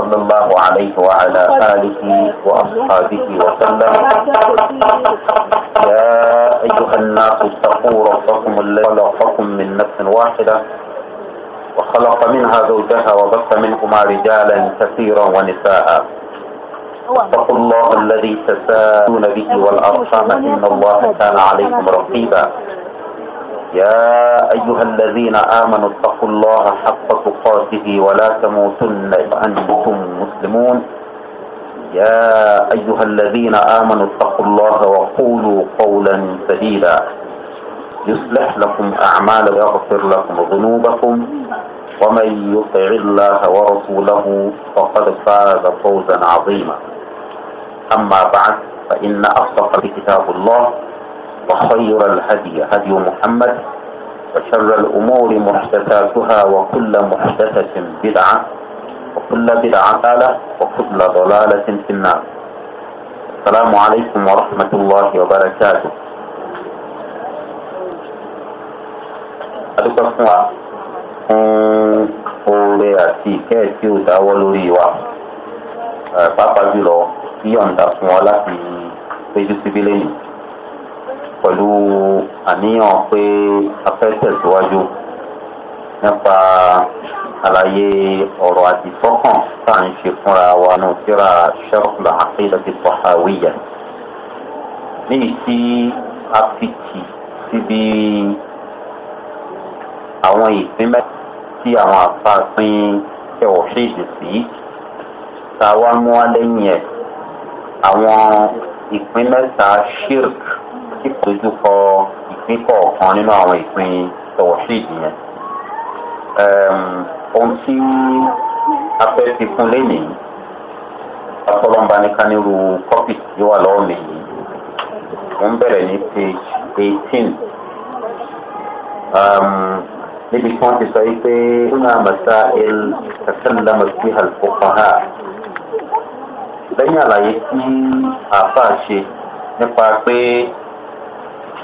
صلى الله عليه وعلى آله وأصحابه وسلم يا أيها الناس اتقوا ربكم الذي خلقكم من نفس واحدة وخلق منها زوجها وبث منهما رجالا كثيرا ونساء اتقوا الله الذي تساءلون به والأرحام إن الله كان عليكم رقيبا يا أيها الذين آمنوا اتقوا الله حق تقاته ولا تموتن وأنتم مسلمون يا أيها الذين آمنوا اتقوا الله وقولوا قولا سديدا يصلح لكم أعمال ويغفر لكم ذنوبكم ومن يطع الله ورسوله فقد فاز فوزا عظيما أما بعد فإن أصدق كتاب الله وخير الهدي هدي محمد وشر الأمور محدثاتها وكل محدثة بدعة وكل بدعة ضلالة وكل ضلالة في النار السلام عليكم ورحمة الله وبركاته adúpẹ́ fún wa fún oore ó láti péjú síbí lẹ́yìn. pẹ̀lú àníyàn pé a fẹ́ tẹ̀síwájú nípa àlàyé ọ̀rọ̀ àdìsọ́kàn tá à ń ṣe fúnra wa nù síra ṣẹ́kùlà àkéyọ̀tì pàhàwíyà níbi tí a fi kì síbi àwọn ìpínlẹ̀ tí àwọn àfààfin ẹ̀wọ̀ ṣèṣì sí tá a wá mú wá lẹ́yìn ẹ̀ àwọn ìpínlẹ̀ ta ṣírk sì dojú kọ ìpín kọ̀ọ̀kan nínú àwọn ìpín tọ̀wọ̀síìd yẹn. ohun tí a fẹ́ fi fún lénìí akọlọ́mba ní kánírù kọ́pì tí wà lọ́wọ́ mi yìí mo ń bẹ̀rẹ̀ ní page eighteen níbi tí wọ́n ti sọ pé una masa el tasalama fi alfuqaha lẹ́yìn àlàyé tí àáfàá ṣe nípa pé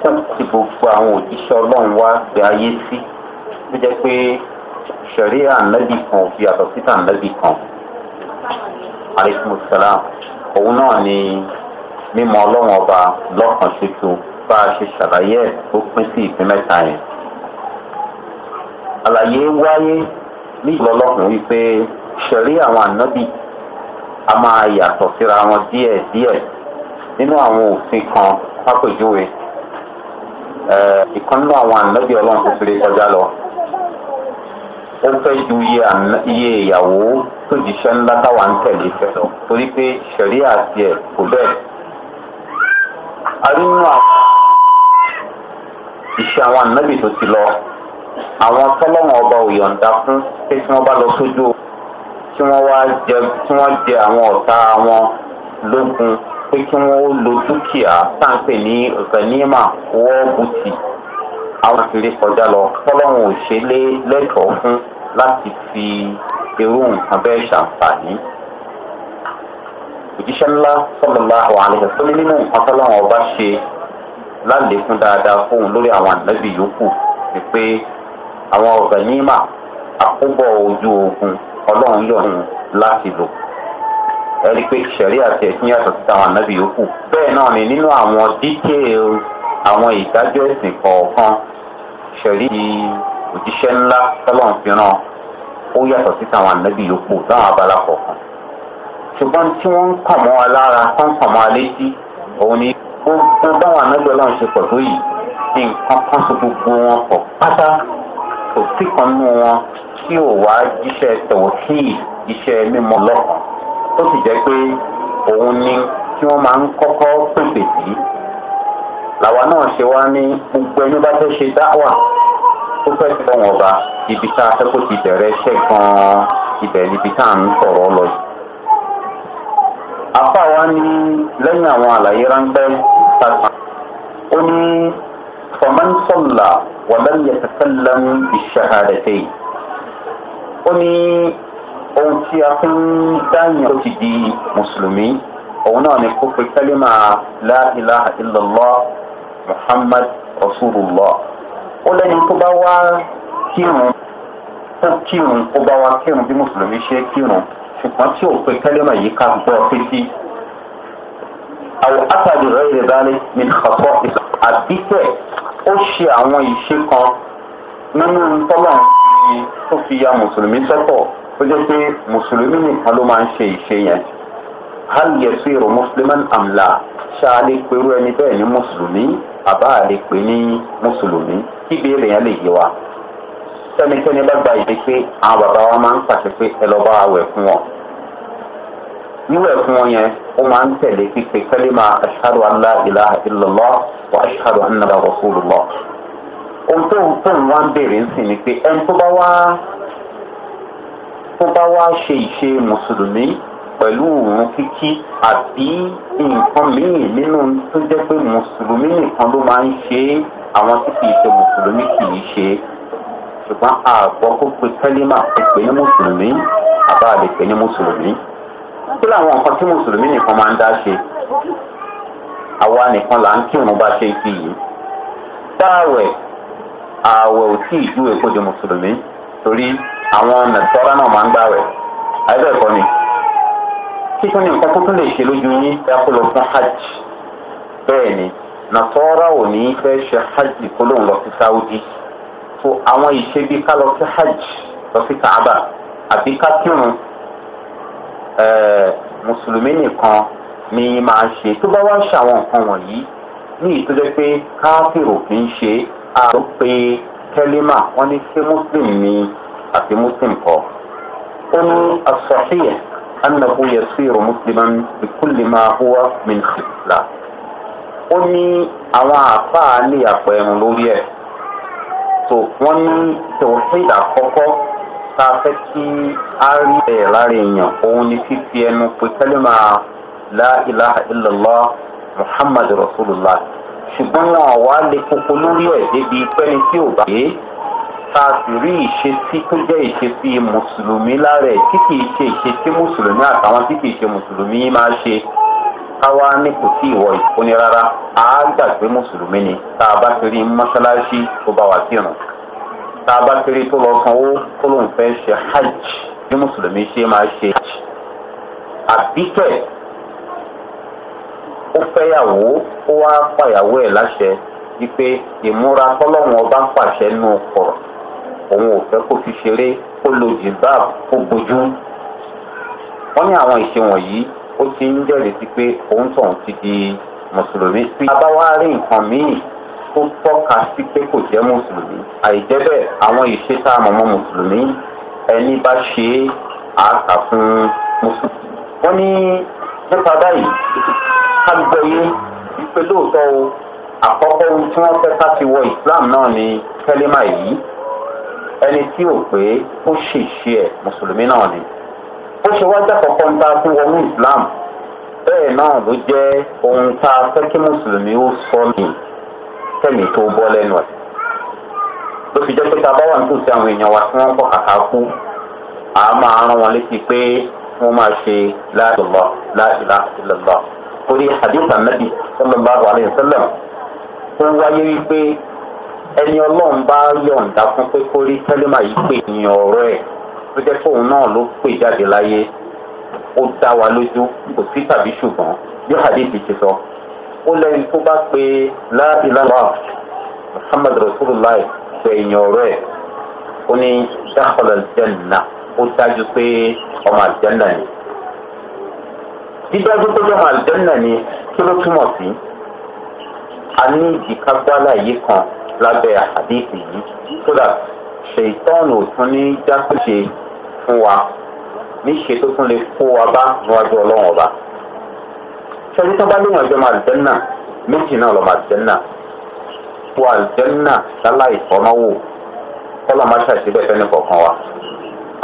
tó ti gbogbo àwọn òjíṣẹ́ ọlọ́run wá gbé ayé sí ló jẹ́ pé sẹ̀rí ànábì kan ò fi àtọ̀ síta ànábì kan aleykum salaam òun náà ni mímọ ọlọ́run ọba lọ́kàn ṣoṣo bá a ṣe ṣàlàyé ẹ̀ tó pín sí ìpín mẹ́ta yẹn àlàyé wáyé ní ìlọlọ́kùn wípé sẹ̀rí àwọn ànábì a máa yàtọ̀ síra wọn díẹ̀ díẹ̀ nínú àwọn òfin kan pápẹ́jọ́wé. Eh, ìkan náà àwọn ànábì ọlọ́run tó fèrè kọjá lọ ó fẹ́ ju iye ìyàwó tó jíṣẹ́ ńlá táwa ń tẹ̀lé fẹ́ lọ torí pé ṣẹ̀rí àti ẹ̀ kò bẹ́ẹ̀. arínú àwọn iṣẹ́ àwọn ànábì tó ti lọ àwọn tọ́lọ́wọ̀n ọba òyọ̀ǹda fún pé tí wọ́n bá lọ sójú tí wọ́n wá jẹ àwọn ọ̀tá wọn lógun pé kí wọ́n ó lo dúkìá sáǹpẹ̀ ní venema wọ́ọ̀bùtì àwọn àtìlẹ́ kọjá lọ fọlọ́run ò ṣe lé lẹ́tọ̀ọ́ fún láti fi irú nǹkan bẹ́ẹ̀ ṣàǹfààní. òjíṣẹ́ ńlá sọ̀lọ́lá àwọn àlejò tó ní nínú nǹkan fọlọ́run ọba ṣe lálékún dáadáa fóun lórí àwọn ànábì yòókù ni pé àwọn ọ̀gànímà àkóbọ̀ ojú ogun ọlọ́run yọ̀hún láti lò ẹni pé sẹ̀rí àti ẹ̀sìn yàtọ̀ sí táwọn ànábì yòókù bẹ́ẹ̀ náà ni nínú àwọn detail àwọn ìdájọ́ ẹ̀sìn kọ̀ọ̀kan sẹ̀rí òjíṣẹ́ ńlá tọ́lọ́n fìràn ó yàtọ̀ sí táwọn ànábì yòókù láwọn abala kọ̀ọ̀kan ṣùgbọ́n tí wọ́n ń kàn mọ́ wa lára tó ń kàn mọ́ wa létí òun ni gbogbo báwọn ànábì ọlọ́run ṣe pọ̀ tó yìí ní nǹkan kan so gbogbo wọn pọ̀ pátá kò sí kan nínú wọn tó sì jẹ́ pé òun ni tí wọ́n máa ń kọ́kọ́ pèsè sí làwa náà ṣe wá ní gbogbo ẹni bá fẹ́ ṣe dáwà tó fẹ́ sí ọ̀wọ́n ọba ibi tá a fẹ́ kó ti bẹ̀rẹ̀ ṣẹ́ gan-an ibẹ̀ níbi tá à ń sọ̀rọ̀ lọ yìí. apá wa ní lẹ́yìn àwọn àlàyé ráńpẹ́ tàbí ó ní fọmọ́n sọ̀là wàlẹ́yẹ tẹ̀sán lẹ́nu ìṣàhàdẹ̀tẹ̀ yìí ó ní ohun tí a fi ń dáyàn tó ti di mùsùlùmí òun náà ni kó pe kálímà láìláha ìlọlọ muhammad rasulillah ó lẹ́yìn tó bá wá kírun tó kírun ó bá wá kírun bí mùsùlùmí ṣe kírun ṣùgbọ́n tí ò pe kálímà yìí ká gbọ́ sétí àwọn àtàdé rẹ̀ rẹ̀ dálé ní xọ́fọ́ àbíkẹ́ ó ṣe àwọn ìṣe kan nínú tọ́lọ́run tó fi ya mùsùlùmí sọ́tọ̀ tó jẹ́ pé mùsùlùmí nìkan ló máa ń ṣe ìṣe yẹn hal yasiru musliman amla ṣáà lè perú ẹni bẹ́ẹ̀ ní mùsùlùmí àbá lè pè ní mùsùlùmí kí béèrè yẹn lè yé wa sẹ́nikẹ́ni bá gba ìdí pé àwọn bàbá wa máa ń pàṣẹ pé ẹ lọ bá wẹ̀ fún wọn wíwẹ̀ fún wọn yẹn ó máa ń tẹ̀lé pípe kálímà aṣáájú alá ìlà ìlọlọ wà aṣáájú anára wọ́sùlùlọ ohun tó ń wá ń béèrè ń sìn ni pé ẹni tó bá wá tó bá wá ṣe ìṣe mùsùlùmí pẹ̀lú òun kíkí àbí nǹkan míì nínú tó jẹ́ pé mùsùlùmí nìkan ló máa ń ṣe é àwọn tí kìí ṣe mùsùlùmí kìí ṣe é ṣùgbọ́n àgbọ̀ kó pe kẹ́límà kó pe ní mùsùlùmí àbá lè pe ní mùsùlùmí kí làwọn nǹkan tí mùsùlùmí nìkan máa ń dá ṣe àwa nìkan là ń kírun bá ṣe kí yìí dáàwẹ̀ ààwẹ̀ ò tí ì júwe kó di mùsùlùmí torí àwọn nàìjíríà náà máa ń gbà rẹ̀ àìbẹ̀ kọ́ ni kíkún ní nǹkan tó tún lè ṣe lójú yín dákú lọ fún hajj bẹ́ẹ̀ ni nàìjíríà ò ní fẹ́ ṣe hajj kó lóun lọ sí saudi so àwọn ìṣe bíi ká lọ sí hajj lọ sí kaaba àbí ká kírun mùsùlùmí nìkan ni máa ṣe tó bá wá ń ṣàwọn nǹkan wọ̀nyí ní ìtọ́jọ́ pé káfíìrò kì í ṣe àrò pé kẹ́límà wọ́n ní ṣé muslim ni àti muslim kọ́ ó ní asọ̀híyẹ anahu yasiru musliman bikulli ma huwa min khilaf ó ní àwọn àáfàá lè àpẹẹrùn lórí ẹ̀ so wọ́n ní tòhíd àkọ́kọ́ tá a fẹ́ kí a rí ẹ̀ lára èèyàn òun ni fífi ẹnu pé kẹ́lẹ́mà láìláha ìlọ́lá muhammadu rasulillah ṣùgbọ́n wọn àwa lè koko lórí ẹ̀ débi pẹ́ni tí ò bá yé tá a sì rí ìṣesí tó jẹ́ ìṣesí mùsùlùmí lára ẹ̀ tí kìí ṣe ìṣesí mùsùlùmí àtàwọn tí kìí ṣe mùsùlùmí máa ṣe káwá ní kò tí ìwọ ìfúnni rárá a gbà pé mùsùlùmí ni tá a bá ti rí mọ́ṣáláṣí tó bá wà kírun tá a bá ti rí tó lọ sanwó tó lóun fẹ́ ṣe hajj bí mùsùlùmí ṣe máa ṣe hajj àbíkẹ́ ó fẹ́yàwó ó wá pàyàwó ẹ̀ láṣẹ wípé ìmúra tọ́lọ́wọ́n bá ń pàṣẹ nù kọ̀rọ̀ òun ò fẹ́ kó fi ṣeré kó lo jìbáà kó gbojú. wọ́n ní àwọn ìṣe wọ̀nyí ó ti ń jẹ́rìí sí pé òun tó ń ti di mùsùlùmí. bí a bá wá rí nǹkan míì tó tọ́ka sí pé kò jẹ́ mùsùlùmí àìjẹ́ bẹ́ẹ̀ àwọn ìṣe tá a mọ̀ mọ́ mùsùlùmí ẹni bá ṣe é àáka fún mùsùlùmí. wọ́n ní nípa báyìí ká gbọ́ yé wípé lóòótọ́ o àkọ́kọ́ ohun tí wọ́n fẹ́ ká ti wọ ìsìláàmù náà ni kẹ́lẹ́mà yìí ẹni tí ò pé ó ṣèṣe ẹ̀ mùsùlùmí náà ni ó ṣe wájà kọ̀ọ̀kan tá a fi wọnú islam bẹ́ẹ̀ náà ló jẹ́ ohun tá a fẹ́ kí mùsùlùmí ó sọ ní kẹ́mi tó bọ́ lẹ́nu ẹ̀ ló fi jẹ́ pé tá a bá wà nítòsí àwọn èèyàn wa tí wọ́n ń kọ́ kàkà kú à á máa rán wọn létí pé wọ́n máa ṣe láìlọ́ láìlá ìlọ́lọ́ torí àdéhùn ànábì sọ́lọ́ bá wà lẹ́yìn sọ́lọ́ tó wáyé wípé ẹni ọlọ́run bá yọ̀ǹda fún pé kó rí tẹ́lẹ̀mà yìí pè ní ọ̀rọ̀ ẹ̀ tó jẹ́ fóun náà ló pè jáde láyé ó dá wa lójú kò sí tàbí ṣùgbọ́n bí hadithi ti sọ ó lẹ́yìn tó bá pe láìláwà muhammad rasulillah pé èèyàn ọ̀rọ̀ ẹ̀ ó ní dákọ̀lá jẹ́nà ó dájú pé ọmọ àjẹ́nà ni dídájú pé ọmọ àjẹ́nà ni kí ló túmọ̀ sí a ní ìdíkágbálà yìí kan lábẹ́ àdéhùn yìí so that ṣètọ́nù tún ní jákèjì fún wa níṣe tó tún lè kó wa bá níwájú ọlọ́run ọba ṣẹ́ni tó bá léèyàn jọ máa jẹ́nà méjì náà lọ́ máa jẹ́nà tó àjẹ́nà láláì fọ́nọ́wò kọ́lá máa ṣàṣìbẹ̀ fẹ́ni kọ̀ọ̀kan wa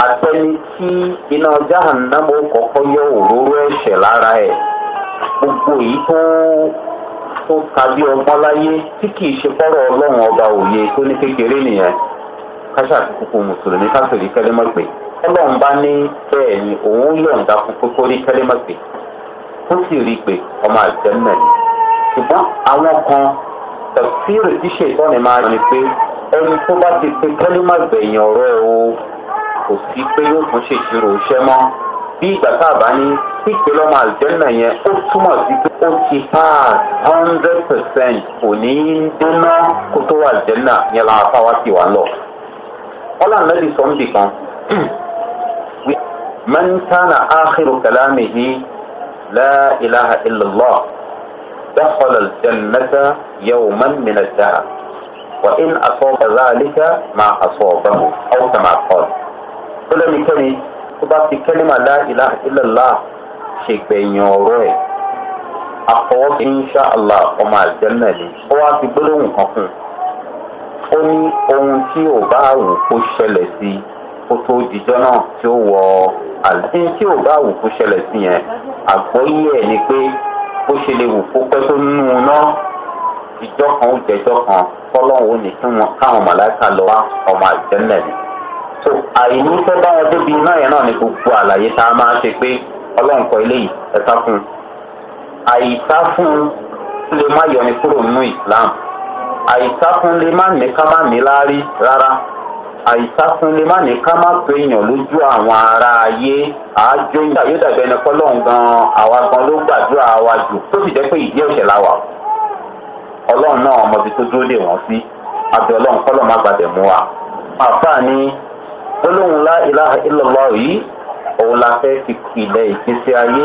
àtẹni tí iná jahannamu kọ̀ọ̀kan yọ òróró ẹ̀ṣẹ̀ lára ẹ̀ gbogbo èyí tó ó ka bí ọgbọ́n láyé tí kì í ṣe fọ́rọ̀ ọlọ́run ọba òye tó ní kékeré nìyẹn káṣà ti kúkú mùsùlùmí káṣìrí kẹlẹ́mọ̀ pé ọlọ́run bá ní bẹ́ẹ̀ ni òun yọ̀ǹda fún kókó rí kẹlẹ́mọ̀ pé ó sì rí i pé ọmọ àjẹmọ̀ ni ṣùgbọ́n àwọn kan tẹ̀síìrì tí ṣètọ́ni máa ní pé ẹni tó bá ti pe kẹlẹ́mọ̀ gbẹ̀yìn ọ̀rọ̀ o kò sí pé yóò tún ṣèṣirò iṣẹ́ mọ́ bí ìgbà tá a bá ní pípẹ́ lọ́mọ àlùjẹ́nà yẹn ó túmọ̀ sí pé ó ti pass hundred percent kò ní í dóná kó tó wà àlùjẹ́nà yẹn lára fáwa sì wá lọ. ọlọ́run lẹ́bi sọ ń bì kan mẹ́ńtánà áhìrò kàlámì yìí láìláha ìlọ́lọ́ دخل الجنة يوما من الدهر وإن أصاب ذلك ما أصابه أو كما قال. ولم يكن tó bá fi kẹ́lẹ́mà lá ìlà ìlàlá ṣègbẹ̀yìn ọ̀rọ̀ ẹ̀ àfọwọ́sí insha allah ọmọ àjẹmẹ́ ni ó wá fi gbólóhùn kan fún un ó ní ohun tí ò bá wù kó ṣẹlẹ̀ sí i kó tó dijọ́ náà tí ó wọ àlẹ́ tí ò bá wù kó ṣẹlẹ̀ sí yẹn àgbọ́yé ẹ̀ ni pé bó ṣe lè wù kó pẹ́ tó nínú náà ìjọ kan ó jẹjọ kan fọlọ́run ò ní kí wọn káwọn màláìka lọ wá ọmọ àjẹmẹ́ ni. so àìní tó bá wọn náà ni gbogbo àlàyé tá a máa ṣe pé ọlọ́run kọ ẹ fún un àìsá fún un lè má yọni kúrò nínú islam àìsá fún un lè má ní má ní láárí rárá àìsá fún un lè má ní ká má pé èèyàn lójú àwọn ará ayé àájò yíyá ẹni àwa gan ló gbàdúrà wa jù tó pé ìdí la wà ọlọ́run náà ọmọbi tó dúró dè wọ́n lọ́lọ́hún lá ìlàhà ìlọ́lá yìí òun la fẹ́ fi ilẹ̀ ìgbésí ayé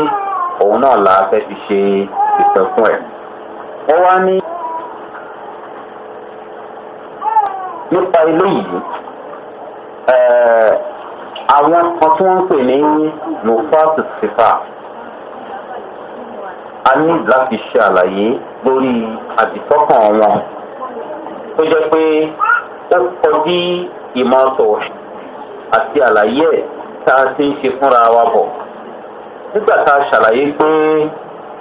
òun náà la fẹ́ fi ṣe ìpẹ́ fún ẹ̀. wọ́n wá ní nípa ilé yìí eh, àwọn kan tí wọ́n ń pè ní nufatu sifa a ní láti ṣe àlàyé lórí àdìsọ́kàn wọn tó jẹ́ pé ó kọjú ìmọ̀ sọ̀rọ̀ àti àlàyé ẹ̀ tá a ti ń ṣe fúnra wa bọ̀ nígbà tá a ṣàlàyé pé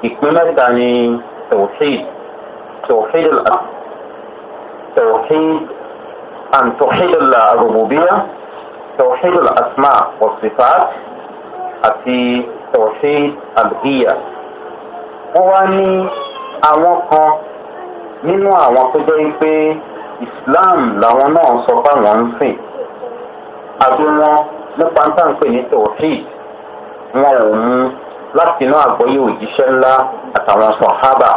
ìpín mẹ́ta ni tawhid tawhid tawhid and tawhid arububiya tawhid asma wa àti tawhid alhiya wọ́n wá ní àwọn kan nínú àwọn tó jẹ́ pé islam làwọn náà sọ báwọn ń sìn àbí wọn nípa ń tàn pè ní tòwọ́tì wọn ò mú láti inú àgbọ́yé òjíṣẹ́ ńlá àtàwọn sọ̀hábà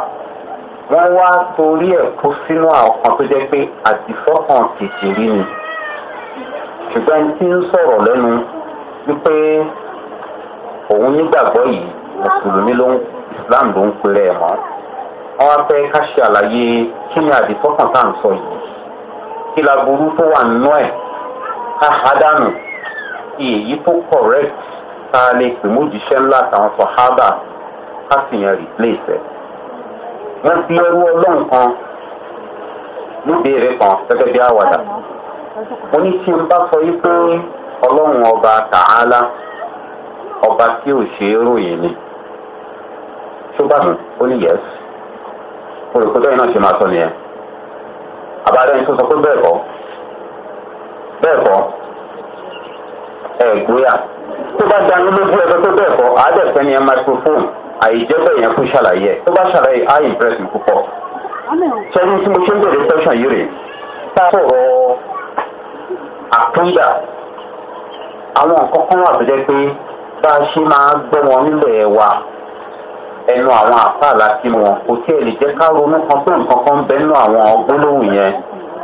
wọ́n wá torí ẹ̀ kó sínú àwọn kan tó jẹ́ pé àdìfọ́kàn tètè rí ni ṣùgbọ́n ẹni tí ń sọ̀rọ̀ lẹ́nu wípé òun nígbàgbọ́ yìí mùsùlùmí ló ń islam ló ń pèrè ẹ̀ mọ́ wọ́n wá fẹ́ ká ṣe àlàyé kí ni àdìfọ́kàn tá à ń sọ yìí kí la burú tó wà nínú ẹ̀ àhádànù èyí tó correct tá a lè pè ńlá àtàwọn sọ̀hábà ká sì yan replace ẹ̀. wọ́n fi ẹrú ọlọ́run kan kan bí mo ní tí n bá sọ yí pé ọba tààlà ọba tí ò ṣe é ròyìn ni. tó bá mi ó ní yẹs. olùkọ́jọ́ yìí náà ṣe máa sọ nìyẹn. sọ pé bẹ́ẹ̀ kọ́. bẹ́ẹ̀ kọ́ ẹ̀ gbéra tó bá da yín lójú ẹgbẹ́ tó bẹ́ẹ̀ kọ́ àádẹ́fẹ́ ni ẹ microphone àìjẹ́bẹ̀ yẹn kó ṣàlàyé tó bá ṣàlàyé á impress mi púpọ̀ sẹ́yìn tí mo ṣe ń bèrè tẹ́sán yìí rè tá a sọ̀rọ̀ àkúndà àwọn nǹkan kan wà tó jẹ́ pé bá a ṣe máa gbọ́ wọn nílẹ̀ wa ẹnu àwọn àpáàlà tí wọn kò tí ẹ lè jẹ́ ká ronú kan pé nǹkan kan bẹ́ẹ̀ nú àwọn gbólóhùn yẹn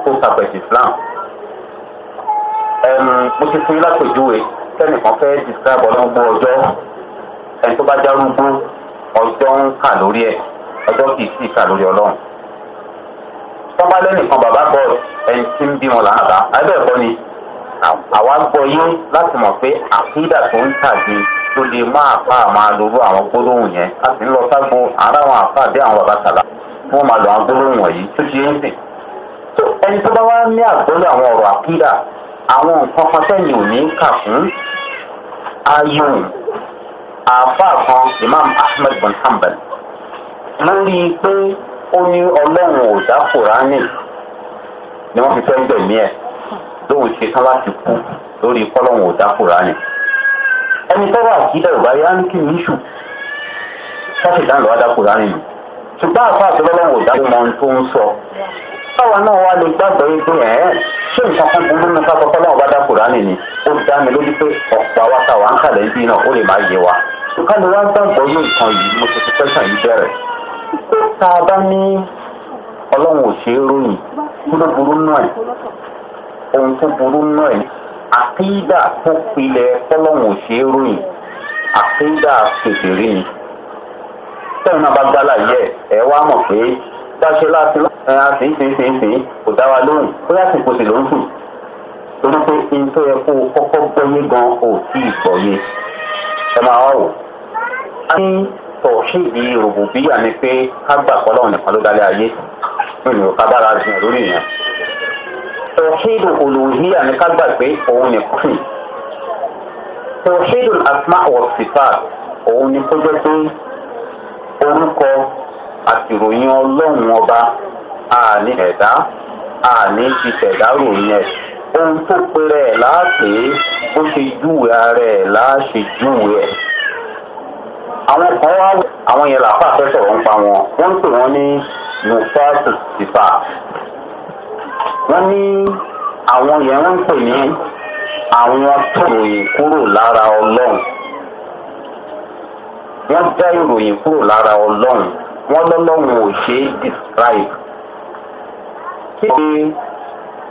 tó tapẹ̀tì Islam. mo ti fún yín lápèjúwe sẹ́nìkan fẹ́ describe ọlọ́gbọ́n ọjọ́ ẹni tó bá járúgbó ọjọ́ ń kà lórí ọjọ́ kì í sì kà lórí bàbá ẹni tí ni àwa gbọ́ yín láti mọ̀ pé àkídà tó ń tàgé tó lè má máa àwọn gbólóhùn yẹn a sì ń lọ àwọn bí àwọn bàbá àwọn nǹkan kan sẹ́yìn ò ní kà fún imam ahmed bin hanbal wọ́n rí i pé ó ní ọlọ́run ò dá kùránì ni wọ́n fi fẹ́ gbẹ̀mí ẹ̀ lóun ṣe tán láti kú lórí kọ́lọ́run ò dá kùránì ẹni tọ́wọ́ àkídà ò bá sọ. táwa náà wá lè gbàgbọ́ yìí pé ẹ̀ ṣé nǹkan kan burú nípa kọ́kọ́ náà bá dá kùránì ni ó dá mi lójú pé ọ̀pọ̀ àwa táwa ń kàlẹ́ bí náà ó lè má yé wa. ìkànnì wa gbàgbọ́ yóò kan yìí mo ti ti fẹ́sàn yìí bẹ̀rẹ̀. tá a bá ní ọlọ́run ò ṣe é ròyìn kí ló burú náà ẹ̀ ohun tó burú náà ẹ̀ àkéyídà tó pilẹ̀ ọlọ́run ò ṣe é ròyìn àkéyídà kékeré ni. tẹ́lẹ̀ náà bá gbálà yẹ ẹ dáṣọ láti ẹ á sìn sìn sìn sìn kò dá wa lóhùn bóyá sì kò sì ló ń sùn torí pé n tó yẹ kó o kọ́kọ́ gbọ́yé gan o tí ì gbọ́yé ẹ máa wá wò. a ní tọ̀ṣíìdì rògbò bíyà ni pé ká gbà pọ́lọ́ nìkan ló dálé ayé nínú ká bára jiyàn lórí ìyẹn. tọ̀ṣíìdì olùhíyà ni ká gbà pé òun nìkan sìn. tọ̀ṣíìdì asma ọ̀sìfà òun ni kó jẹ́ pé orúkọ àtìròyìn ọlọ́run ọba àní ẹ̀dá àní ti tẹ̀dá ròyìn ẹ̀ ohun tó péré ẹ̀ láàpé bó ṣe júwe ara ẹ̀ láàṣe júwe ẹ̀. àwọn kan wá àwọn yẹn làáfà fẹ́ sọ̀rọ̀ ń pa wọn wọ́n ń pè wọ́n ní nufatu tifa wọ́n ní àwọn yẹn wọ́n ń pè ní àwọn tòròyìn kúrò lára ọlọ́run wọ́n dá ìròyìn kúrò lára ọlọ́run wọ́n lọ́lọ́run ò ṣe é describe kí ni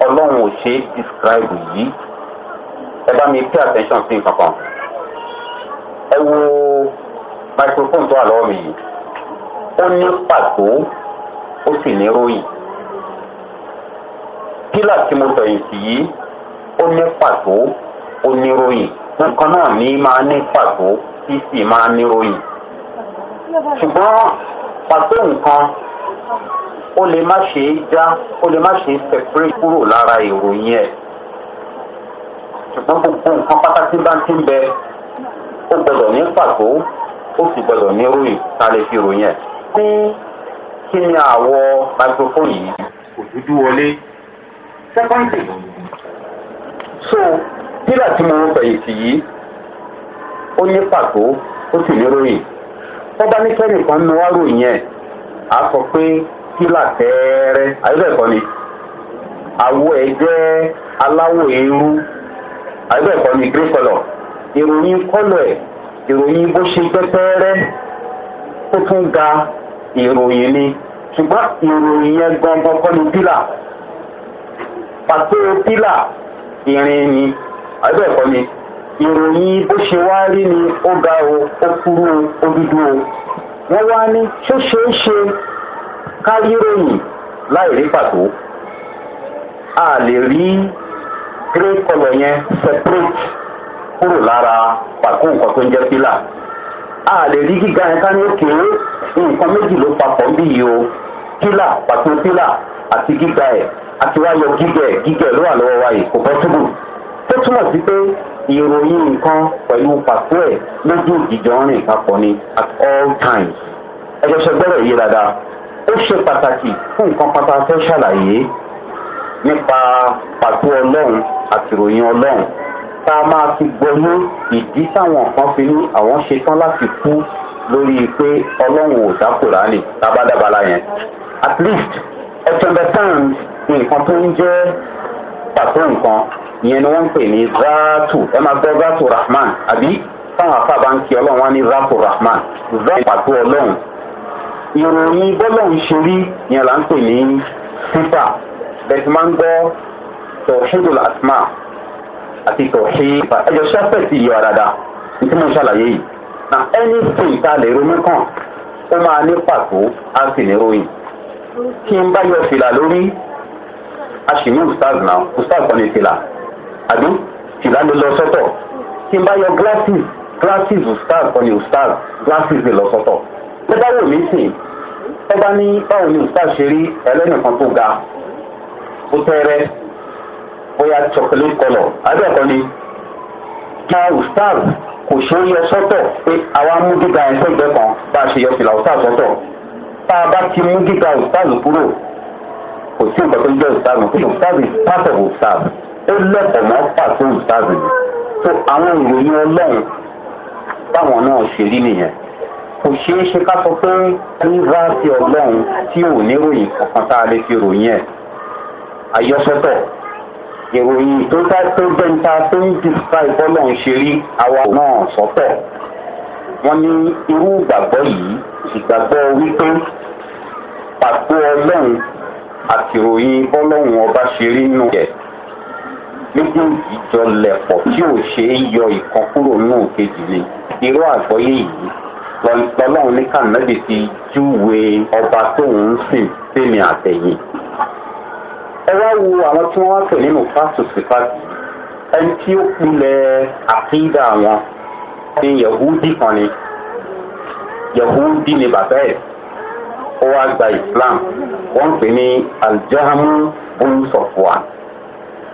ọlọ́run ò ṣe é describe yìí ẹ bá mi pay attention sí nǹkan kan ẹ wo microphone tó wà lọ́wọ́ mi yìí ó ní pàtó ó sì ní ròyìn pílà tí mo fẹ̀yìntì yìí ó ní pàtó ó ní ròyìn nǹkan náà ní máa ní pàtó tí sì máa ní ròyìn ṣùgbọ́n pàtó nǹkan ó lè má ṣe é já ó lè má ṣe é sẹpẹrẹ kúrò lára ìròyìn ẹ ṣùgbọ́n gbogbo nǹkan pátákì bá ti ń bẹ ó gbọdọ̀ ní pàtó ó sì gbọdọ̀ ní ròyìn tá a lè fi ròyìn ẹ. ní kí ni àwọ̀ microphone yìí kò dúdú wọlé sẹ́kọ́ńtì. so kílà tí mo ń sọ èsì yìí ó ní pàtó ó sì ní ròyìn tọ́ba ní kẹ́nìkan nu wá ròyìn ẹ̀ á sọ pé kílà tẹ́ẹ́rẹ́ àyẹ́bẹ̀kọ́ ni àwọ̀ ẹ̀ jẹ́ aláwọ̀ eérú àyẹ́bẹ̀kọ́ ni grey colour ìròyìn kọ́lọ̀ ẹ̀ ìròyìn bó ṣe jẹ́ tẹ́ẹ́rẹ́ tó tún ga ìròyìn ni ṣùgbọ́n ìròyìn yẹn gangan kọ́ ni pílà pàtó pílà ìrìn ni àyẹ́bẹ̀kọ́ ni ìròyìn bó ṣe wá rí ni ó ga o ó kúrú o ó dúdú o wọ́n wá ní ṣó ṣeé ṣe káríròyìn láì rí pàtó a lè rí grey colour yẹn separate kúrò lára pàkó nǹkan tó ń jẹ́ pílà a lè rí gíga yẹn ká ní òkè nǹkan méjì ló papọ̀ bí yìí o pílà pàtó pílà àti gíga ẹ̀ àti wáyọ gígẹ̀ gígẹ̀ ló wà lọ́wọ́ wa yìí kò bọ́ tó túmọ̀ sí pé ìròyìn nǹkan pẹ̀lú pàtó ẹ̀ lójú ìdìjọ́ rìn papọ̀ ni at all times ẹjọ́ ṣe gbọ́dọ̀ yé dáadáa ó ṣe pàtàkì fún nǹkan pátá fẹ́ ṣàlàyé nípa pàtó ọlọ́run àti ìròyìn ọlọ́run tá a máa fi gbọ́nú ìdí táwọn kan fi ní àwọn ṣetán láti kú lórí pé ọlọ́run ò dákòrá nì tábàdàbàlà yẹn at least ẹ tẹ̀lé tán nǹkan tó ń jẹ́ pàtó nǹkan ìyẹn ni wọ́n ń pè ní zaatu ẹ máa gbọ́ zaatu rahman àbí táwọn afábá ń kí ọlọ́run wá ní zaatu rahman zaatu pàtó ọlọ́run ìròyìn bọ́lọ́run ṣe rí ìyẹn là ń pè ní sífà bẹ́ẹ̀ máa ń gbọ́ tọ̀hídùl asma àti tọ̀hídùl ẹjọ́ ṣáfẹ̀tì yọ dáadáa ní tí mo ṣàlàyé yìí na anything tá a lè ronú kàn ó máa ní pàtó á sì ní ròyìn kí n bá yọ fìlà lórí a ustaz náà ustaz kan ní tìlà àbí tìlà ló lọ sọ́tọ̀ tí n bá yọ glasses glasses ustaz kan ustaz glasses lè lọ sọ́tọ̀ bẹ́ẹ̀ bá wò mí sìn ẹ bá ní báwo ni ustaz ṣe rí ẹlẹ́nìkan tó ga ó tẹ́rẹ́ bóyá chocolate colour abẹ́ẹ̀kọ́ ni na ustaz kò ṣe é yọ sọ́tọ̀ pé àwa mú gíga ẹ̀sẹ̀ kan bá a ṣe yọ fìlà ustaz sọ́tọ̀ tá a bá ti mú gíga ustaz kúrò kò sí nǹkan tó ń jẹ́ ìsáàbù kí ìsáàbù pàṣẹ kò sáàbù ó lẹ́kọ̀ọ́ mọ́ pàṣẹ ìsáàbù yìí tó àwọn ìròyìn ọlọ́run táwọn náà ṣe rí nìyẹn kò ṣeé ṣe ká sọ pé ní ráàsì ọlọ́run tí ò ní ròyìn kankan tá a lè fi ròyìn ẹ̀ àyọsọ́tọ̀ ìròyìn tó tá tó gbẹ́ńta tó ń dìsíta ìbọ́lọ́run ṣe rí àwa náà sọ́tọ̀ wọ́n ní irú ìgbàgbọ́ yìí ìgbàgbọ́ wípé pàtó ọlọ́run àtìròyìn bọ́lọ́hùn ọba ṣe rí nù yẹ méjèèjì jọ lẹ̀pọ̀ tí ò ṣe é yọ ìkan kúrò nù kejì ni irú àgbọ́yé yìí lọ́lọ́run ní kànáàbì ti júwe ọba tóun ń sìn sẹ́mi àtẹ̀yìn. ẹ wá wo àwọn tí wọ́n wá tẹ̀ nínú fásitì sípàtì ẹni tí ó pilẹ̀ àkídà wọn ní yahudi kan ni yahudi ni bàbá ẹ̀ ó wá gba islam wọ́n pè ní aljahamu bonsofwan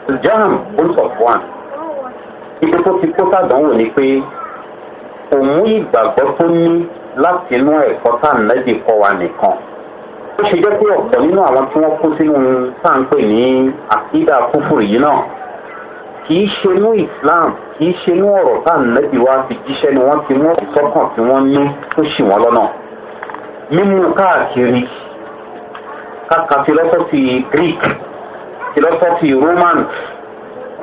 aljaham bonsofwan ibi tó ti kó sàdánwò ni pé òun ìgbàgbọ́ tó ní láti inú ẹ̀kọ́ tá à ń lẹ́bi kọ́ wa nìkan ó ṣe jẹ́ pé ọ̀pọ̀ nínú àwọn tí wọ́n kó sínú tá à ń pè ní àkídà kúfùrù yìí náà kìí ṣe inú islam kìí ṣe inú ọ̀rọ̀ tá à ń lẹ́bi wá fi jíṣẹ́ ni wọ́n ti mú ọ̀sọ́kàn tí wọ́n ní tó ṣì wọ́n lọ́nà mímú káàkiri kàkà philosophy greek philosophy roman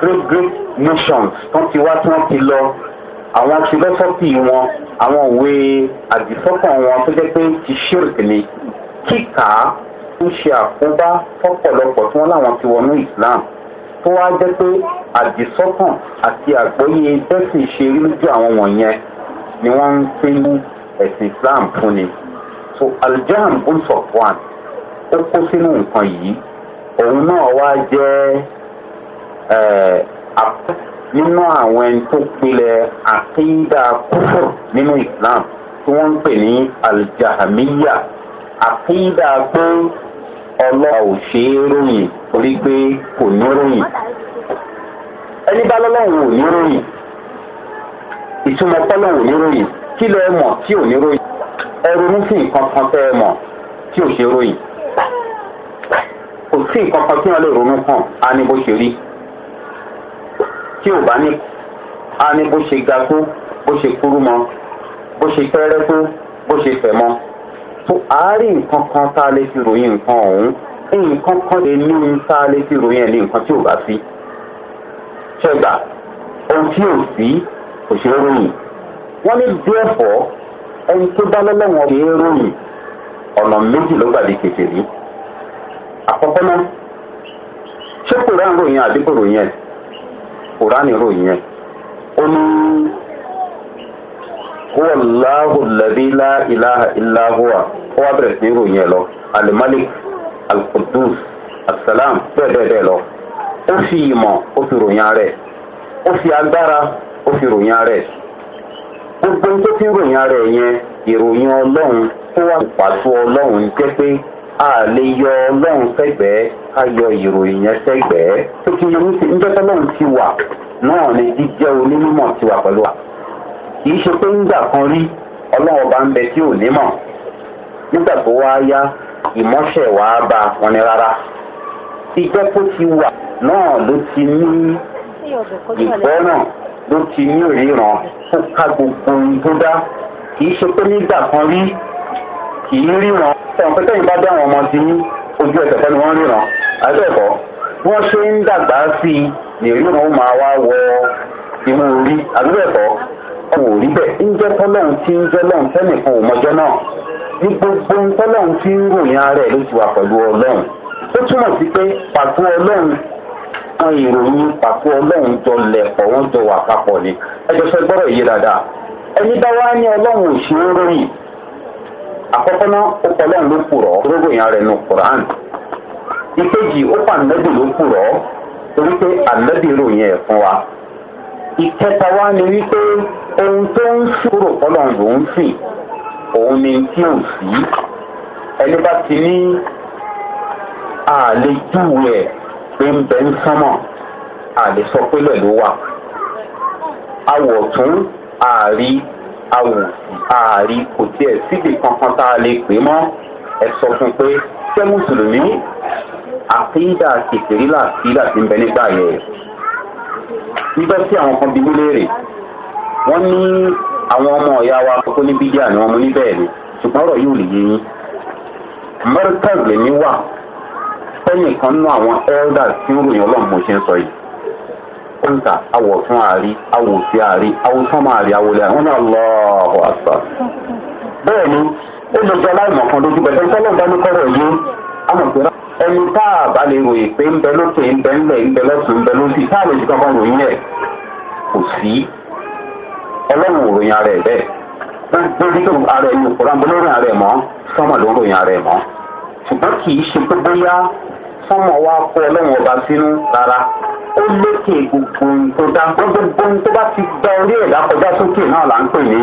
great great nations tó ti wá tó ti lọ àwọn philosophy wọn àwọn òwe àdìsọ́kàn wọn tó jẹ́ pé ti shirk ni kíkà ń ṣe àkóbá fọ́pọ̀lọpọ̀ tí wọ́n láwọn ti wọnú islam tó wá jẹ́ pé àdìsọ́kàn àti àgbọ́yé bẹ́sìn ṣe rí lójú àwọn wọ̀nyẹn ni wọ́n ń pín ẹ̀sìn islam fún ni so aljaham ulfọ̀fọ̀n ó kó sínú nǹkan yìí òun náà wá jẹ́ eh, àpẹ́ nínú àwọn ẹni tó pilẹ̀ àkéyídá kúfù nínú islam tí wọ́n ń pè ní aljahamiya àkéyídá pé ọlọ́wà ò ṣe é ròyìn torí pé kò ní ròyìn ẹni bá lọ́lọ́run ò ní ròyìn ìtumọ̀ pọ́lọ́run ò ní ròyìn kí ló mọ̀ tí ò ní ròyìn ẹ ronú sí nǹkan kan tẹ́ ẹ mọ̀ tí ò ṣe ròyìn kò sí nǹkan kan tí wọ́n lè ronú kàn á ní bó ṣe rí tí ò bá ní á ní bó ṣe ga tó bó ṣe kúrú mọ bó ṣe pẹ́rẹ́ tó bó ṣe fẹ̀ mọ tó àárín nǹkan kan tá a lè fi ròyìn nǹkan ọ̀hún nǹkan kan lè ní ohun tá a lè fi ròyìn ẹ̀ ní nǹkan tí ò bá sí ṣẹgbà ohun tí ò sí kò ṣe ròyìn wọ́n ní díẹ̀ fọ́ ẹni tó bá lọ́lọ́wọ́ kì í ròyìn ọ̀nà méjì ló gbàdé kèké rí àkọ́kọ́ náà ṣé kòrán ròyìn àdínkù ròyìn ẹ̀ kòrán ròyìn ẹ̀ ó ní huwa allahu ladi la ilaha illa huwa ó wá bẹ̀rẹ̀ sí ròyìn ẹ̀ lọ alimalik alqudus asalam bẹ́ẹ̀ bẹ́ẹ̀ bẹ́ẹ̀ lọ ó fi ìmọ̀ ó fi ròyìn ara ó fi agbára ó fi ròyìn ara gbogbo tó fi ròyìn ara ẹ̀ yẹn ìròyìn ọlọ́run tó wà pàtó ọlọ́run jẹ́ pé a lè yọ ọlọ́run sẹ́gbẹ̀ẹ́ ká yọ ìròyìn yẹn sẹ́gbẹ̀ẹ́ tó fi yọ níjẹ́ tọ́lọ́run ti wà náà ni jíjẹ́ onímọ̀ ti wà pẹ̀lú wa kì í ṣe pé ńgbà kan rí ọlọ́run ọba ń bẹ tí ò nímọ̀ nígbà tó wá yá ìmọ̀ṣẹ̀ wá bá wọn ni rárá ìjẹ́ tó ti wà náà ló ti ní ìgbọ́ràn ló ti ní òríran ó ká gbogbo ohun tó dá kì í ṣe pé nígbà kan rí kì í ríran ẹ̀wọ̀n pé tẹ́yìn bá dá àwọn ọmọ ti ní ojú ẹ̀sẹ̀ fẹ́ ni wọ́n ríran àbẹ́ẹ̀kọ́ bí wọ́n ṣe ń dàgbà sí i lè ríran ó máa wá wọ inú orí àbẹ́ẹ̀kọ́ ọ̀hún rí bẹ́ẹ̀ ń jẹ́ tọ́lọ́hún tí ń jẹ́ lọ́hún tẹ́nìkan ò náà ní gbogbo tọ́lọ́hún tí ń ròyìn ara ẹ̀ ló ti wà pẹ̀lú ọlọ́run ó túmọ̀ sí pé pàtó ọlọ́run kan ìròyìn pàtó ọlọ́run jọ lẹ̀pọ̀ ó jọ wà papọ̀ ni ẹjọ́ fẹ́ gbọ́dọ̀ yé dáadáa ẹni bá wá ní ọlọ́run òṣèré ròyìn àkọ́kọ́ náà ó pọ̀ lọ́run ló pùrọ̀ rògbòyìn ara ẹnu quran ìkejì ó pa ànábì ló pùrọ̀ torí pé ànábì ròyìn ẹ̀ fún wa ìkẹta wá ni wípé ohun tó ń ṣòro ọlọ́run ló ń fì òun ni tí ò sí ẹni bá ti ní àlejò rẹ̀ pé ń bẹ ń sánmọ̀ àlè sọ pé lẹ́lú wà awọ̀ tún ààrí awò ààrí kò tiẹ̀ síbi kankan tá a lè pè mọ́ ẹ sọ fún pé ṣé mùsùlùmí àkéyídà kékeré láti láti ń bẹ nígbà yẹn nígbà tí àwọn kan bí wúlérè wọ́n ní àwọn ọmọ ọ̀yá wa kókó ní bídíà ni wọ́n mú níbẹ̀ ni ṣùgbọ́n ọ̀rọ̀ yìí ò lè yé yín mọ́rítàz lèmi wà sẹ́yìn kan nú àwọn elders tí ń ròyìn ọlọ́run mo ṣe ń sọ yìí kóńtà awọ fún àárí awọ sí àárí awọ fún ọmọ àárí awọ lẹ àwọn náà lọ ọhọ àṣà. bẹ́ẹ̀ ni ó lè jọ láì mọ̀ kan lójú bẹ̀rẹ̀ nípa ọlọ́run bá ní kọ́rọ̀ yé àwọn ìpínlẹ̀ ẹni tá a bá lè ròyìn pé ń bẹ lókè ń bẹ ńlẹ̀ ń bẹ lọ́sùn ń bẹ lósì tá a lè jùlọ kan ròyìn ẹ̀ kò sí ọlọ́run ò ròyìn ara ẹ̀ bẹ́ẹ̀ lórí tó ara ẹ̀ ní òkúra ń bẹ lórí ara ẹ̀ mọ́ sọ́mọ̀ ló ń ròyìn ara ẹ̀ mọ́ ṣùgbọ́n kì í ṣe pé bóyá kọ́mọ̀ wá fọ ọlọ́run ọba sínú rárá ó lékè gbogbo tó dá gbogbo tó bá ti gba orí ẹ̀dá kọjá sókè náà là ń pè ní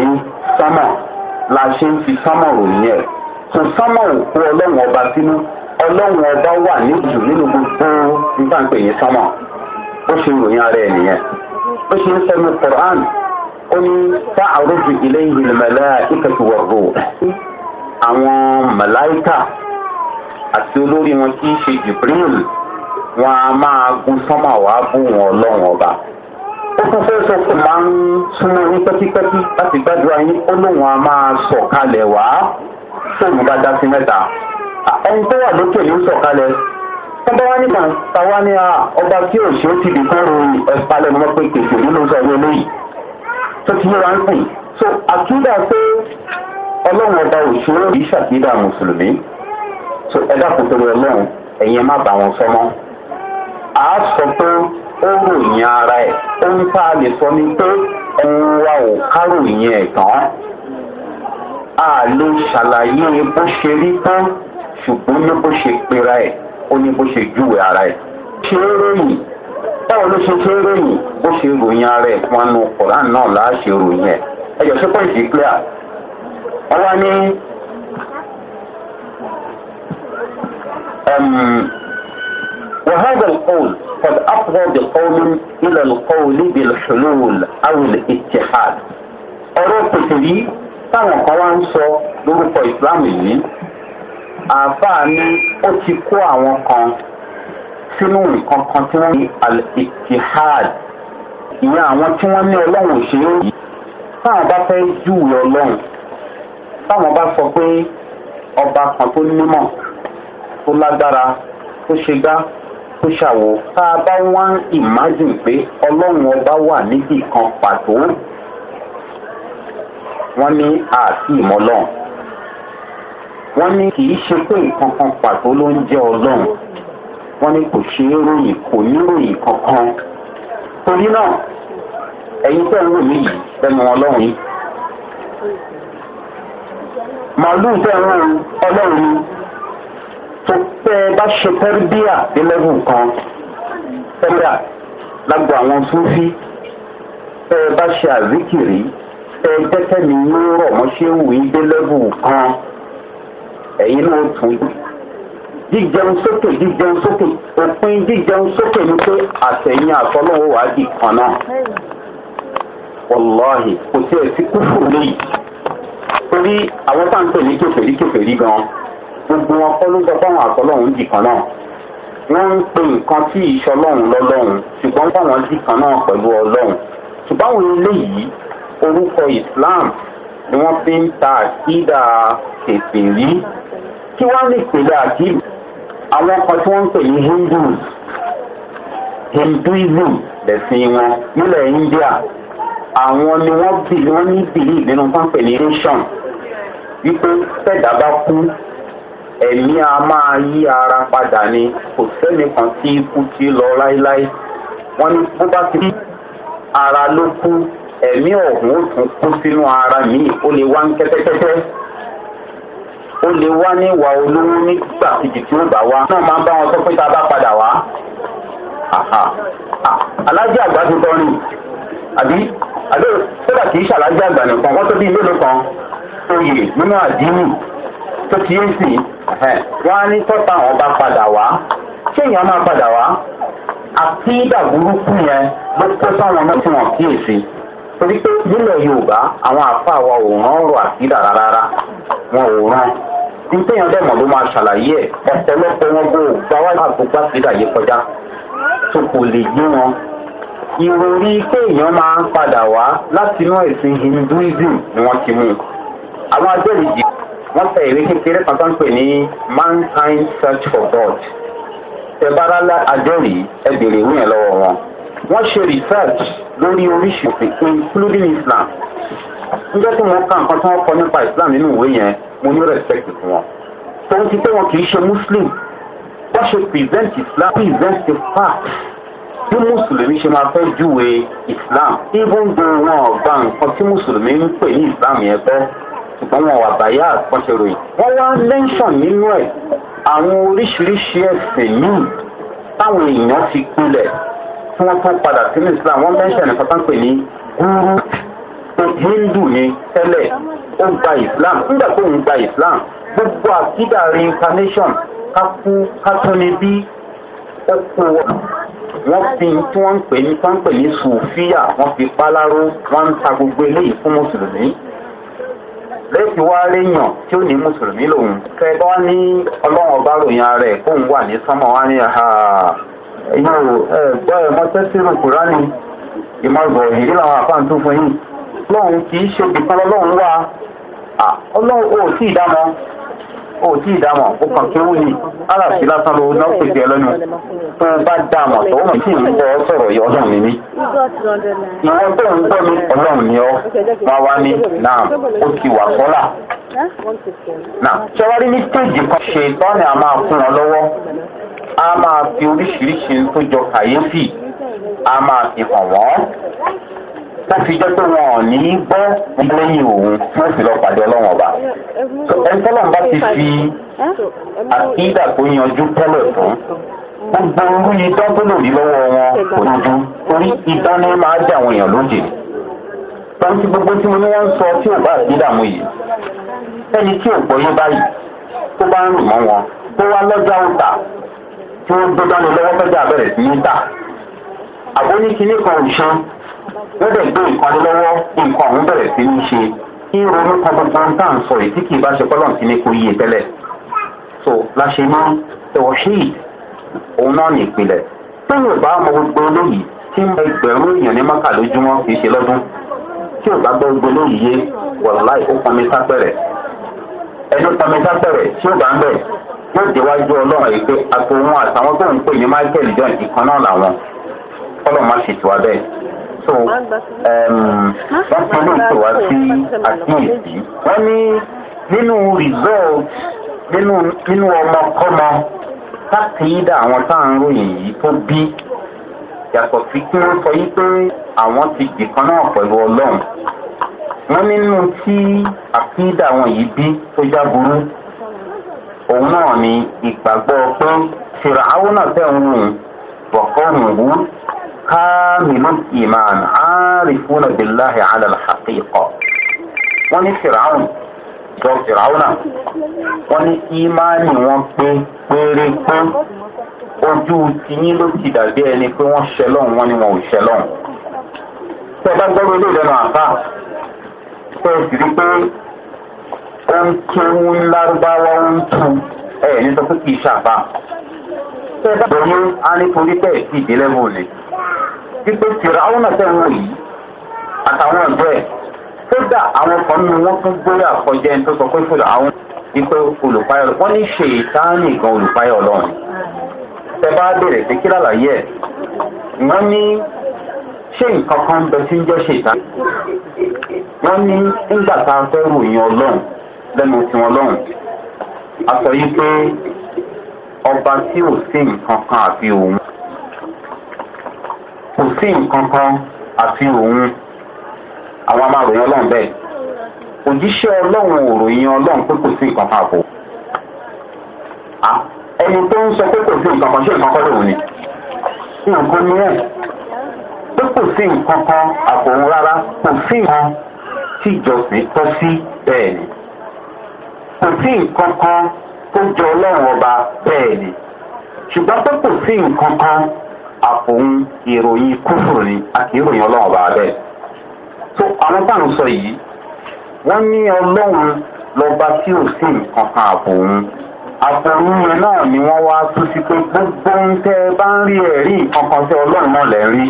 sọ́mọ̀ la ṣe ń fi sọ́mọ̀ ròyìn ẹ̀ kò sọ́mọ̀ ò kó ọlọ́run ọba sínú ọlọ́run ọba wà níjù nínú gbogbo nígbà ń pè ní sọ́mọ̀ ó ṣe ròyìn ara ẹ̀ nìyẹn ó ṣe ń sẹ́nu quran ó ní tá àrùjù ilé ìhìnmẹ̀lẹ́ ìkẹtù àwọn màláìkà àti olórí wọn tí í ṣe jibril wọn a máa gun sánmà wàá bù wọn ọlọ́run ọba ó tún fẹ́ sọ pé máa ń súnmọ́ ní pẹ́kípẹ́kí láti gbàdúrà yín ó lóun a máa sọ̀kalẹ̀ wá fóònù bá dá sí mẹ́ta ẹni tó wà lókè ló sọ̀kalẹ̀ wọ́n bá wá ní màtá wá ní ah, ọba tí òṣèré ti dì kan ròyìn ẹ̀fálẹ̀ ni wọ́n pe kèsè nínú sọ ìwé eléyìí tó ti yé wa ń pè so àkídà pé ọlọ́run ọba òṣèré yìí mùsùlùmí so ẹ dákun tó lọ lóhùn ẹ̀yin má bà wọn sọ mọ́ a sọ pé ó ròyìn ara ẹ̀ ó ń tá a lè sọ ni pé ẹ̀hún wa ò káròyìn ẹ̀ tán a lè ṣàlàyé bó ṣe rí tán ṣùgbọ́n ní bó ṣe pera ẹ̀ ó ní bó ṣe júwe ara ẹ̀ ṣe é ròyìn báwo ló ṣe ṣe é ròyìn bó ṣe ròyìn ara ẹ̀ fún anu koran náà láà ṣe ròyìn ẹ̀ ẹ̀yọ̀ ṣe pé ìdí clear wọ́n wá ní. وهذا القول قد أفضى بقول إلى القول بالحلول أو الاتحاد ọ̀rọ̀ pèsèlí táwọn kan wá ń sọ lórúkọ islam yìí àáfàá ni ó ti kó àwọn kan sínú nǹkan kan tí wọ́n ní al-ittihad ìyẹn àwọn tí wọ́n ní ọlọ́run òṣèré yìí táwọn bá fẹ́ júwèé ọlọ́run táwọn bá sọ pé ọba kan tó nímọ̀ tó lágbára tó ṣe gbá tó ṣàwò tá a bá wá ń ìmájìn pé ọlọ́run ọba wà níbì kan pàtó wọ́n ní àti ìmọ̀lọ́run wọ́n ní kì í ṣe pé nǹkan kan pàtó ló ń jẹ́ ọlọ́run wọ́n ní kò ṣe é ròyìn kò ní ròyìn kankan torí náà ẹ̀yin tẹ́ ń wò mí yìí ẹnu ọlọ́run yìí màálù tẹ́ ń rán ọlọ́run yìí tó tẹ́ ẹ bá ṣe tẹ́rìbíà délẹ́gùn kan tẹ́rìbíà lágbo àwọn súnfí tẹ́ ẹ bá ṣe àzíkìrì tẹ́ ẹ jẹ́kẹ́ mi yóò rọ̀ mọ́ ṣé wù í délẹ́gùn kan ẹ̀yin náà tún jíjẹun sókè jíjẹun sókè òpin jíjẹun sókè ni pé àtẹ̀yìn àtọ́lọ́wọ́ wàá di kan náà wàláhì kò tí ẹ̀ sí kúfù lóyìí torí àwọn táǹtẹ̀ ní kẹfẹ́rí kẹfẹ́rí gan-an gbogbo wọn kọ́ ló sọ fáwọn àtọ́lọ́hún dì kan náà wọ́n ń pe nǹkan tí ìṣọlọ́hún lọ́lọ́hún ṣùgbọ́n báwọn dì kan náà pẹ̀lú ọlọ́hún ṣùgbọ́n àwọn eléyìí orúkọ islam ni wọ́n fi ń ta àkídà kẹfìrí kí wọ́n lè pèlè àkídà àwọn ọkọ̀ tí wọ́n ń pè ní hindus hinduism lẹ̀sìn wọn nílẹ̀ india àwọn ni wọ́n bì wọ́n ní bìlì nínú pàǹpẹ̀ ní nation wípé tẹ̀dá bá kú ẹ̀mí a máa yí ara padà ni kò sẹ́ni kan tí ikú ti lọ láéláé wọ́n ní wọ́n bá ti ara ló kú ẹ̀mí ọ̀hún ó tún kú sínú ara míì ó lè wá ní kẹ́tẹ́kẹ́tẹ́ ó lè wá ní ìwà olówó nígbà kejì tí ó bá wá náà máa ń bá wọn sọ pé tá a bá padà wá alájẹ àgbà ti tọ́ ni àbí àbí sọ́dà kì í ṣàlájẹ àgbà nìkan wọ́n tó bí mélòó kan oyè nínú àdínì. tó ti yé sí wọn á ní tọ́ta àwọn bá padà wá Kéèyàn a máa padà wá àti ìdà burúkú yẹn ló kó sáwọn náà tí wọn kíyèsí torí pé nílẹ̀ yorùbá àwọn àfáà wa ò rán ọ̀rọ̀ rárá wọn ò rán ní mọ̀ ló máa ṣàlàyé ẹ̀ wọn kọjá tó lè yé wọn ìròrí kéèyàn máa wọ́n tẹ ìwé kékeré kan tó ń pè ní mankind search for god tẹbárálá àjọrí ẹ bèrè ìwé yẹn lọ́wọ́ wọn wọ́n ṣe research lórí oríṣiríṣi including islam nígbà tí wọ́n kà nǹkan tí wọ́n kọ nípa islam nínú ìwé yẹn mo ní respect fún wọn tóun ti pé wọn kì í ṣe muslim wọ́n ṣe present islam present the fact bí mùsùlùmí ṣe máa fẹ́ júwe islam even though wọn ò gba nǹkan tí mùsùlùmí ń pè ní islam yẹn gbọ́ àwọn àbáyá àkọ́ṣerò yìí wọ́n wá lẹ́ńṣọ̀n nínú ẹ̀ àwọn oríṣiríṣi ẹ̀sìn míì táwọn èèyàn ti gbilẹ̀ tí wọ́n tó padà sínú islam wọ́n mẹ́ṣẹ̀ nìkan tán pè ní gúrú hindu ni tẹ́lẹ̀ ó gba islam nígbà tó ń gba islam gbogbo àkídà reincarnation ká kú ká tó ní bí ó kú wọn wọ́n fi tí wọ́n ń pè ní sùfíà wọ́n fi páláró wọ́n ń ta gbogbo eléyìí fún mùsùlùmí. lẹ́ẹ̀kì wá réyàn tí ó ní mùsùlùmí lòun kẹ bá ní ọlọ́run ọba ròyìn ara ẹ̀ kóun wà ní sánmọ̀ wá ní ha ìyá o ẹ gbọ́ ẹ mọ́tẹ́ sírù kúránì ìmọ̀gbọ̀ èyí làwọn àfáàn tó fún yín lọ́run kì í ṣe ìpínlẹ̀ ọlọ́run wà ọlọ́run ò tí ì dámọ́ o tí ì o kàn kéwù ni aláàfin lásán ló náà pè jẹ lẹ́nu tó bá dámọ̀ tó wọ́n sì ń bọ́ sọ̀rọ̀ yọ ọlọ́run ní mí. ìwọ tó ń gbọ́ mi ọlọ́run ni ọ́ wá wá ní náà ó ti wà sọ́là. náà ṣẹ́wárí ní stéèjì kan ṣe tọ́ni a máa fún wọn lọ́wọ́ a máa fi oríṣiríṣi tó jọ kàyéfì a máa fi hàn wọ́n láfijọ́ tó wọn ò ní gbọ́ lẹ́yìn òun wọ́n sì lọ pàdé ọlọ́wọ́n ọba. ẹnitọ́lọ́n bá ti fi àkídà tó yanjú tẹ́lẹ̀ fún gbogbo orú idán tó lòdì lọ́wọ́ wọn kò yanjú torí idán ni máa dé àwọn èèyàn lóde. tọ́ntì gbogbo tí mo ní wọ́n ń sọ tí ò bá àkídà mu yìí ẹni tí ò gbọ́ yé báyìí tó bá ń rìn mọ́ wọn tó wá lọ́jà ń tí wọ́n gbé dání lọ́wọ́ fẹ́jà wọ́n dẹ̀ gbé nǹkan lé lọ́wọ́ nǹkan ọ̀hún bẹ̀rẹ̀ sí ní ṣe kí ronú kan gbogbo tá à ń sọ yìí tí kì í bá ṣe kọ́lọ̀ sí ní kò yíye tẹ́lẹ̀ so láṣẹ mọ́ ẹ̀wọ̀ ṣéyìí òun náà ní ìpìlẹ̀ lẹ́yìn ìbá ọmọ gbogbo olóyìí tí ń bẹ ẹgbẹ̀rún èèyàn ní mọ́kà lójúmọ́ kì í ṣe lọ́dún tí ò bá gbọ́ gbogbo olóyìí yé wọ̀rọ̀ láì ó pọnmi sápẹ̀rẹ̀ ẹni pọnmi sápẹ̀rẹ̀ tí ó bá ń bẹ̀ yóò déwájú ọlọ́run yìí pé àtòun àtàwọn tó ń pè ní michael john ìkan náà làwọn kọ́lọ̀ má ṣètò abẹ́ so bákan náà tó wá sí àkíyèsí wọ́n ní nínú result nínú ọmọkọ́mọ sákìídà àwọn tá à ń ròyìn yìí tó bí yàtọ̀ sí kí wọ́n sọ yìí pé àwọn ti dìkan náà pẹ̀lú ọlọ́run wọ́n nínú tí àkídà wọn yìí bí tó já burú òun náà ni ìgbàgbọ́ pé fìràwọ́ náà tẹ̀ ń rùn bọ̀kọ́ rùn wú kamilu iman عارفون بالله على الحقيقة wọ́n ní firaun jọ firaun náà wọ́n ní imani wọn pé pérépé ojú tiyín ló ti dàbí ẹni pé wọ́n ṣẹlọ́n wọn ni wọn ò ṣẹlọ́n tẹ bá gbọ́ ilé ìlẹ́nu àbá tẹ sì rí pé ó ń kéwú lárúbáwá ń tu ẹ̀ ní sọ pé kì í ṣàbá tẹ bá gbọ́ ní a nítorí pé ìdílé mò ní pípé tìrọ àwọn náà tẹ̀ wọ̀ yìí àtàwọn ọ̀dọ́ ẹ̀ kódà àwọn kan ní wọ́n tún gbóyà kọjá ẹni tó sọ pé fúlọ̀ àwọn ipe olùpayọ̀ wọ́n ní ṣe ìtaánì gan olùpayọ̀ ọlọ́run tẹ bá bèrè pé kí lálàyé ẹ̀ wọ́n ní ṣé nǹkan kan bẹ tí ń jẹ́ ṣe ìtaánì wọ́n ní nígbà tá a fẹ́ ròyìn ọlọ́run lẹ́nu tiwọn lọ́run a sọ yí pé ọba tí ò sí nǹkan kan àfi òun kò sí nǹkan kan àti òun àwọn amáròyìn ọlọ́run bẹ́ẹ̀ òjíṣẹ́ ọlọ́run òròyìn ọlọ́run pé kò sí nǹkan kan àpò ẹni tó ń sọ pé kò sí nǹkan kan ṣé nǹkan kan lòun ni nǹkan ni ẹ̀ pé kò sí nǹkan kan àpò òun rárá kò sí nǹkan tí ìjọsìn tọ́ sí bẹ́ẹ̀ ni kò sí nǹkan kan tó jọ ọlọ́run ọba bẹ́ẹ̀ ni ṣùgbọ́n pé kò sí nǹkan kan àfòun ìròyìn kúfùrù ni a kì í ròyìn ọlọ́run ọba bẹ́ẹ̀. tó àwọn táwọn sọ yìí wọ́n ní ọlọ́run lọ́ba tí ò sí nǹkan kan àfòun àfòun yẹn náà ni wọ́n wá tú sí pé gbogbo ń tẹ́ ẹ bá ń rí ẹ̀rí nǹkan kan tẹ́ ọlọ́run náà lẹ́ ń rí.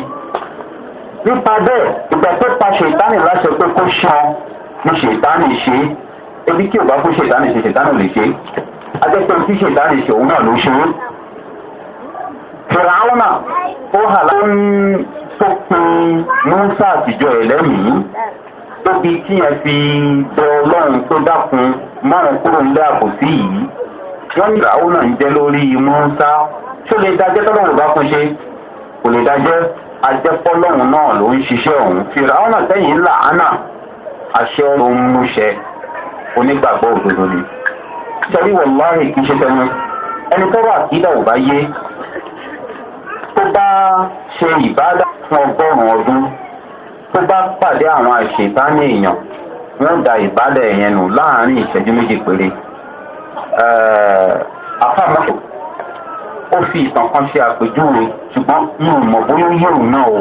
nípa bẹ́ẹ̀ ìgbà tó pa ṣètánì láṣẹ pé kó ṣan ni ṣètánì ṣe ebi kí ò bá kó ṣètánì ṣe ṣètánì lè ṣe ajẹ́pẹ́ tí ṣètánì ṣe òun náà ló ṣe é fìràwọ́nà ó hà láwọn tó pin musa àtijọ́ ẹ̀ lẹ́mìí tóbi tí yẹn fi bẹ ọlọ́run tó dákun márùn kúrò ńlẹ́ àbòsí yìí wọ́n ní fìràwọ́nà ń jẹ́ lórí musa tó lè dájẹ́ tọ́lọ́run bá kún ṣe kò lè dájẹ́ ajẹ́pọ́lọ́run náà ló ń ṣiṣẹ́ ọ̀hún fìràwọ́nà sẹ́yìn ńlá hánà àṣẹ ló ń múṣẹ onígbàgbọ́ òdodo ni. sẹ́rí wọ̀láhì kì í ṣe tẹnu ẹni tọ́rọ tó bá ṣe ìbádà fún ọgọ́rùn-ún ọdún tó bá pàdé àwọn àṣetánì èèyàn wọ́n da ìbádà yẹn nù láàrin ìṣẹ́jú méjì péré àfàmọ́tò ó fi ìtàn kan ṣe àpèjúwe ṣùgbọ́n mi ò mọ̀ bóyá yóò náà o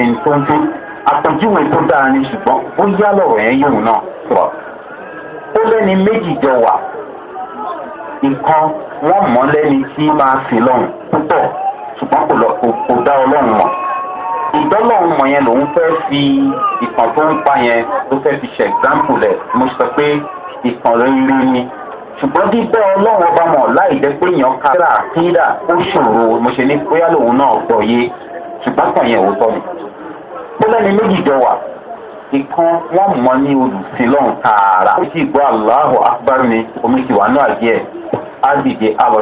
èyí tó ń tó àpèjúwe tó dáa ni ṣùgbọ́n ó yá lọ̀rọ̀ yẹn yóò náà sọ̀rọ̀ ó lẹ́ni méjì jọ wà nǹkan wọ́n mọ̀ lẹ́ni tí máa fi lọ́hùn púpọ̀ ṣùgbọ́n kò lọ kò dá ọlọ́run mọ̀ ìdọ́lọ́run mọ̀ yẹn lòun fẹ́ fi ìtàn tó ń pa yẹn ló fẹ́ fi ṣe ẹ̀gbáǹpù rẹ̀ mo sọ pé ìtàn rere ni ṣùgbọ́n bíbẹ́ ọlọ́run ọba mọ̀ láì jẹ́ pé èèyàn ká kíra kíra ó ṣòro mo ṣe ní bóyá lòun náà gbọ́ yé ṣùgbọ́n kàn yẹn òótọ́ ni ó lẹ́ni méjì jọ wà ìkan wọ́n mọ̀ ní olùsìn lọ́hùn tààrà ó sì gbọ́ aláhùn akpárí ni omi ti wà náà díẹ̀ á dìde àlọ́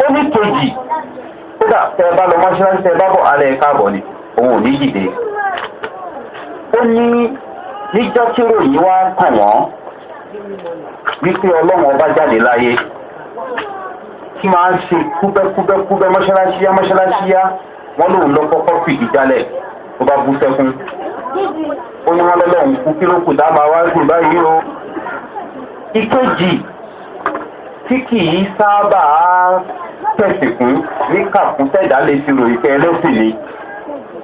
ó ní kejì kódà tẹ ẹ bá lọ mọ́ṣáláṣí tẹ ẹ bá bọ̀ alẹ́ ẹ káàbọ̀ ni òun ò ní yìde ó ní níjọ́ tí ròyìn wá ń kàn wọ́n wípé ọlọ́run ọba jáde láyé kí máa ń ṣe kúbẹ́kúbẹ́kúbẹ́ mọ́ṣáláṣí yá mọ́ṣáláṣí yá wọ́n lòun lọ kọ́kọ́ fìdí jálẹ̀ tó bá bú sẹ́kún ó ní wọn lọ́lọ́run kú kí ló kù dá máa wá gùn báyìí o. ìkejì tí kì í sábà tẹ̀sì fún ní kàkún tẹ̀dá lè ti rò ìfẹ́ ẹlẹ́sìn ni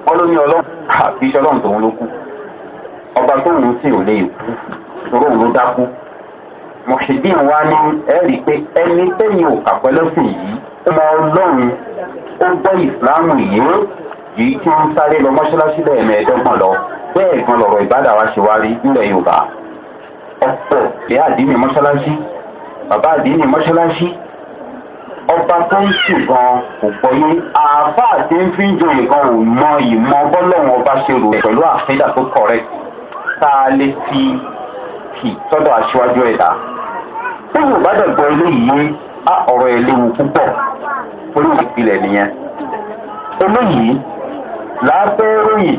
wọ́n ló ní ọlọ́run àbí iṣẹ́ ọlọ́run tòun ló kú ọba tó wù ú sì ò lè kú ìṣòro òun ló dákú mọ̀ṣídìí wa ní ẹ̀rí pé ẹni tẹ́yìn òkà pẹ́lẹ́sìn yìí ó mọ ọlọ́run ó gbọ́ ìsìláàmù yìí yìí tí ń sáré lọ mọ́ṣáláṣí lẹ́ẹ̀mẹ́ẹ̀ẹ́dọ́gbọ̀n lọ bẹ́ẹ̀ gan lọ̀rọ̀ ìbádà wa ṣe wá rí nílẹ̀ yorùbá ọ̀pọ̀ lè àdínì mọ́ṣáláṣí bàbá àdínì mọ́ṣáláṣí ọba tó ń sùn gan kò gbọ́ yín àáfàá tí ń fi ń joyè gan ò mọ ìmọ̀ bọ́lọ́run ọba ṣe rò rẹ̀ pẹ̀lú àfíńdà tó kọ̀rẹ́ tá a lè fi kì sọ́dọ̀ aṣíwájú ẹ̀dá tí yorùbá dẹ̀gbọ́ eléyìí á ọ̀rọ̀ ẹ̀ léwu púpọ̀ torí ìpìlẹ̀ nìyẹn eléyìí lábẹ́ròyìn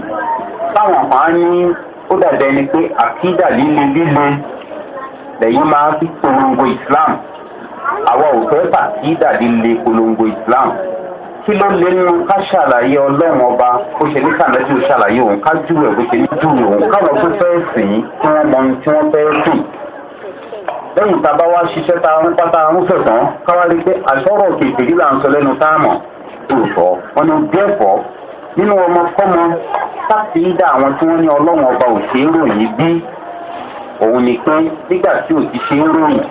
táwọn kan ní ó dàbẹ̀ ni pé àkídà líle líle lẹ́yìn máa fi polongo islam àwa ò fẹ́ bà kí dàdí le polongo islam kí ló lé nínú ká ṣàlàyé ọlọ́run ọba bó ṣe ní kànájú ṣàlàyé òun ká júwèé bó ṣe ní júwèé òun káwọn tó fẹ́ sìn kí wọ́n mọ ohun tí wọ́n fẹ́ sìn lẹ́yìn tá a bá wá ṣiṣẹ́ tá a ń pátá a ń fẹ̀ tán ká wá rí i pé àṣọ́rọ̀ kejìlí là ń sọ lẹ́nu táàmù lóòótọ́ wọn ni dẹ́fọ́ nínú ọmọ kọ́mọ láti ń dá àwọn tí wọ́n ní ọlọ́run ọba ò ṣe é ròyìn bí òun ni nígbà tí ò ti ṣe é ròyìn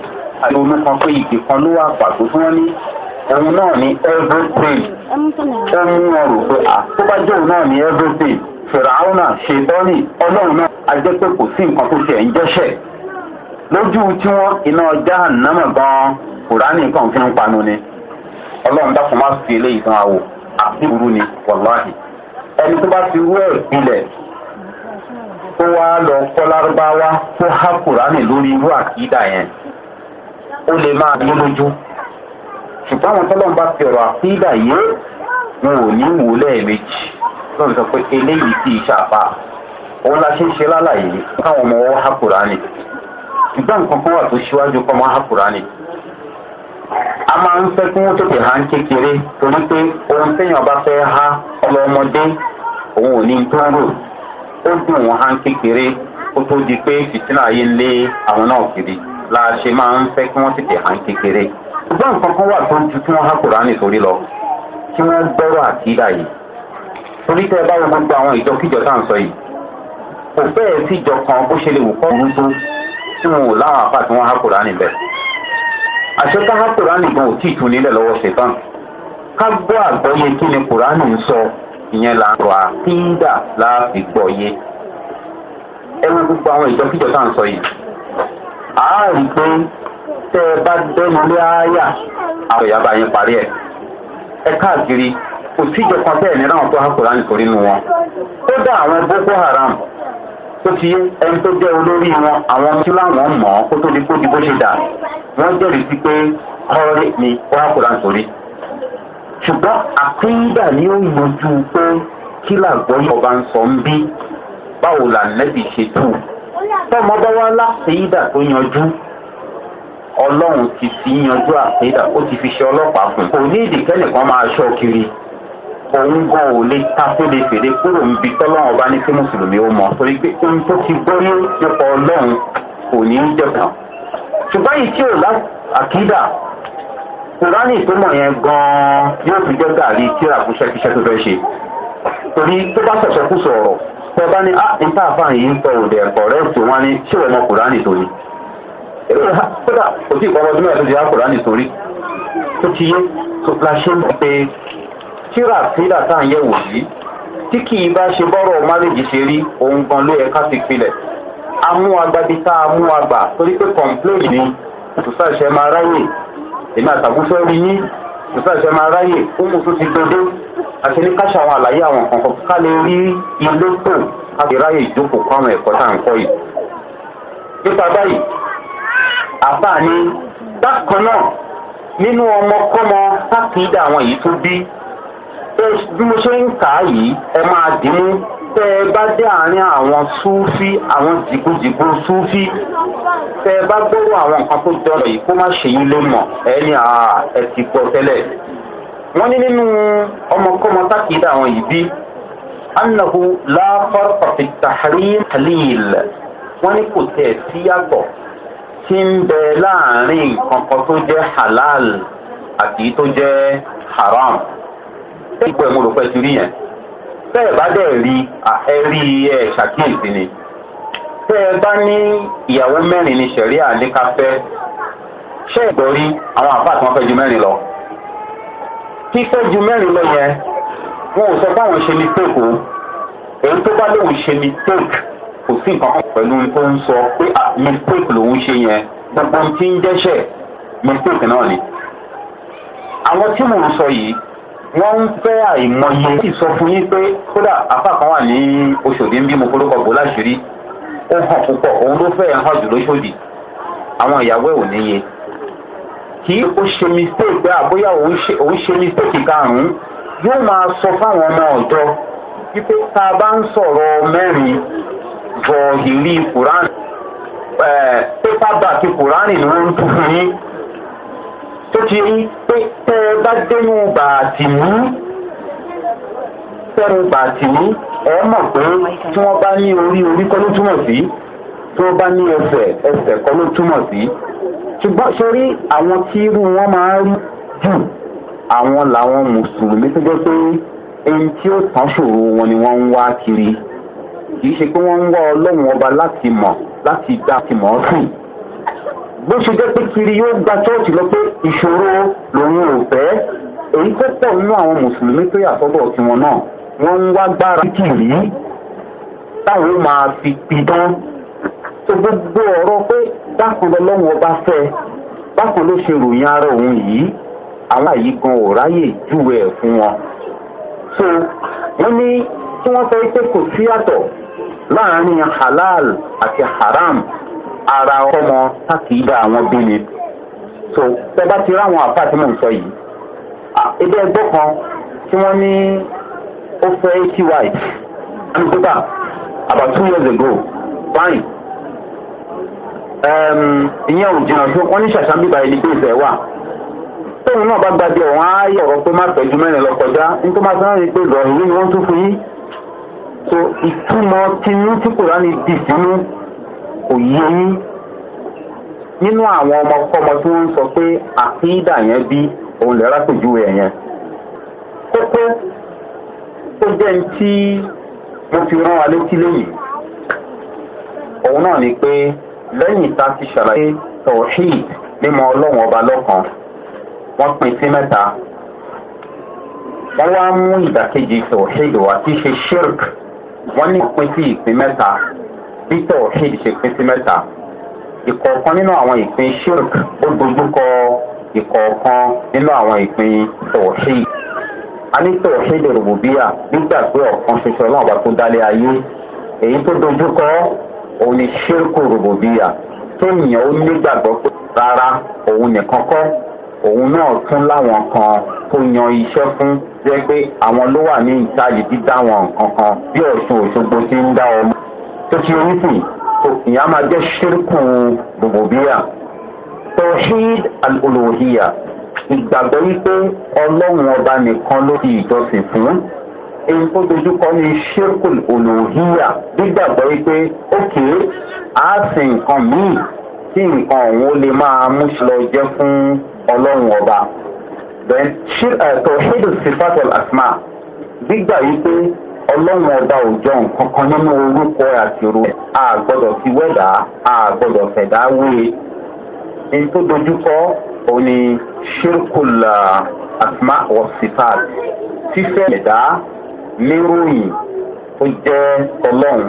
àti omi kan pé ìdè kan ló wà pàtó tí wọ́n ní òun náà ní everything ó mú wọn rò pé à tó bá jẹ́ òun náà ní everything fìràhánà ṣètọ́nì ọlọ́run náà a jẹ́ pé kò sí nǹkan tó ṣe ń jẹ́ṣẹ̀ lójú tí wọ́n iná ọjà ànámọ̀ gan-an kùránì kan fi ń panu ni ọlọ́run dákun má fi eléyìí tán àwò àti burú ni wàláhì ẹni tó bá ti rú ẹ̀ pilẹ̀ tó wá lọ kọ́ lárúbáwá tó há kùránì lórí irú àkídà yẹn. ó lè máa ní lójú ṣùgbọ́n àwọn tọ́lọ́n bá fi ọ̀rọ̀ àpínlẹ̀ yé wọn ò ní wò lẹ́ẹ̀mejì lọ́n sọ pé eléyìí kì ṣàpá òun la ṣe ń ṣe lálàyé káwọn ọmọ wọn há kùránì ṣùgbọ́n nǹkan kan wà tó ṣíwájú kọ́ máa a máa ń fẹ́ kí wọ́n tètè kékeré torí pé ohun téèyàn bá fẹ́ òun ò ní tó ń rò ó dùn wọn kékeré tó di la ṣe máa ń fẹ́ kí wọ́n tètè hàn kékeré ṣùgbọ́n nǹkan kan wà tó ń ju kí wọ́n há kùránì lọ kí wọ́n gbọ́rọ̀ àkídà yìí torí tẹ́ ẹ bá wọn gbogbo àwọn ìjọkíjọ tá à ń sọ yìí kò fẹ́ẹ̀ sí ìjọ kan bó ṣe lè wù kọ́ ọ̀hún tó tí wọn ò láwọn apá tí wọ́n há kùránì àṣẹ ká há kùránì ò tí ì tún nílẹ̀ lọ́wọ́ ṣetán ká gbọ́ àgbọ́yé kí ni kùránì ń sọ ìyẹn là ń rọ àkíńdà láàfin gbọ́yé ẹ wo gbogbo àwọn ìjọkíjọ tá à ń sọ yìí a rí i pé tẹ́ ẹ bá dẹ́nu bá yín parí ẹ̀ ẹ káàkiri kò síjọ bẹ́ẹ̀ hapụrụ ráwọn tó hákòrá nítorí nu wọn boko haram tó ti ẹni tó jẹ́ olórí wọn àwọn tí láwọn mọ̀ ọ́ kó tó di bó ṣe dà wọ́n jẹ́rìí sí pé ni wọ́n nítorí ṣùgbọ́n ni ó tọmọ bá wá láṣẹyídà tó yanjú ọlọ́run ti fi yanjú àṣẹyídà ó ti fi ṣe ọlọ́pàá fún un kò ní ìdíkẹ́nìkan máa ṣọ́ kiri òun gan ò lè ta tó lè fèrè kúrò níbi tọ́lọ́run bá ní kí mùsùlùmí ó mọ̀ torí pé ohun tó ti gbóyè nípa ọlọ́run kò ní í dẹ̀kàn. ṣùgbọ́n yìí tí ò lá àkídà kùránì tó mọ̀ yẹn gan-an yóò fi jẹ́ gàrí tíra fún ṣẹ́kíṣẹ́ tó fẹ́ ṣe torí tó bá ṣẹ̀ṣẹ̀ kú sọ̀rọ̀ tẹ bá ní ah nípa àfáà yìí ń sọ òde ẹ̀kọ́ rẹ̀ tó wá ní ṣé wọ́n mọ kùránì torí kódà kò sí ìkọ́ ọdún mẹ́rin tó ti há kùránì torí tó ti yé tó la ṣe mọ̀ pé tíra tíra tá à ń yẹ̀wò yìí tí kì í bá ṣe bọ́rọ̀ márèjì ṣe rí ohun gan ló yẹ ká ti pilẹ̀ amú agbadi tá a mú agbà torí pé kọ̀ǹpléènì ni kò máa ráyè èmi àtàkùn rí yín nípa ìfẹ́ máa ráyè ó mú tó ti dodo àti ní káṣà àwọn àlàyé àwọn kankan ká lè rí ilé tó a lè ráyè ìjókòó kọ́ àwọn ẹ̀kọ́ tá à ń kọ́ yìí. nípa báyìí àbá ni bákan náà nínú ọmọkọ́mọ sákìídà àwọn yìí tó bí bí mo ṣe ń kà á yìí ẹ máa dìímú tẹ́ ẹ bá dé àárín àwọn súfí àwọn jìgújìgú súfí tẹ́ ẹ bá gbọ́rọ̀ àwọn nǹkan tó dọ̀rọ̀ yìí kó má ṣe yín ló mọ̀ ẹ ní ẹ ti gbọ́ tẹ́lẹ̀. wọ́n ní nínú ọmọkọ́mọ tákìdá àwọn yìí bí anahu láfọ́rọ́ pàfi tàhárí khalil wọ́n ní kò tẹ̀ síyàtọ̀ tí ń bẹ láàrin nǹkan kan tó jẹ́ halal àti tó jẹ́ haram. ṣé ìgbọ́ ẹ̀ mo rò pé ti rí yẹn? bẹ́ẹ̀ bá dẹ̀ rí ẹ̀rí ẹ̀ ṣàkíyèsí ni tẹ́ ẹ bá ní ìyàwó mẹ́rin ní sẹ̀rí àlékáfẹ́ ṣé ìgbọ́rí àwọn àbá tí wọ́n fẹ́ ju mẹ́rin lọ fífẹ́ ju mẹ́rin lọ yẹn wọn ò sọ pé àwọn ṣe ní téèkù èyí tó bá lóun ṣe ní téèkù kò sí nǹkan kan pẹ̀lú tó ń sọ pé mistake lòun ṣe yẹn gbogbo tí ń jẹ́ṣẹ̀ mistake náà ni àwọn tí mò ń sọ yìí wọ́n ń fẹ́ àìmọye sì sọ fún yín pé kódà apá kan wà ní oṣòdì ń bí mo forúkọ láṣìírí ó hàn púpọ̀ òun ló fẹ́ hàn jù lóṣòdì àwọn ìyàwó ẹ̀ ò níye kì í ṣe mistake pé àbóyá òun ṣe mistake karùn-ún yóò máa sọ fáwọn ọmọ ọ̀dọ́ wípé tá a bá ń sọ̀rọ̀ mẹ́rin bọ̀ kùránì pépà bàkì kùránì ni ń tún fún yín tó ti rí pé tẹ́ ẹ bá dénú bàtì mí tẹ́rù bàtì mí ẹ mọ̀ pé tí wọ́n bá ní orí orí kọ́ ló túmọ̀ sí tí wọ́n bá ní ẹsẹ̀ ẹsẹ̀ kọ́ ló túmọ̀ sí ṣùgbọ́n sórí àwọn tí irú wọn máa ń rí jù àwọn làwọn mùsùlùmí tó jẹ́ pé ẹni tí ó tán ṣòro wọn ni wọ́n ń wá kiri kì í ṣe pé wọ́n ń wá ọlọ́run ọba láti mọ̀ láti dá ti mọ̀ ọ́ sìn bó ṣe jẹ́ pé kiri yóò gba chọ́ọ̀chì lọ pé ìṣòro lòun ò fẹ́ èyí tó pọ̀ nínú àwọn mùsùlùmí tó yà sọ́dọ̀ tiwọn náà wọ́n ń wá gbára kiri táwọn máa fi pidán tó gbogbo ọ̀rọ̀ pé bákan lọ́wọ́ bá fẹ́ bákan ló ṣe ròyìn ara òun yìí àwọn àyí gan ò ráyè júwe ẹ̀ fún wọn. so wọ́n ní tí wọ́n fẹ́ pé kò síyàtọ̀ láàrin halal àti haram ara ọmọ tákìdá àwọn bí ni so tẹ bá ti ráwọn àfa tí mò ń sọ yìí ẹgbẹ́ ẹgbẹ́ kan tí wọ́n ní ó fẹ́ eighty white anubota about two years ago fine ìyẹn ò jìnnà tó wọ́n ní ṣàṣàmì báyìí ní bíìsẹ̀ wà tóun náà bá gbàdé ọ̀hún á yọ̀rọ̀ pé má pẹ̀jú mẹ́rin lọ kọjá nítorí máa sáré pé lọ́ọ̀rù ni wọ́n tún fún yín so ìtumọ̀ tinú tí kò rá ní dì sínú kò yé yín nínú àwọn ọmọkọ́mọ tí wọ́n ń sọ pé àkídà yẹn bí òun lè rápèjú ẹ̀ yẹn kókó ó jẹ́ ní tí mo fi rán wa létí lẹ́yìn òun náà ni pé lẹ́yìn tá a ti ṣàlàyé tawhid mímọ ọlọ́run ọba lọ́kan wọ́n pin sí mẹ́ta wọ́n wá mú ìdàkejì tawhid wá tí í ṣe shirk wọ́n ní pin sí ìpín mẹ́ta bí tawhid ṣe pín sí mẹ́ta ìkọ̀ọ̀kan nínú àwọn ìpín shirk ó dojúkọ ìkọ̀ọ̀kan nínú àwọn ìpín tawhid a ní tawhid rògbòbíà nígbà pé ọ̀kan ṣoṣo náà wà tó dálé ayé èyí tó dojúkọ òun ni shirk rògbòbíà kéèyàn ó nígbàgbọ́ pé rárá òun nìkan kọ́ òun náà tún láwọn kan tó yan iṣẹ́ fún jẹ́ pé àwọn ló wà ní ìtajì dídá wọn nǹkan kan bí ọ̀sùn òṣogbo ti ń dá ọmọ tó fi orí tì ìyá máa jẹ́ ṣírkù bùbùbíyà tawhid al-uluhiya ìgbàgbọ́ wípé ọlọ́run ọba nìkan ló di ìjọsìn fún èyí tó dojúkọ ní ṣírkù olùhíyà gbígbàgbọ́ wípé ókè á sin nǹkan míì tí nǹkan ọ̀hún lè máa mú lọ jẹ́ fún ọlọ́run ọba then tawhid sifatul asma gbígbà wípé ọlọ́run ọba òjọ nǹkan kan nínú orúkọ àti ro a gbọ́dọ̀ fi wẹ́dà a gbọ́dọ̀ fẹ̀dá wé e tó dojúkọ òun ni ṣírkùlà asma wasifat fífẹ́ ẹ̀dá níròyìn tó jẹ́ ọlọ́run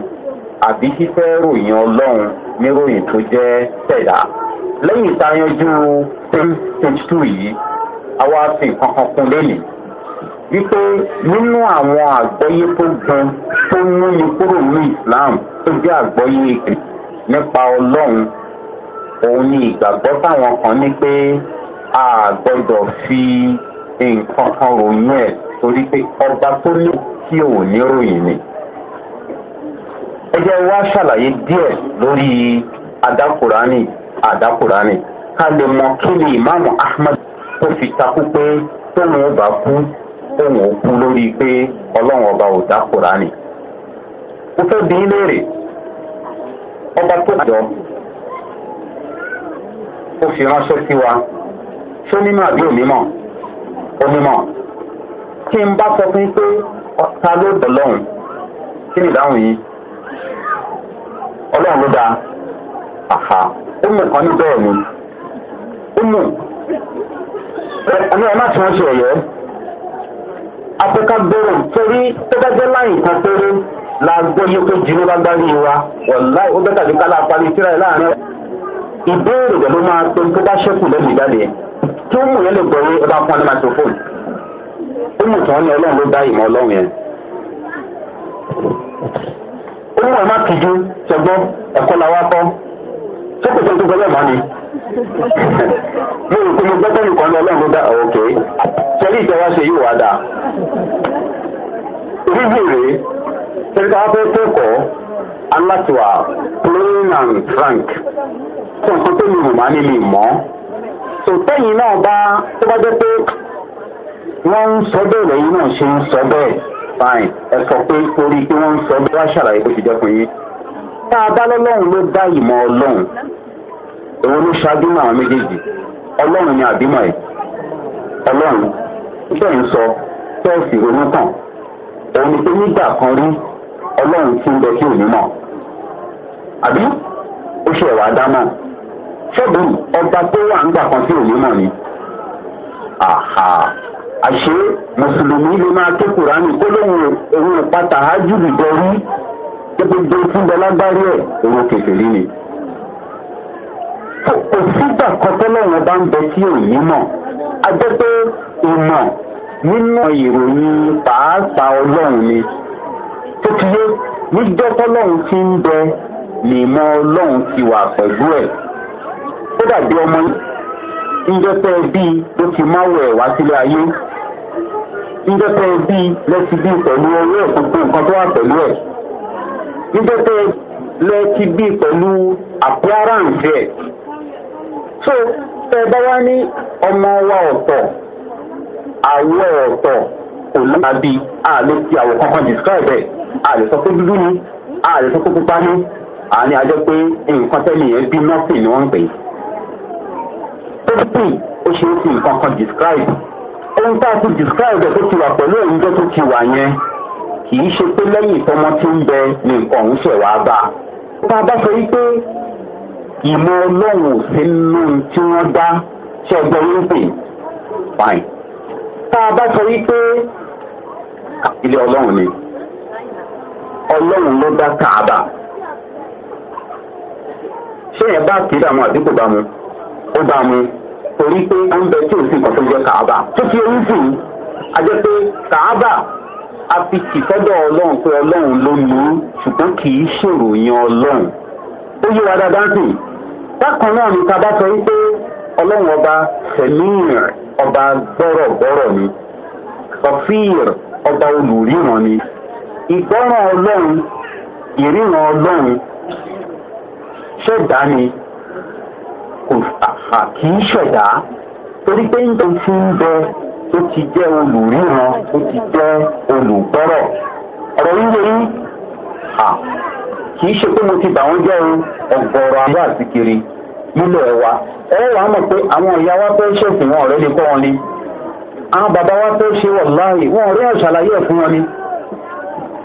àbí fífẹ́ ròyìn ọlọ́run níròyìn tó jẹ́ tẹ̀dá lẹ́yìn tá a yanjú page two yìí a wá fi nǹkan kan kún lónìí wípé nínú àwọn àgbọ́yé tó gan tó múni kúrò ní islam tó jẹ́ àgbọ́yé èkì nípa ọlọ́run òun ni ìgbàgbọ́ táwọn kan ní pé a gbọ́dọ̀ fi nǹkan kan ròyìn ẹ̀ torí pé ọba tó ní kí òun ní ròyìn ni. ẹ jẹ́ wá ṣàlàyé díẹ̀ lórí adákùránì adákùránì ká lè mọ kí ni ìmáàmù ahmed tó fi takú pé tóun ó bá kú òun ò lórí pé ọlọ́run ọba ò dá kùránì. mo fẹ́ bí léèrè ọba tó jọ ó fi ránṣẹ́ sí wa ṣó mímọ̀ àbí òmímọ̀ òmímọ̀ kí n bá sọ fún pé ọ̀tá ló dọ̀ kí ni ìdáhùn yìí ọlọ́run ló dáa àhà ó mú nǹkan ní bẹ́ẹ̀ ni ó mú ẹ ẹ má tí wọ́n ẹ̀yẹ́ afẹ́ká bẹ̀rẹ̀ torí tó bá jẹ́ láì kan péré la gbọ́ yé pé jìnnú bá gbárí wa wọ̀lá ó bẹ́ẹ̀ tàbí kálá parí síra ẹ̀ láàrin ìbéèrè rẹ̀ ló máa pé tó bá ṣẹ́kù lẹ́nu ìdáde tó mú yẹn lè gbọ́rí ẹ bá fún ọ ní microphone ó mú tán ní ọlọ́run ló dá ìmọ̀ ọlọ́run yẹn ó mú ẹ má tijú ṣẹgbọ́n ẹ̀kọ́ làwọn akọ́ tó kò tó ń tó gbọ́ lórí tí mo gbọ́ pé nǹkan náà lọ́nà dá òkè sẹ́rí ìjọba ṣe yìí wà dáa rígbì rèé sẹ́rí ká fẹ́ kẹ́kọ̀ọ́ aláṣùwà plain and frank tí nǹkan tó lè mọ̀ ní lè mọ́ sòtẹ́yìn náà bá tó bá jẹ́ pé wọ́n ń sọ bẹ́ẹ̀ lẹ́yìn náà ṣe ń sọ bẹ́ẹ̀ fine ẹ sọ pé torí pé wọ́n ń sọ bẹ́ẹ̀ wá ṣàlàyé bó ti jẹ́ fún yín tá a bá lọ́lọ́run ló dá ìmọ̀ ọlọ́run. èwo ló ṣáájú náà méjèèjì ọlọ́run ni àbímọ ẹ̀ ọlọ́run bẹ́ẹ̀ ń sọ tẹ́ẹ̀sì ronú tàn òun ni pé nígbà kan rí ọlọ́run tí ń bẹ kí òní mọ̀ àbí ṣe ẹ̀wà dámọ̀ ṣọ́ọ̀bù ọba tó wà ń bẹ lágbárí ẹ̀ òun ni. kò sígbà kan tọ́lọ́wọ́n bá ń bẹ tí ò ní mọ̀ a jẹ́ pé ìmọ̀ nínú ìròyìn pàápàá ọlọ́run ni tó ti yé níjọ́ tọ́lọ́run ti ń bẹ nìmọ̀ ọlọ́run ti wà pẹ̀lú ẹ̀ ó dàbí ọmọ níjọ́ tẹ́ ẹ bí ló ti máwọ̀ ẹ̀ wá sílé ayé níjọ́ tẹ́ ẹ bí lẹ́ti bí pẹ̀lú owó ẹ̀ gbogbo nǹkan tó wà pẹ̀lú ẹ̀ níjọ́ tẹ́ ẹ lẹ́ti bí pẹ̀lú appearance ẹ̀. so tẹ bá wá ní ọmọ wa ọtọ àwọ̀ ọtọ kò lára bí a lè fi kankan describe e a lè sọ pé dúdú ni a lè sọ pé pupa ni àní a jẹ́ pé nǹkan tẹ́lẹ̀ yẹn bí nothing ni wọ́n ń pè é everything ó ṣe é fi nǹkan kan describe ohun tá a ti describe ẹ̀ tó ti wà pẹ̀lú ẹ̀yìnjẹ́ tó ti wà yẹn kì í ṣe pé lẹ́yìn ìtọ́mọ́ tí ń bẹ ni nǹkan ọ̀hún ṣẹ̀ wá bá a. a bá sọ ìmọ̀ ọlọ́run ò sí lóhun tí wọ́n dá ṣe ọgbọ́n yín fine. tá a bá sọ wípé ilé ọlọ́run ni ọlọ́run ló dá káàbà ṣé yẹn bá kí dààmú àdínkù bá mu ó bá mu torí pé ó ń bẹ tí ò sí nǹkan tó jẹ káàbà tó fi pé káàbà a fi ú kì ṣèròyìn ó yí wa dáadáa sí i bákan náà ni tàbá sọ wípé ọlọ́run ọba sẹ̀míìr ọba gbọ́rọ̀gbọ́rọ̀ ni sọfíìr ọba olùríran ni ìgbọ́ràn ọlọ́run ìríran ọlọ́run ṣẹ̀dá ni kò fà kì í ṣẹ̀dá torí pé ń tó ti ń bẹ ó ti jẹ́ olùríran ó ti jẹ́ olùgbọ́rọ̀ ọ̀rọ̀ yíyẹ yín kì í ṣe pé mo ti bà wọ́n jẹ́ o ọ̀gọ̀rọ̀ àbá àti kiri nílẹ̀ wa ẹ wàá mọ̀ pé àwọn ìyá wa fẹ́ ṣèsìn wọn ọ̀rẹ́ lè kọ́ wọn ni àwọn bàbá wa fẹ́ ṣe wọ̀ láàyè wọn ọ̀rẹ́ àṣàlàyé ẹ̀ fún wọn ni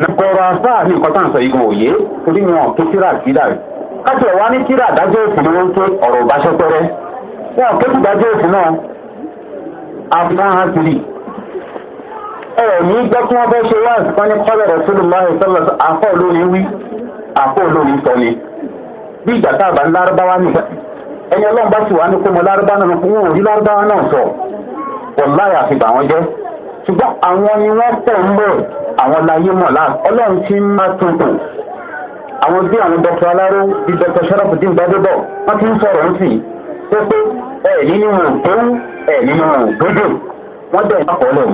ọ̀gọ̀rọ̀ àbá ní nǹkan tá à ń sọ yìí kò yé torí mi wọn kí tíra àkídà rẹ̀ kájọ wa ní tíra àdájọ́ òfin wọn pé ọ̀rọ̀ ìbáṣẹ́pẹ́rẹ́ wọn kí ìdájọ́ òfin náà àfihàn ẹ̀ẹ̀mí gbọ́ kí wọ́n fẹ́ ṣe wá ìsìnkán ní kọ́lẹ̀ rẹ̀ sílùmáì sọ́lọ́sọ́ àfọ́ olóyìn wí àpò olórin tọ́ bí ìgbà tá a bá ń lárúbáwá nìgbà ẹni ọlọ́run bá sì wá ní kó mọ lárúbá náà fún wọn ò rí lárúbáwá náà sọ wọláyà fi bà wọn jẹ ṣùgbọ́n àwọn ni wọ́n pọ̀ ń bọ̀ àwọn láyé mọ̀ láà ọlọ́run ti ń má tuntun àwọn bí àwọn dr aláró bí dr sharafudin gbadébọ̀ wọ́n ti ń sọ̀rọ̀ ń sì tó pé ẹ̀ nínú wọn ò tó ẹ̀ nínú wọn gbódò wọ́n dẹ̀ ń kọ́ lẹ́nu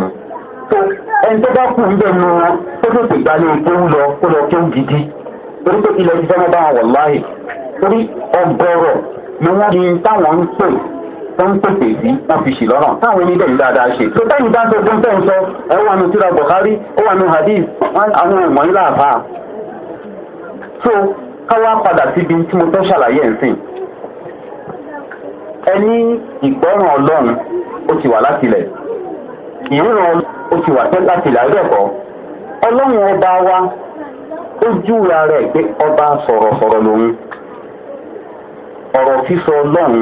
ẹni tó bá kù ń bẹ̀ nu wọn tó tètè gbalẹ̀ kéwú lọ kó lọ kéwú gidi torí pé ilẹ̀ ìjọba bá wà láàyè torí ọgọrọ ni wọ́n ní táwọn ń pè tó ń pèpè sí wọn fi sì lọ́nà táwọn onídẹ̀ yìí dáadáa ṣe. tó tẹ́yìn bá ń tọ́jú tẹ́ ń sọ ẹ wà nù síra buhari ó wà nù hadith àwọn ìmọ̀ ńlá àbá. tó káwá padà síbi tí mo fẹ́ ṣàlàyé ẹ̀sìn. ẹ ní ìgbọ́ràn ọlọ́run ó ti wà látilẹ̀ ìríran ó ti wà látilẹ̀ àdẹ́kọ̀ọ́ ọlọ́run ọba wa ó júwe ara ẹ̀ pé ọba sọ̀rọ̀sọ̀rọ̀ lòun ọ̀rọ̀ sísọ ọlọ́run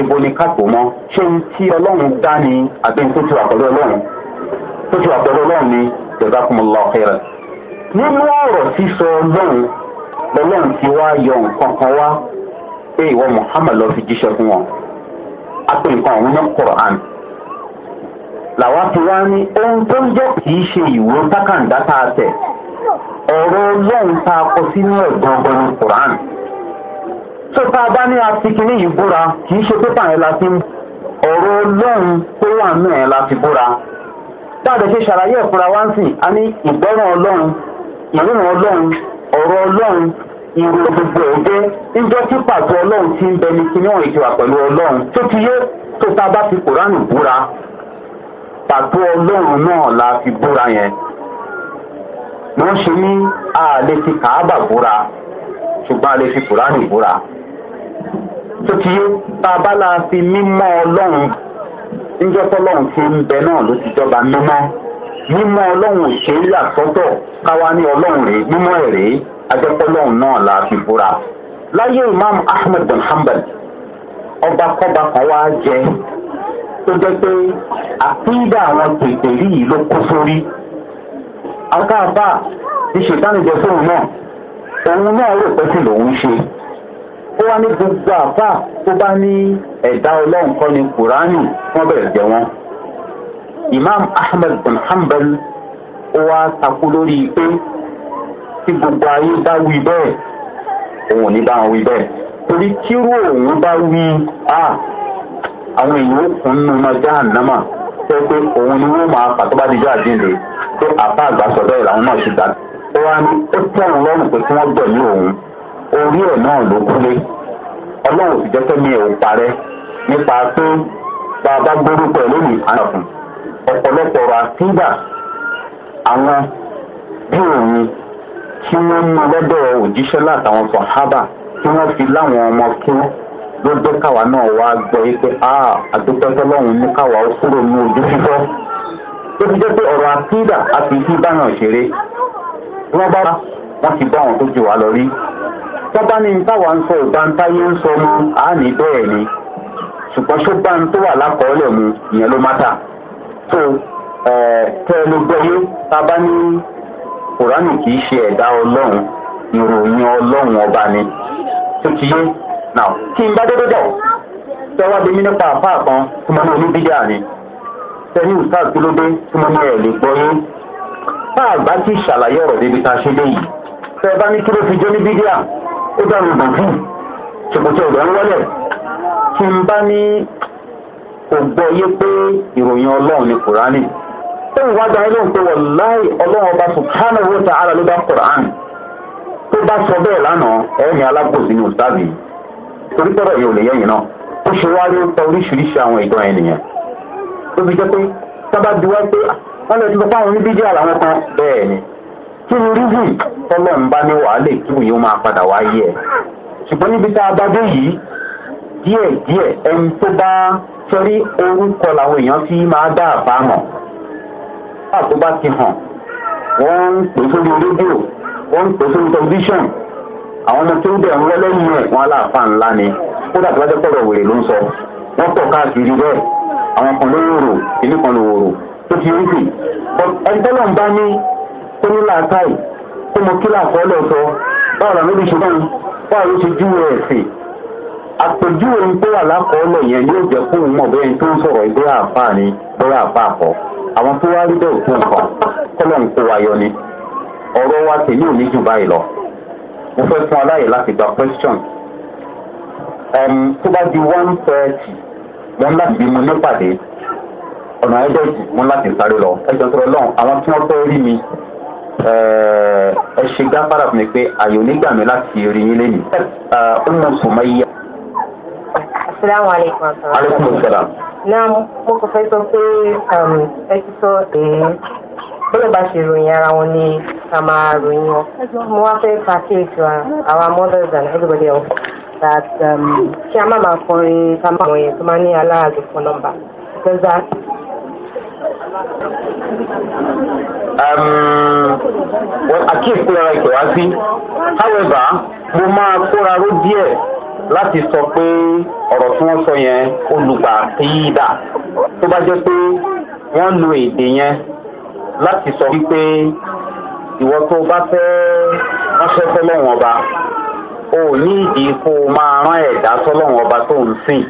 ibo ni kápò mọ́ ṣé n tí ọlọ́run dá ni àbí n tó ti wà pẹ̀lú ọlọ́run tó ti wà pẹ̀lú ọlọ́run ni jọba kún un lọ fẹ́rẹ̀. nínú ọ̀rọ̀ sísọ ọlọ́run lọ́lọ́run ti wá yọ nǹkan kan wá pé ìwọ muhammed lọ fi jíṣẹ́ fún wọn a nǹkan ọ̀hún ní quran làwa ti wá ní ohun tó ń jẹ́ kì í ṣe ìwé tákàndá tá a tẹ̀ ọ̀rọ̀ ọlọ́run tá a kọ sínú ẹ̀ gbọ̀ngàn ní quran tó tá a bá ní afikiní yìí búra kì í ṣe pépà yẹn la fi ọ̀rọ̀ ọlọ́run tó wà náà yẹn la fi búra dáadé ṣe ṣàlàyé ẹ̀fúnra wá ń sìn a ní ìgbọ́ràn ọlọ́run ìríran ọlọ́run ọ̀rọ̀ ọlọ́run ìrò gbogbo ẹ̀dẹ́ níjọ́ tí pàtó ọlọ́run ti ń bẹni kí níwọ̀n ìjọba pẹ̀lú ọlọ́run tó ti yé tó tá bá fi kóránù búra pàtó ọlọ́run náà la fi búra yẹn ló ń ṣe ní àlè fi kàábà búra ṣùgbọ́n àlè fi kùránì búra tó ti yé tá a bá la fi mímọ́ ọlọ́run níjọ́ tọ́lọ́run ti ń bẹ náà ló ti jọba mímọ́ mímọ́ ọlọ́run ṣe é yàtọ̀tọ̀ káwa ní ọlọ́run rèé mímọ́ ẹ̀ rèé ajẹ́pọ́lọ́run náà la fi búra láyé imam ahmed bin hanbal ọba kọba kan wá jẹ tó jẹ pé àpéǹdà àwọn tètè rí yìí ló kó sórí akáàbà ti ṣètánìjẹ fóun náà òun náà rò pẹ́ sí lòun ṣe ó wá ní gbogbo àbá tó bá ní ẹ̀dá ọlọ́run kọ́ ni kùránì wọ́n bẹ̀rẹ̀ jẹ wọn. imam ahmed bin hanbal ó wá takú lórí pé tí gbogbo ayé bá wí bẹ́ẹ̀ òun ní bá wọn wí bẹ́ẹ̀ torí kírú òun bá wí ah, àwọn èèyàn ó kún nínú ọjà ànámà pé pé òun ni wọ́n máa pàtó bá dijọ́ àdínlé pé àbá àgbà sọ bẹ́ẹ̀ làwọn náà ṣe gbà. ó wá ní ó tẹ̀wọ̀n lọ́rùn pé kí wọ́n gbẹ̀mí òun orí ẹ̀ náà ló kúlé ọlọ́run sì jẹ́ kẹ́mi ò parẹ́ nípa pé bá a bá gbóró pẹ̀ lónìí àyàfùn ọ̀pọ̀lọpọ̀ ọ̀rọ̀ àtúndà àwọn bí òun tí wọ́n mú lọ́dọ̀ òjíṣẹ́ látàwọn sọ̀hábà tí wọ́n fi láwọn ọmọ kí wọ́n ló jẹ́ káwa náà wá gbọ́ yìí pé a àdúpẹ́ tọ́lọ́run ní káwa ó kúrò ní ojú fífọ́ tó fi jẹ́ pé ọ̀rọ̀ àkídà a fi fi báyàn ṣeré tí wọ́n bá wọ́n ti bá àwọn tó jù wá lọ rí tọ́ba ní táwa ń sọ ìbá ń táyé ń sọ mu àá ní bẹ́ẹ̀ ni ṣùgbọ́n ṣọ́gbà ń tó wà lákọọ́lẹ̀ mu ìyẹn ló má tà tó tẹ́ ẹ ló gbọ́yé tá a bá ní kùránì kì í ṣe ẹ̀dá ọlọ́run ìròyìn ọlọ́run ọba ni tó ti yé now tí n bá dédé dẹ̀ tẹ́wọ́ bí mi nípa àpá kan tí mo ní oníbídíà ni tẹ́ni ustaz kí ló dé tí mo ní ẹ̀ lè gbọ́ yín tá a bá ti ṣàlàyé ọ̀rọ̀ débi tá a ṣe dé yìí tẹ́ ẹ bá ní kí ló fi jó oníbídíà ó dàrú bàbú ṣòkòtò ọ̀dọ́ ń wọlé tí n bá ní kò gbọ́ yé pé ìròyìn ọlọ́run ni kùránì tó ń wájà ilé ń pé wọ́n láì ọlọ́run ọba sùkánà owó ta kùránì tó bá sọ bẹ́ẹ̀ lánàá ẹ̀ẹ́mì alágbòsí ni òṣàbí yìí torí tọ́rọ̀ yìí ò lè yẹ̀yìn náà ó ṣe wá ló tọ oríṣiríṣi àwọn ìtàn ènìyàn tó fi jẹ́ pé sábà di wá pé wọ́n lè ti sọ fáwọn oníbíjì àlàwọn kan bẹ́ẹ̀ ni kí ni rí yìí tọ́lọ̀ ń bá ní wàhálà kí wòye ó máa padà wá yẹ ṣùgbọ́n níbi tá a bá dé yìí díẹ̀ díẹ̀ ẹni tó bá sọrí orúkọ làwọn èèyàn fi máa dá àbámọ̀ nígbà tó bá ti hàn wọ́n ń pè sórí rédíò wọ́n ń pè sórí tẹlifíṣàn àwọn ọmọ tó ń bẹ̀ ń wọlé yìí ẹ̀ wọn aláàfà ńlá ni kódà tó bá jẹ́ pọ̀rọ̀ wèrè ló ń sọ wọ́n pọ̀ káàkiri bẹ́ẹ̀ àwọn kan ló ń rò ìní kan ló wòrò tó ti rí bì ẹgbẹ́ náà ń bá ní tó ní làákàì tó mọ kí làákọ́ lọ sọ báwo làwọn olùṣe ṣùgbọ́n báwo ló ṣe júwe ẹ̀sìn àpèjúwe ń pé àlákọ́ọ́lẹ̀ yẹn yóò jẹ́ fún un mọ̀ bẹ́ẹ̀ tó ń sọ̀rọ̀ ìgbé àáfàá ni bẹ́ẹ̀ àáfàá kọ́ àwọn tó wá rí bẹ́ẹ̀ òkú nǹkan kọ́lọ̀ ń kó wa yọ ni ọ̀rọ̀ wa tèmi ò ní jù báyìí lọ mo fẹ́ fún aláyè láti gba question tó bá di one thirty mo ń láti bí mo nípàdé ọ̀nà ẹ̀dẹ́jì mo ń láti sáré lọ ẹjọ́ tó lọ́n àwọn tí wọ́n fẹ́ rí mi eh, ẹ ṣe gáfárà fún mi pé àyò nígbà mi láti rí yín lé eh, mi ó mọ̀ sùn mọ́ iye. asalaamualeykum asalaam. aleykum salaam. náà mo kò fẹ́ sọ pé ẹ ti sọ èé. Eh, bọ́lá bá ṣe ròyìn ara wọn ni a máa ròyìn wọn mo wá fẹ́ pa kéèkì our mothers and everybody else that um, kí a má máa kọrin ká wọ̀nyẹn tó máa ní aláàgbé fún nọ́mbà because that. Um, well, àkíyèsí ara ìkẹ̀wá sí however mo máa kóra ró díẹ̀ láti sọ pé ọ̀rọ̀ tí wọ́n sọ yẹn olùgbà kéyìí dà tó bá jẹ́ pé wọ́n lo èdè yẹn láti sọ wípé ìwọ tó bá fẹ́ ránṣẹ́ sọ́lọ́wọ́n ọba o ní ìdí kó o máa rán ẹ̀dá sọ́lọ́wọ́n ọba tó ń sìn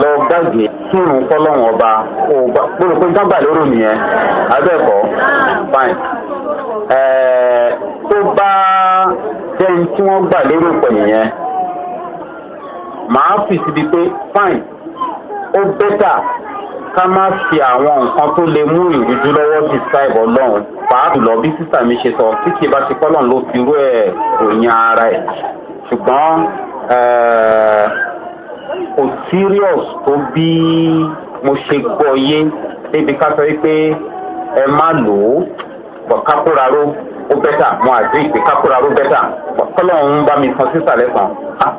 lọ gbàgbé kírun sọ́lọ́wọ́n ọba o gbọ́dọ̀ pé gbàgbà lóru nìyẹn abẹ́ẹ̀kọ́ fine tó bá jẹ́ ní tí wọ́n gbà lérò pọ̀ nìyẹn màá fi síbi pé fine ó bẹ́tà ká má fi àwọn nǹkan tó lè mú ìrújú lọ́wọ́ sí sáìbọ̀ ọlọ́run pàápàá lọ bí sísà mi ṣe sọ tí kì í bá ti kọ́lọ́n ló fi irú ẹ̀ ròyìn ara ẹ̀ ṣùgbọ́n eh, kò serious tó bí mo ṣe gbọ́ yé débi ká sọ wípé ẹ má lò ó bọ̀ kákúra ró ó bẹ́tà mo àdé ìpè kákúra ró bẹ́tà kọ́lọ́n ń bá mi san sísà lẹ́sàn-án.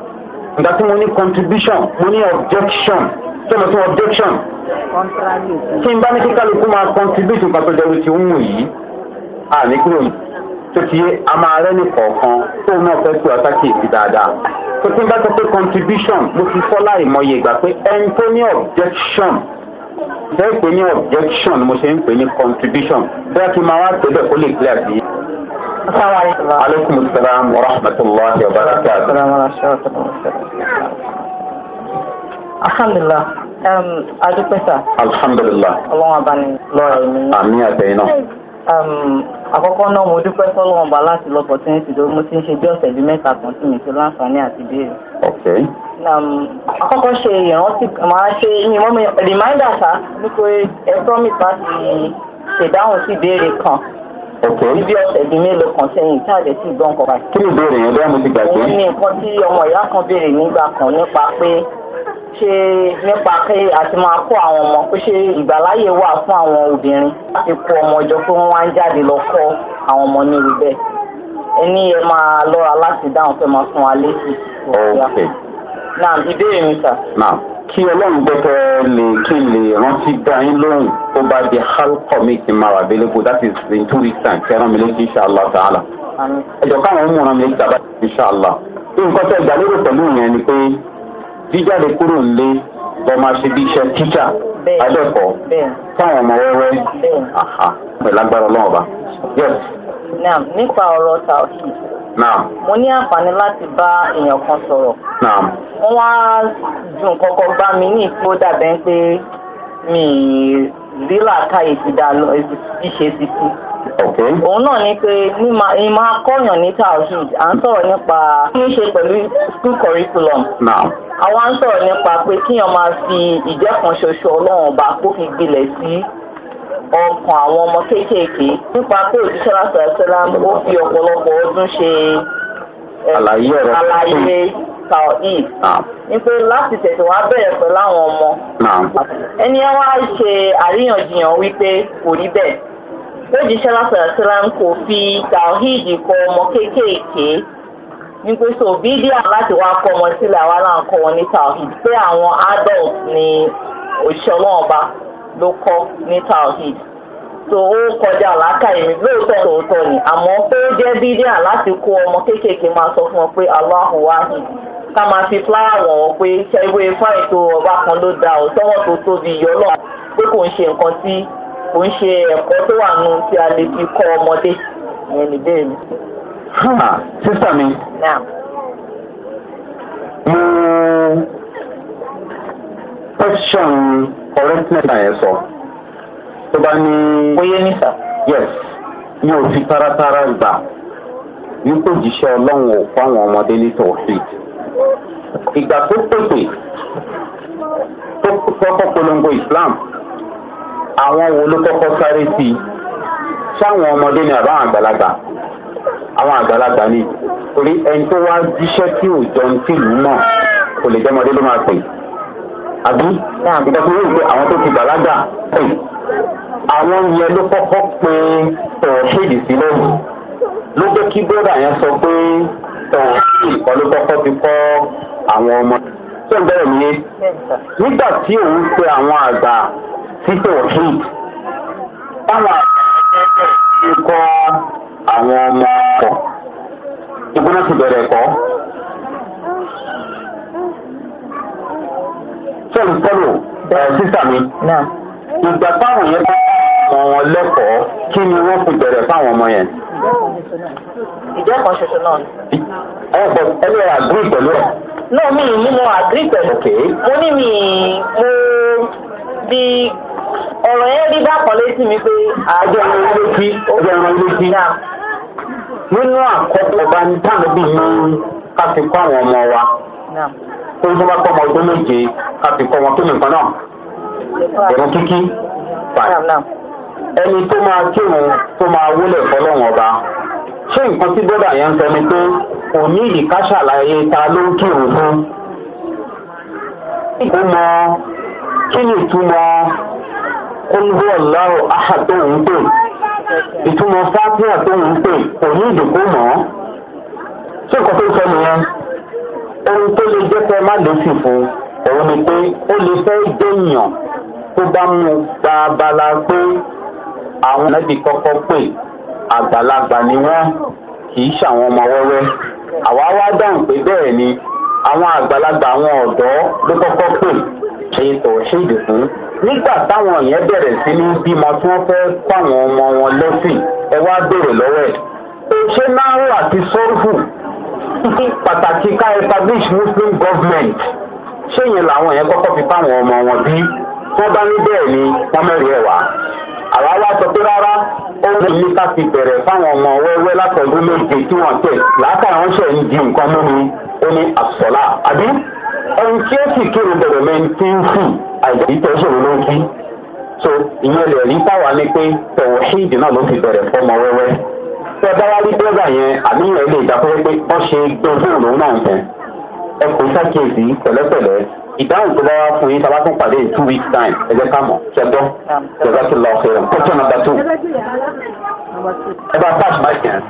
Ah, tí mo ní contribution mo ní objection tí mo ní objection kí n bá ní kí kálukú máa kọ́ntribútù pàtọ́jọ́rú ti ń wù yìí àní kúrò yìí tó ti yé a máa rẹ́ ní kọ̀ọ̀kan tó náà fẹ́ pé ọ̀tá kì í fi dáadáa tó ti ń bá sọ pé contribution mo ti fọ́ láì mọye ìgbà pé ẹni tó ní objection bẹ́ẹ̀ pé ní objection mo ṣe ń pè ní contribution bẹ́ẹ̀ kí n máa wá pé bẹ́ẹ̀ kó lè clear sí i. salaam wa rahmatulahi wa barakatuh alhamdulilah um, adúpẹ́sà. alhamdulilah. ọlọ́run abáni lọ́ọ̀rọ̀ mi. àmì àtẹ̀yìn náà um, àkọ́kọ́ náà mo dúpẹ́ sọ́lọ́run bá láti lọ opportunity tó mo ti ń ṣe bí ọ̀sẹ̀ bíi mẹ́ta kan sí mi tó láǹfààní àti béèrè. Um, àkọ́kọ́ ṣe ìrántí máa ṣe yín mọ́ mi rìmáìdà sá nítorí ẹ promise láti ṣèdáhùn sí ìbéèrè kan. níbi ọ̀sẹ̀ bíi mélòó kan sẹ́yìn tí àjẹ́ sì gbọ́n kọ́ báyìí. kí ni ìbéèrè yẹn bí wọ́n ti gbàgbé. òun ni nǹkan tí ọmọ ìyá kan béèrè nígbà kan nípa pé ṣe nípa pé àti máa kó àwọn ọmọ kó ṣe ìgbàláyè wà fún àwọn obìnrin láti kó ọmọ jọ pé wọ́n wá ń jáde lọ kọ́ àwọn ọmọ ní irú bẹ́ẹ̀ ẹni yẹn máa lọ́ra láti dáhùn fẹ́ máa fún wa létí. ok naam ìbéèrè mi sà. naam kí ọlọ́run gbẹ́tẹ́ lè kí lè rántí dá yín lóhùn tó bá di halkọ́ mi ti máa wà bẹ́lẹ́kù that is in two weeks time kí ẹ rán mi létí inṣàlá tààlà. ẹ̀jọ̀ káwọn ọmọ rán mi létí tàbá inṣàlá. nǹkan tó ẹgbàá lérò pẹ̀lú ìyẹn ni pé jíjáde kúrò nílé lọ máa ṣe bí iṣẹ́ tíjà adẹ́kọ̀ọ́ fáwọn ọmọ wẹ́wẹ́ pẹ̀lú agbára ọlọ́run ọba. naam nípa ọ̀rọ̀ taohid naam mo ní àǹfààní láti bá èèyàn kan sọ̀rọ̀ naam wọ́n á ju nǹkan kan bá mi ní ìfowó dàbẹ́ pé mi ì lílà ká ìdá lọ ṣíṣe ti kú. òun náà ni pé ìmọ̀ akọ́yàn ní taohid à ń sọ̀rọ̀ nípa kí ní ṣe pẹ̀lú school curriculum. àwa ń sọ̀rọ̀ nípa pé kíyàn máa fi ìjẹ́kan ṣoṣo ọlọ́run ọba kó fi gbilẹ̀ sí ọkàn àwọn ọmọ kéékèèké nípa pé òjíṣẹ́ lásìkò àṣẹlá ó fi ọ̀pọ̀lọpọ̀ ọdún ṣe àlàyé taoid ni pé láti tètè wá bẹ̀rẹ̀ pẹ̀lú àwọn ọmọ ah. ẹni ẹ wá ṣe àríyànjiyàn wípé kò rí bẹ́ẹ̀ lójíṣẹ́ lásàrásílá ń kò fi taoid kọ ọmọ kéékèèké ní pé so lati láti wá kọ ọmọ sílẹ̀ àwa náà kọ wọn ní taoid pé àwọn adult ni òṣìṣẹ́ ọlọ́run bá ló kọ́ ní taoid so ó kọjá làákàyè mi lóòótọ́ tòótọ́ ni àmọ́ pé ó jẹ́ bídíà láti kó ọmọ kéékèèké máa sọ fún ọ pé aláhùn wáhìn ká máa fi fúláwọ̀ pé ṣẹ́wé fáìn tó ọba kan ló da ọ̀ tọ́wọ́ tó tóbi yọ náà pé kò ń ṣe nǹkan tí kò ń ṣe ẹ̀kọ́ tó wà nù tí a lè fi kọ́ ọmọdé ìyẹn nìgbé mi. sísà mi mo question correctness náà yẹn sọ tó bá ní. oyè ní sà. yes mi ò fi taratara gbà wípé òjíṣẹ́ ọlọ́run ò kọ́ àwọn ọmọdé ní tòhídì ìgbà tó pèsè tó kọ́kọ́ polongo islam àwọn wo ló kọ́kọ́ sáré sí i sáwọn ọmọdé ni àbáwọn àgbàlagbà àwọn àgbàlagbà ni torí ẹni tó wá jíṣẹ́ tí ò jọ ní tìlú mọ̀ kò lè jẹ́mọdé ló máa pè àbí táwọn àgbẹ̀dá tó wù pé àwọn tó ti bàlágà pè àwọn yẹn ló kọ́kọ́ pe tọ̀ọ̀ ṣèdì sí ló jẹ́ kí bọ́dà yẹn sọ pé tọ̀wọ̀ sí ìkọlù kọ́kọ́ ti kọ́ àwọn ọmọ tó ń bẹ̀rẹ̀ ní nígbà tí òun pe àwọn àgbà sí tọ̀wọ̀ sí táwọn àgbà ti kọ́ àwọn ọmọ ọkọ̀ ìgbóná ti bẹ̀rẹ̀ ẹ̀kọ́. ṣé n fọ́lò sísà mi ìgbà táwọn yẹn bá ọmọ wọn lẹ́kọ̀ọ́ kí ni wọ́n fi bẹ̀rẹ̀ fáwọn ọmọ yẹn ìjẹ́ kan ṣoṣo náà ni. ẹ ẹ ẹni ẹ àgírí pẹ̀lú ẹ. náà mi ì ní mo àgírí pẹ̀lú. mo ní mi mo bí ọ̀rọ̀ yẹn rí dàpọ̀ létí mi pé. ajẹ́ ẹran létí ajẹ́ ẹran létí. nínú àkọ́kọ́ ọba ní táwọn bíi ní ká fi kọ́ àwọn ọmọ wa. tó ń bá kọ́ ọmọ ọdún méje ká fi kọ́ wọn kí nìkan náà. ẹ̀rọ kíkí. ẹni tó máa kírun tó máa wúlẹ̀ fọlọ́run ọba ṣé nǹkan tí bọ́dà yẹn ń sọ ni pé kò ní ìka ṣàlàyé ta ló ń kírun fún. kí mọ kí ni ìtumọ̀ kólúbọ̀ lọ́rọ̀ áhà tó ń pè ìtumọ̀ fátíà tó ń pè kò ní ìdìbò mọ́. ṣé nǹkan tó ń sọ nìyẹn ohun tó lè jẹ́ pé má lè sì fún òun ni pé ó lè fẹ́ déèyàn tó bá mú gba abala pé àwọn ẹbí kọ́kọ́ pè àgbàlagbà ni wọ́n kì í ṣàwọn ọmọ wẹ́wẹ́ àwa wá dáhùn pé bẹ́ẹ̀ ni àwọn àgbàlagbà àwọn ọ̀dọ́ ló kọ́kọ́ pè ṣe tọ̀ṣídì fún nígbà táwọn yẹn bẹ̀rẹ̀ sí ní bímọ tí wọ́n fẹ́ fáwọn ọmọ wọn lẹ́sìn ẹ wá bèrè lọ́wọ́ ẹ̀ ṣé náírà àti sọ́rùfù pàtàkì ká establish muslim government ṣé yẹn làwọn yẹn kọkọ fi fáwọn ọmọ wọn bí wọ́n bá ní bẹ́ẹ̀ ni wọ́n mẹ́rin ẹ̀ àwa wá sọ pé rárá ó ní ilé ká ti bẹ̀rẹ̀ fáwọn ọmọ wẹ́wẹ́ látọ̀dún méje tí wọ́n tẹ̀ láàkà àwọn ṣẹ̀ ń di nǹkan mú mi ó ní àsọ̀lá àbí ẹni tí ó sì kéré bẹ̀rẹ̀ mẹ́ni tí ń fì àìsàn ìtọ́sọ̀rọ̀ ló ń kí so ìyẹn lè rí táwa ní pé tọ̀wọ̀ ṣíìdì náà ló fi bẹ̀rẹ̀ fọmọ wẹ́wẹ́ tẹ báwa rí bẹ́ẹ̀gà yẹn àníyàn ilé ìdáfẹ́ pé wọ́n ṣe gbẹ́fẹ́ òun náà yẹn ẹ kò sákèsí pẹ̀lẹ́pẹ̀lẹ́ ìdáhùn tó bá wá fún yín tá a bá tún pàdé in two weeks time ẹ jẹ́ ká mọ̀ ṣe gbọ́ ṣe gbọ́ tó lọ ṣe rẹ̀ question number two ẹ bá pass my chance.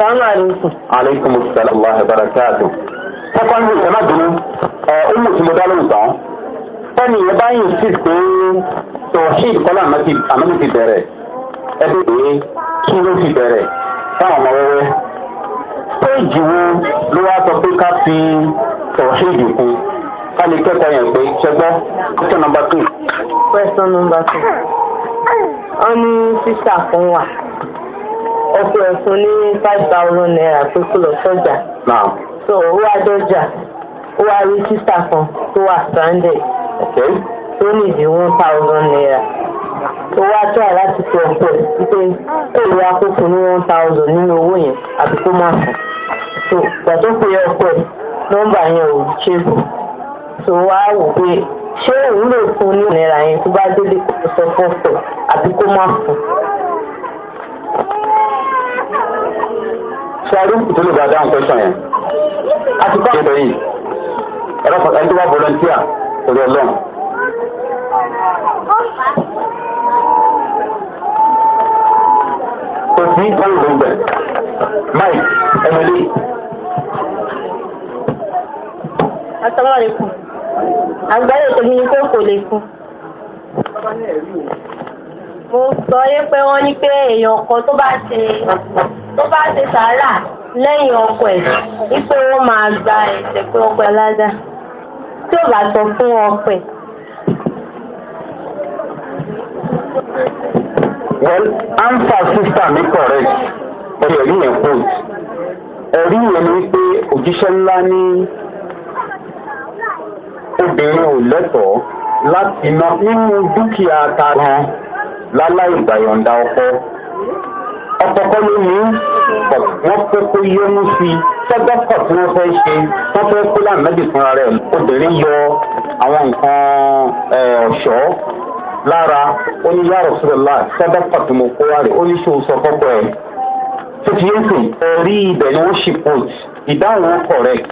salaamaleykum. aleykum salaam wa barakatu. sẹ́kọ̀ndì ẹ̀ má dunu ẹ̀ ó mú tí mo dá lóhùn tán. sẹ́ni ẹ bá yín sí pé tọ̀ṣì kọ́lá àmọ́ ti bẹ̀rẹ̀ ẹ bẹ̀rẹ̀ kí ló fi bẹ̀rẹ̀ fún àwọn wẹ́wẹ́ péèjì wo ló wá sọ pé ká fi tọ̀hídì kún ká lè kẹ́kọ̀ọ́ yẹn pé ṣẹgbọ́ question number two. question number two wọ́n ní sísà fún wa ọ̀pẹ̀ ọ̀sùn ní five thousand naira tó kú lọ sọ́jà. so ó wá dọ́jà ó wá rí sísà kan tó wà stranded tó nìdí one thousand naira tó wá jọ láti fi ọ̀pẹ wípé kó lè wá kó fún ní one thousand nínú owó yẹn àbí kó má fún so ìgbà tó pe ọ̀pẹ nọ́mbà yẹn ò ṣe bù so wá wò pé ṣé òun lè fún ní ìnira yẹn tó bá délé kó sọ fún ọ̀pẹ àbí kó má fún. sáré ìtòlù bá dáhùn pẹ́sàn yẹn a ti kọ́ ìtòlù yìí ẹ̀rọ pàtàkì tó bá volunteer torí ọlọ́run. kò sí òòrùn bẹ̀. Mike Emily. Asalaamaleykum. Àgbáyé tèmi ni pé kò lè fún. Mo sọ yé pé wọ́n ní pé èèyàn kan tó bá ṣe tó bá ṣe sàárà lẹ́yìn ọkọ ẹ̀ wípé wọ́n máa gba ẹ̀sẹ̀ pé ọkọ ẹ̀ ládàá tí ò bá sọ fún ọkọ ẹ̀ well answer sister mi correct ẹ̀rí ẹ̀rí yẹn point ẹ̀rí yẹn ni wípé òjíṣẹ́ ńlá ní obìnrin ò lẹ́tọ̀ọ́ láti ná nínú dúkìá ta gan láláì gbàyọ̀ǹda ọkọ ọkọ kọ́ ló ní wọ́n pé kó yẹnu sí sọ́dọ́kọ̀ tí wọ́n fẹ́ ṣe wọ́n fẹ́ kó lànà bí fúnra rẹ̀ obìnrin yọ àwọn nǹkan ọ̀ṣọ́ lára ó ní yàrá òṣèlélá sábà pàtùmọ̀ kó wá rè ó ní ṣòwò sọ fọ́pọ̀ ẹ̀ tó fi yẹn sìn ẹ̀rí ibẹ̀ ni ó ṣì pòt ìdáhùn correct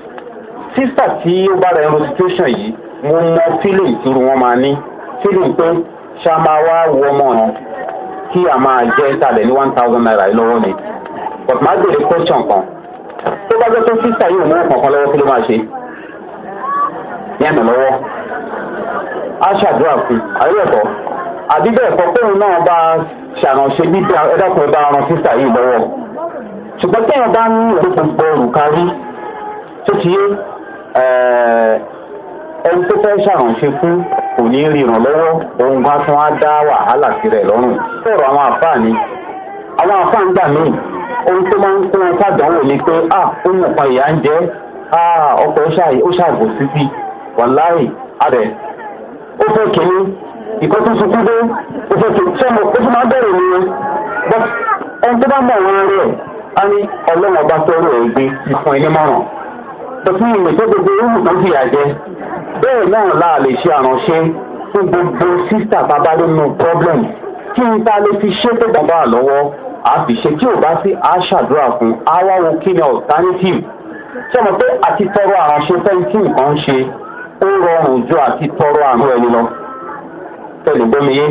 sísà tí ó bá ra ẹrù situation yìí mo mọ feeling tí wọn máa ní feeling pé ṣá máa wá wọ ọmọ ọ̀nà kí a máa jẹ́ ìsàlẹ̀ ní one thousand naira lọ́wọ́ ni but máa béèrè question kan tó bá jẹ́ pé sísà yóò mú ọkàn kan lọ́wọ́ kí ló máa ṣe ní àná lọ́wọ́. a ṣàdúrà àríwẹ̀kọ́ àdíbẹ̀ ẹ̀kọ́ pẹ́rùn náà bá ṣàránṣe bí ẹ̀dọ́kùn ẹ̀bá ọ̀ràn sísà yìí lọ́wọ́ ṣùgbọ́n bá ní ìlú gbogbo olùkárí tó ti yé ẹni tó fẹ́ fún kò ní rí ìrànlọ́wọ́ òun bá á dá wàhálà sí rẹ̀ lọ́rùn sọ̀rọ̀ àwọn ó fẹ́ kí ní ìkọ́ tó sunkún dé ó fẹ́ kí ní sọ́mọ ó tún máa bẹ̀rẹ̀ nìyẹn bọ́t ẹni tó bá mọ̀ wọn rẹ̀ á ní ọlọ́wọ́n bá tọrọ ẹ̀ gbé fún ẹni mọ́ràn tọ́sí ìmọ̀ tó gbogbo irú tó fìyà jẹ bẹ́ẹ̀ náà láà lè ṣe àránṣẹ́ fún gbogbo sísà bàbá lónú problem kí n ta lè fi ṣe tó bàbá lọ́wọ́ àfiṣe tí ò bá sí a ṣàdúrà fún a wá wo kí ni alternative ṣé pé àti tọrọ àránṣẹ́ fẹ́ẹ́ nǹkan ń ṣe ó rọrùn ju àti tọrọ àánú ẹni lọ tẹlẹ gbọmi yé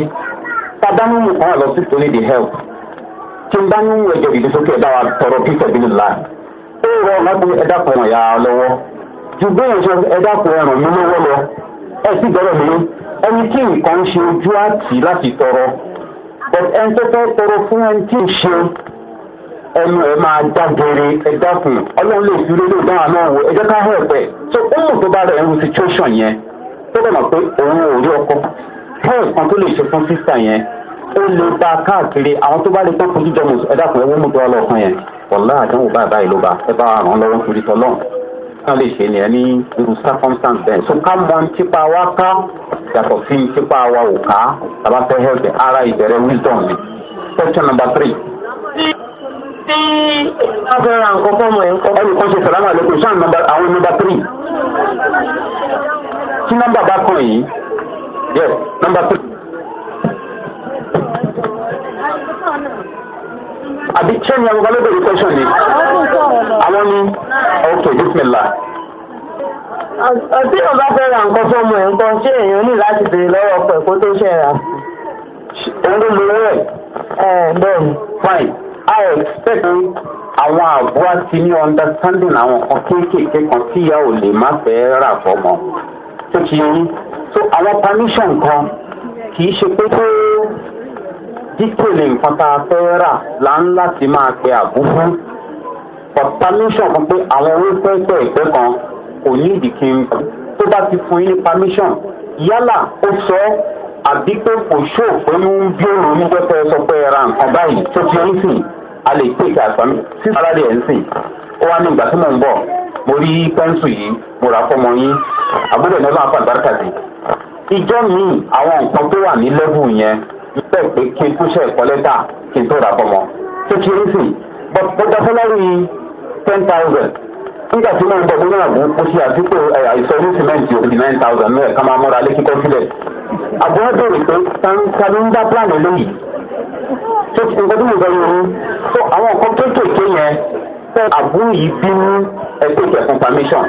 tàdánù kan lọ sí tó ní di help tí n bá ní ẹjọ ìdí sókè ẹ bá wa tọrọ kí tẹbi ní la ó rọrùn láti ẹdá kan ọ̀yà lọ́wọ́ ju bẹ́ẹ̀ sọ ẹdá kan ẹrùn mi lọ́wọ́ lọ ẹ sì gbọ́dọ̀ mi ẹni tí nǹkan ń ṣe ojú àti láti tọrọ but ẹni tó fẹ́ tọrọ fún ẹni tí ń ṣe ẹnu ẹ máa dágbére ẹ dákun ọlọ́run lè fi lélẹ̀ dáhà náà wò ẹ jẹ́ ká hẹ̀ pẹ̀ so ó mọ̀ tó bá rẹ̀ ẹrú situation yẹn tó dẹ̀ mọ̀ pé òun ò rí ọkọ hẹ́ẹ̀ kan tó lè ṣe fún sísà yẹn ó lè ba káàkiri àwọn tó bá lè tán fojú jọmọ ẹ dákun ẹ wọ́n mú tó wá lọ́ọ̀kan yẹn wọ́lá àdánwò báyìí báyìí ló bá ẹ bá wa ràn lọ́wọ́ torí tọ́lọ́ kan lè ṣe ni ẹ ní irú circumstance bẹ́ẹ̀ so ká mọ nípa wa ká yàtọ̀ sí nípa wa ò ká tàbá fẹ́ hẹ́ẹ̀kẹ́ ara ìbẹ̀rẹ̀ wisdom ni question number three tí abẹ́rẹ́ nǹkan fọ́ọ̀mù ẹ̀ ń kọ́. ẹnì kan ṣe sàlámà lóko ṣáà nọmba àwọn nọmba three tí nọmba bá kàn yìí yẹ nọmba three. àbí chain yẹn wọ́n ló bèrè question ni àwọn ni ok bismillah tí o bá fẹ́ ra nǹkan fún ọmọ ẹ̀ ń bọ́ ṣé èèyàn ní láti béèrè lọ́wọ́ ọkọ̀ ẹ̀kọ́ tó ṣe rà. òun ló lo owó ẹ̀. ẹ bẹ́ẹ̀ I expect àwọn àbúrò ti ní understanding àwọn kan kéékèèké kan tí ìyá ò lè má fẹ́ rà fọmọ tó ti yín so àwọn permission kan kì í ṣe pé pé detail nǹkan tá a fẹ́ rà là ń láti máa pe àbúrò but permission kan pé àwọn owó pẹ́ẹ́pẹ́ ìpẹ́ kan kò ní ìdí kí n tó bá ti fún yín ní permission yálà ó sọ ọ́ àbí pé kò ṣóòfin ń bí òun níjọ́ pé ẹ sọ pé ra nǹkan báyìí tó ti yín sìn a lè tèkì àgbámi sí ara rẹ̀ ń sìn ó wá ní ìgbà tí mò ń bọ̀ mo rí pẹ́ńsù yìí mo rà fọmọ yín àbúrò ní ọlọ́run àfàlùbáríkà sí. ìjọ míì àwọn nǹkan tó wà ní lẹ́bù yẹn bẹ́ẹ̀ pé kí n tó ṣe ẹ̀kọ́ lẹ́tà kí n tó rà fọmọ kékeré sí bọ́dọ̀ fọlọ́rù yìí ten thousand nígbà tí wọ́n ń bọ̀ bọ́nà àbú kó ṣe àdúgbò àìsàn ní sìmẹ́ǹtì òbí nine thousand náà ká máa mọ́ra lékíkọ́ sílẹ̀ àbú wọn bèrè pé ta ló ń dá plan lóyìí tó ti nǹkan tó ń bọ̀ lórí so àwọn nǹkan kéékèèké yẹn pé àbú yìí bínú ẹgbẹ́ ìkẹ̀kùn permission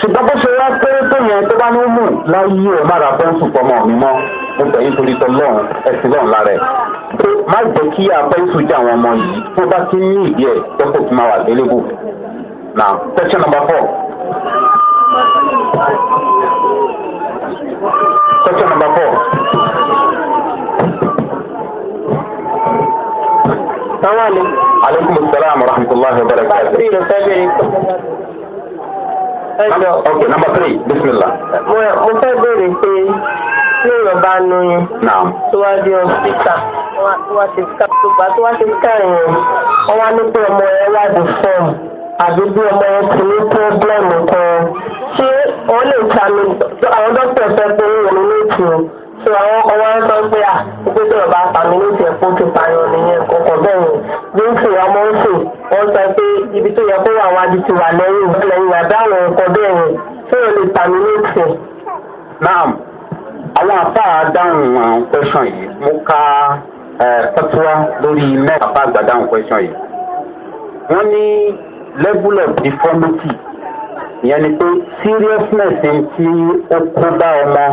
ṣùgbọ́n bó ṣe wá péré tó yẹn tó bá ní mú láyé ẹ̀ mára bọ́ǹsù pọ̀mọ́ mi mọ́ mo tẹ̀yìn torí tọ́lọ́run ẹ̀sìn lọ́run lára ẹ̀ pé má jẹ́ kí abẹ́ǹsù jẹ́ àwọn ọmọ yìí tó bá ti ní ìdí ẹ̀ tọ́kọ̀ tó máa wà délébù Now, question number four. Question number four. السلام عليكم. عليكم السلام ورحمة الله وبركاته. Number, okay, number three, Bismillah. Mo fẹ́ bèrè pé tí èèyàn bá lóyún. Tó wá di ọ̀sítà tó wá ti ká tó wá ti ká àbí bí ọmọ ọkùnrin tó blọ́ọ̀mù kan ṣé wọ́n lè ta mi àwọn dókítà sọ pé wọ́n mi létí o ṣé àwọn ọkọ̀ wọn sọ pé à pé tí ọba àmì létí ẹ̀kọ́ ti pààyàn nìyẹn kọ̀ọ̀kan bẹ́ẹ̀ ni bí ń fi ọmọ ń fò wọ́n sọ pé ibi tó yẹ kó wà wájú ti wà lẹ́yìn lẹ́yìn àdáwọn ọkọ̀ bẹ́ẹ̀ ni ṣé wọ́n lè ta mi létí. naam àwọn àfáà dáhùn àwọn kwẹsàn yìí mo ka eh, fatuwa lórí mẹ́ta bá àgbà dáhùn kwẹsàn yìí wọ́n ní level of deformity ìyẹn pé seriousness ti ó kó bá ọmọ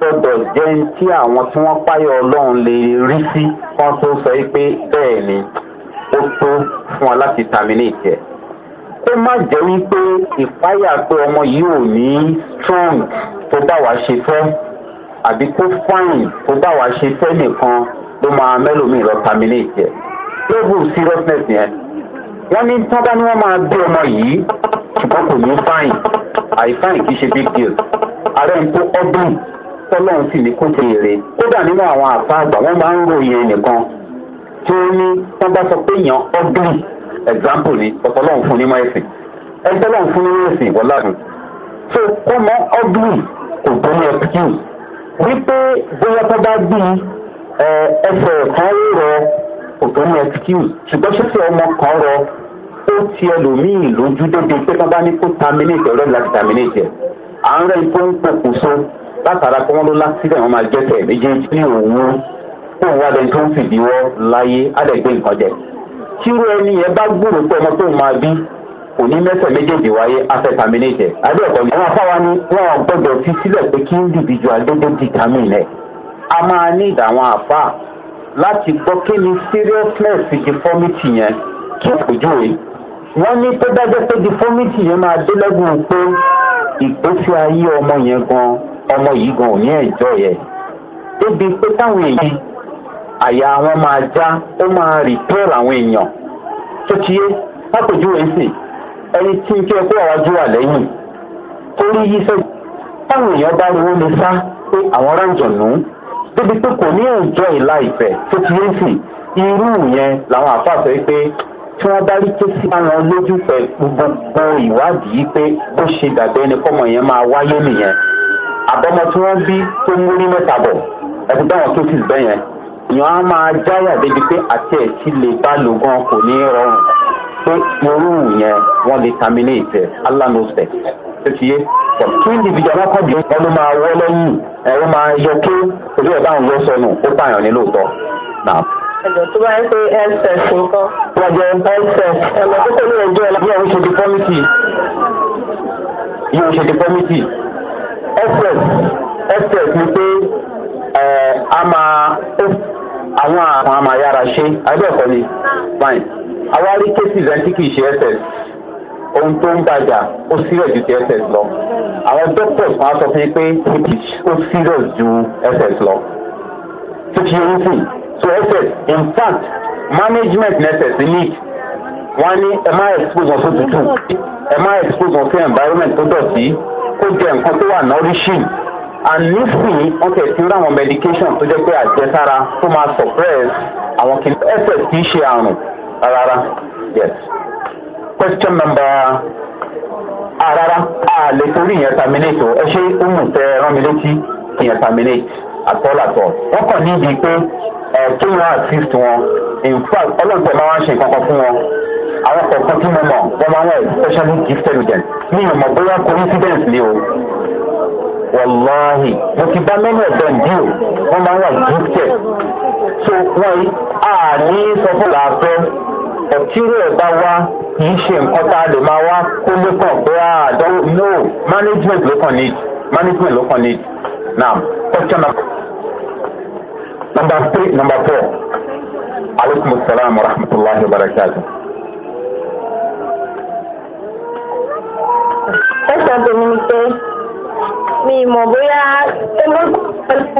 gbọdọ̀ jẹ́ tí àwọn tí wọ́n páyọ̀ ọlọ́run lè rí sí wọ́n tó sọ pé bẹ́ẹ̀ ni ó tó fún wọn láti terminate ẹ̀. kó má jẹ́ wípé ìpáyà pé ọmọ yìí ò ní strong tó bá wàá ṣe fẹ́ àbí kó fine tó bá wàá ṣe fẹ́ nìkan ló máa mẹ́lòmíì terminate ẹ̀. level seriousness yẹn wọ́n ní tábà ni wọ́n máa gbé ọmọ yìí ṣùgbọ́n kò ní fáìn àìfáìn kì í ṣe big deal ààrẹ ń tó ọdún tọ́lọ́run sì ní kó ṣe èrè kódà nínú àwọn àfa àgbà wọ́n máa ń ròyìn ẹnìkan tí ó ní wọ́n bá sọ pé èèyàn ọdún example ni ọ̀tọ̀lọ́run fún nímọ̀ ẹ̀sìn ẹ̀tọ́lọ́run fún nímọ̀ ẹ̀sìn wọ́ládùn so kó mọ ọdún kò tó ní excuse wípé bóyá tó bá bí ẹsẹ̀ kan rírọ kò tó ní excuse ṣùgbọ́n ṣẹ́fẹ̀ ọmọ kan rọ ó ti ẹlòmíì lójú débi pé bá bá ní kó terminate ọ̀rẹ́ láti terminate ẹ̀ à ń rẹ́ ipò ń pokùnso látara pé wọ́n ló lásìlẹ̀ wọn máa jẹ́sẹ̀ méjèèjì ní òwú kó wá lẹ́yìn tó ń fìdíwọ́ láyé ádẹ́gbé nǹkan jẹ tírú ẹni yẹn bá gbúrò pé ọmọ tó máa bí kò ní mẹ́sẹ̀ méjèèjì wáyé afẹ́ terminate ẹ̀ adéẹ̀kọ́ ni àwọn afáwa ni wọ́n gbọ́dọ̀ fi sílẹ̀ pé kí individual dédé determine ẹ̀ a máa ní ìdàwọn àfáà láti gbọ́ kí ni seriousness deformity yẹn kí àpèjúwe wọ́n ní tó dájọ́ pé deformity yẹn máa dé lẹ́gùn pé ìgbésí ayé ọmọ yẹn gan ọmọ yìí gan ò ní ẹ̀jọ́ yẹ débi pé táwọn èèyàn àyà àwọn máa já ó máa rìpẹ́ẹ̀rì àwọn èèyàn tó ti yé lápèjúwe sí ẹni tí n kí ẹ kó àwájú wà lẹ́yìn torí yí sẹ́yìn táwọn èèyàn bá rí wọn lè sá pé àwọn ráǹjọ̀nù débi pé kò ní ìjọ ìlà ìfẹ́ tó ti yé sí irú yẹn làwọn àfàṣọ pé tí wọ́n bá rí kéésì àwọn lójú pẹ̀ gbogbo ìwádìí pé bó ṣe dàbẹ́ ni kọ́mọ yẹn máa wáyé nìyẹn àbọ̀mọ tí wọ́n bí tó ń múrí mẹ́ta bọ̀ ẹ̀fọ́ báwọn kéésì bẹ́yẹn èèyàn á máa jáyà débi pé àti ẹ̀sìn lè bá lò gan kò ní rọrùn pé irú yẹn wọ́n lè terminate alánú sẹ̀ ṣèṣiyé tí individual bá kọ́ di ẹnu máa wọ́ lẹ́yìn ẹ̀rọ máa yọ ké ojú ẹ̀ bá ń yọ sọnù ó pààyàn ní lóòótọ́ náà. ẹ̀dọ̀ tó bá ń pe ss nǹkan. wọ́n jẹ ss ẹ̀mọ tó kọ́ ní ẹjọ́ ẹ̀ bí òun ṣe di kọ́mítì yóò ṣe di kọ́mítì ss ss ni pé a máa àwọn àwọn àmàyára ṣe àbẹ̀kọ́ ni fine àwa rí cases ẹni tí kì í ṣe ss ohun tó ń bàjà ó serious ju ti ss lọ àwọn doctors máa sọ fún yín pé ó serious ju ss lọ tó fi yín sí so ss in fact management ss need wọ́n ní ẹ má expose wọn sótútù ẹ má expose wọn sí environment tó dọ̀tí kó jẹ nǹkan tó wà nourishing and nísìnyí wọ́n tẹ̀ sí ráwọn medication tó jẹ́ pé àjẹsára tó máa suppress àwọn kìnìún ss kì í ṣe àrùn rárá yes question number àràrà ah, a ah, lè torí ìyẹn terminate o ẹ ṣe ohun tẹ rán mi létí ìyẹn terminate àtọ́làtọ̀ wọ́n kàn níbi pé ẹ eh, kí wọ́n assist wọn in fact ọlọ́ọ̀tẹ̀ máa ń ṣe kankan fún wọn àwọn kọ̀ọ̀kan tí mo mọ̀ wọ́n máa ń wà especially gifted students mi ò mọ̀ bóyá coincidence ni o wàláhì mo ti bá mẹ́nu ọ̀dọ́ ìdí o wọ́n máa ń wà gifted so wọ́n yìí àní sọ fún làásọ ọ̀tí rẹ̀ bá wá kì í ṣe nǹkan tá a lè máa wá kó lókàn pé àdánwò ah, no management ló kàn need management ló kàn need now question number three number four aleykum salaam wa rahmatulahi wa barakatu. ẹ sọ pé mi pé mi mọ̀ bóyá ṣé mo ní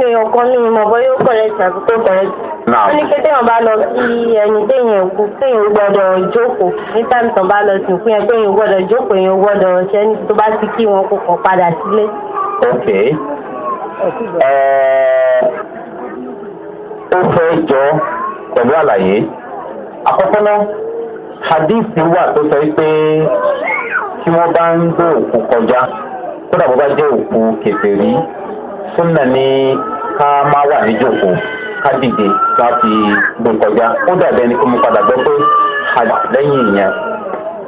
èèyàn kan mi mọ̀ bóyá ó kọ̀rẹ́ tàbí kò kọ̀rẹ́ wọ́n ní pé téèyàn bá lọ sí ẹni téèyàn kú téèyàn gbọ́dọ̀ jókòó ní táìmù tán bá lọ sí òkú yẹn téèyàn gbọ́dọ̀ jókòó èèyàn gbọ́dọ̀ ṣẹ́ ní tó bá ti kí wọn kó kàn padà sílé. ok ó fẹ́ jọ pẹ̀lú àlàyé àkọ́kọ́ náà hadith wà tó sọ pé tí wọ́n bá ń gbé òkú kọjá kódà bó bá jẹ́ òkú kẹfẹ́rí súnà ní ká má wà níjòkó ká dìde ká fi gbé kọjá ó dàbí ẹni pé mo padà gbọ́ pé àjà lẹ́yìn ìyẹn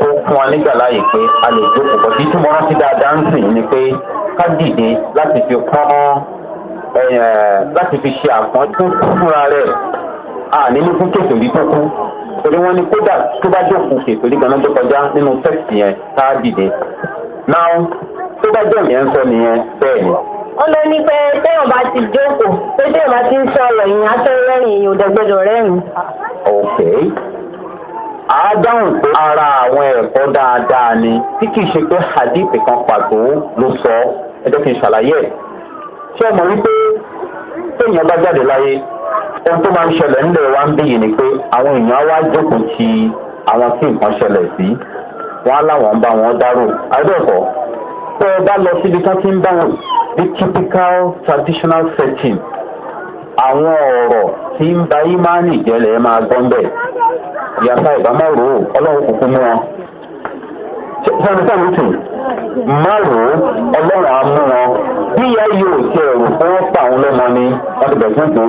ó fún wa nígbà láàyè pé a lè jókòó kọ́ sí túmọ̀ rántí dáadáa ń sìn ni pé ká dìde láti fi pọ́n láti fi ṣe àpọ́n tó fúnra rẹ̀ àní ní fún kẹfẹ́rí tó kú torí wọn ni kódà tó bá jókòó kẹfẹ́rí ganan tó kọjá nínú tẹ́sì yẹn ká dìde. now tó bá jẹ́ ìyẹn ń sọ nìyẹn bẹ́ẹ̀ ni. ọmọ ẹni pé téèyàn bá ti jókòó pé téèyàn bá ti ń sọ̀rọ̀ yìí afẹ́rẹ́rìn yìí ò dẹ̀gbẹ́dọ̀ rẹ́rìn. ok a dáhùn pé ara àwọn ẹ̀kọ́ dáadáa ni tí kì í ṣe pé hadith kan pàtó ló sọ ẹ jẹ́ kí n ṣàlàyé ẹ̀ ṣé ẹ mọ̀ wípé téèyàn bá jáde láyé ohun tó máa ń ṣẹlẹ̀ ńlẹ̀ wa ń bíyì ni pé àwọn èèyàn á wá jókòó ti àwọn tí nǹkan ṣẹlẹ̀ sí wọn á láwọn ń bá wọn dárò adẹ́kọ̀ọ́ tọ́ ọ bá lọ síbi tán ti ń bá wọn the typical traditional setting àwọn ọ̀rọ̀ tí ń ba ìmánì jẹ́lẹ̀ máa gbọ́n bẹ́ẹ̀ yàtọ̀ ìbámọ́ ọlọ́run kúkú mú wọn sọ́ni sọ́ni tù márùn-ún ọlọ́run á mú wọn bí yóò ti bẹ̀rẹ̀ fún ti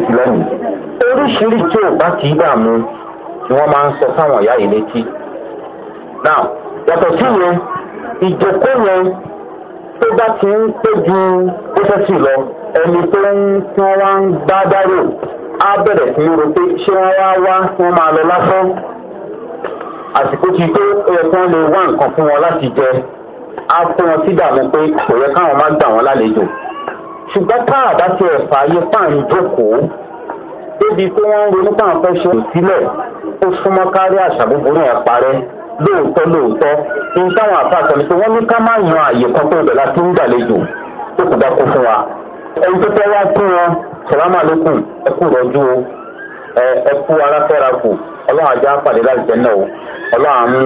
ni wọ́n máa ń sọ ìyá yìí tó bá ti ń pé ju pósẹ́sì lọ ẹni tó ń tí wọ́n wá ń gbá dárò á bẹ̀rẹ̀ sí ní ro pé ṣé wọ́n wá wá kí wọ́n máa lọ lásán àsìkò ti tó ẹ̀yẹ kí wọ́n lè wá nǹkan fún wọn láti jẹ á fún wọn sí dààmú pé kò yẹ káwọn má gbà wọn lálejò ṣùgbọ́n tá a bá ti ẹ̀fà ayé pààyàn jókòó débi pé wọ́n ń ronú pàǹfẹ́ ṣe òsílẹ̀ ó súnmọ́ kárí àṣà búburú yẹn parẹ́ lóòótọ́ lóòótọ́ ní táwọn àfáàsọ ni pé wọ́n ní ká má yan àyè kan tó bẹ̀ láti ń gbàlejò tó kù dákó fún wa ẹni tó fẹ́ wá fún wọn sàlámà ló kù ẹkú rọjú o ẹkú ara fẹ́ra kù ọlọ́run ajá pàdé láti jẹ́ náà o ọlọ́run àmú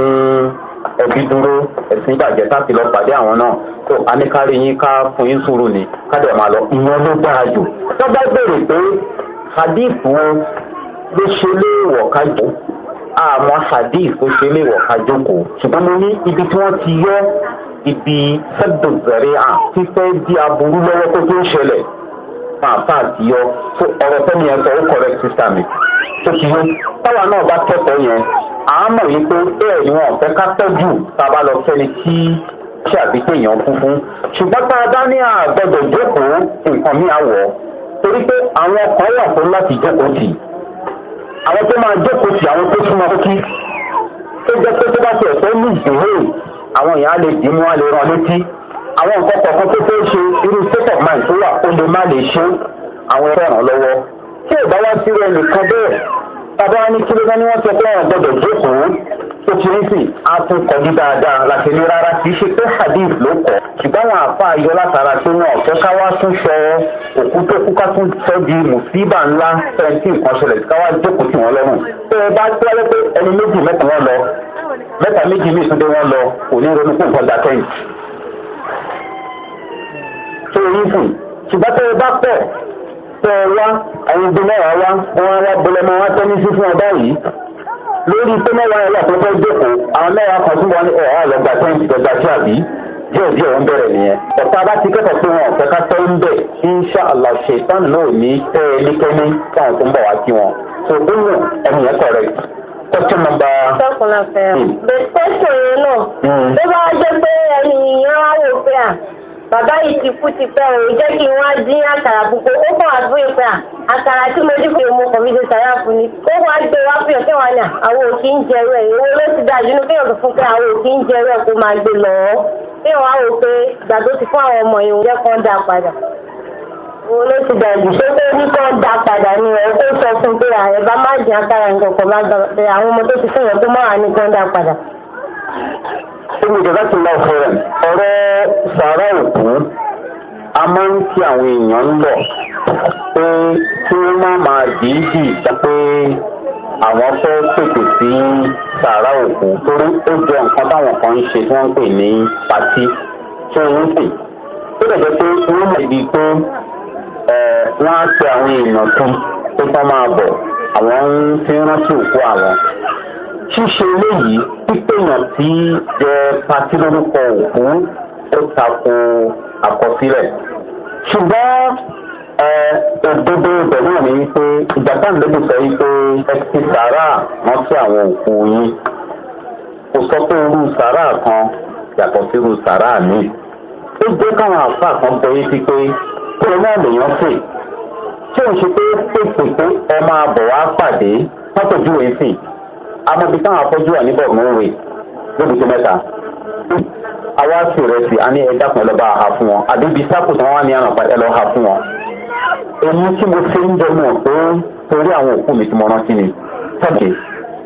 ẹbí dúró ẹ̀sìn ìbàjẹ́ láti lọ pàdé àwọn náà tó aníkárí yín ká fún yín sùúrù ni ká dẹ̀ máa lọ ìyẹn ló dára jù tó bá pé hadith wo ló ṣe léèwọ̀ ká jù àmọ́ hadith kò ṣe lè wọ̀ ká jókòó ṣùgbọ́n mo ní ibi tí wọ́n ti yọ ibi sẹ́dọ̀ zẹ̀rẹ̀ à fífẹ́ di aburú lọ́wọ́ tó tó ń ṣẹlẹ̀ pàápàá ti yọ tó ọ̀rọ̀ tẹ́mi yẹn sọ ó correct sister mi tó ti yọ táwa náà bá kẹ́kọ̀ọ́ yẹn àámọ̀ yìí pé bẹ́ẹ̀ ni wọn fẹ́ ká tọ́jú tá a bá lọ sẹ́ni tí ṣe àbíkẹ́ èèyàn kún fún ṣùgbọ́n tá a bá ní àgbọ̀dọ̀ jókòó nǹkan mi àwọ̀ torí pé àwọn kan wà fún láti jókòó tì àwọn tó máa jókòó sí àwọn tó súnmọ́ kí tó jẹ́ pé tó bá ti ẹ̀fọ́ ní ìdúró àwọn èèyàn á lè dì mú á lè rán létí àwọn nǹkan kọ̀ọ̀kan tó fẹ́ ṣe irú state of mind tó wà ó lè má lè ṣe àwọn ẹ̀rọ ràn lọ́wọ́ tí ìbáwá sí rẹ nìkan bẹ́ẹ̀ bàbá wa ní kí ló bá ní wọ́n sọ pé àwọn gbọ́dọ̀ jókòó ó ti rí sí àtún kọjú dáadáa láti ní rárá kì í ṣe pé hadith ló kọ ṣùgbọ́n àwọn àfa ayọ látara tí wọn ọ̀fẹ́ ká wá tún sọ òkú tó kú ká tún sọ di mùsíbà ńlá fẹ́ǹtì nǹkan ṣẹlẹ̀ ká wá jókòó tì wọ́n lọ́rùn tó o bá tó wáyé pé ẹni méjì mẹ́ta wọn lọ mẹ́ta méjì ní ìtúndé wọn lọ kò ní ronú kó nǹkan dà kẹ́yìn. ṣùgbọ́n tó o bá pọ̀ tẹ ẹ wá àwọn ibi mẹ́wàá wá wọn wá bọlọmọ wá tẹ́ni sí fún ọba yìí lórí pé mẹ́wàá ẹ̀rọ àtọ́fẹ́ jókòó àwọn mẹ́wàá kan tún wọn ní ọ̀hán àlọ́gbà tó ń gbẹgbà sí àbí díẹ̀ díẹ̀ wọ́n bẹ̀rẹ̀ nìyẹn ọ̀tá bá ti kẹ́kọ̀ọ́ pé wọn ọ̀fẹ́ ká tẹ́ ń bẹ̀ insha allah ṣètàn náà ní tẹ́ ẹ níkẹ́ni káwọn tó ń bọ̀ wá sí wọn so ó wù ẹni yẹn correct question number. question number. bẹ̀ẹ́ question yẹn náà. bí wọ́n á jẹ́ pé ẹni yẹn á wò pé à bàbá yìí ti kú ti pẹ́ o jẹ́ kí n wá dín àkàrà púpọ̀ ó kàn wá fún ìpẹ́ à àkàrà tí mo dín fún ìmú kàn fi ṣe sàrà fún ni ó wá gbé wá fún ìyọ̀kẹ́ wa ní àwọn òkè ń jẹrú ẹ̀ ìwọ ló ti dájú ní kéèyàn tó fún pé àwọn òkè ń jẹrú ẹ̀ kó máa gbé lọ kéèyàn wá wò pé ìgbà tó ti fún àwọn ọmọ yìí jẹ́ kán dá padà ìwọ ló ti dájú ṣé pé ní kán dá padà ni ẹ̀ tó sọ fún pé ààrẹ bá má jẹ́ àkàrà nǹkan kan ẹni ìjọba lọ fẹrẹ ọrọ sàrà òkú a máa ń kí àwọn èèyàn ń lọ pé kí wọn má máa dìídì pé àwọn fẹ pèpè sí sàrà òkú torí ó jẹ nǹkan táwọn kan ń ṣe tí wọn ń pè ní pàtí tí wọn ń pè ó dẹ̀ jẹ́ pé ibi pé wọ́n á pe àwọn èèyàn kan pé kí máa bọ̀ àwọn ṣíṣe eléyìí pípéyàn tí jẹ pati lórúkọ òkú ó tako àkọsílẹ̀ ṣùgbọ́n òdodo pẹ̀lú mi pé ìgbà táwọn lóbi sọ wípé ẹ ti sàárà rántí àwọn òkú yín kò sọ pé irú sàárà kan yàtọ̀ sí irú sàárà mi ó jẹ́ káwọn àfa kan bọ yí sí pé kí ẹ náà lèèyàn sè tí òun ṣe pé pèsè pé ẹ máa wá pàdé pápẹ́jú èsì amóbi táwọn afọ́jú wà níbọ̀ mú wè lóbi tó mẹ́ta àwa sì rẹ̀ sí a ní ẹja kan lọ́ba ha fún wọn àbí ibi sáàpù tí wọ́n wá ní àrùn pàtẹ́ lọ́ ha fún wọn. èyí tí mo ṣe ń jẹ mọ̀ pé torí àwọn òkú mi ti mọ rántí ni tọ́kì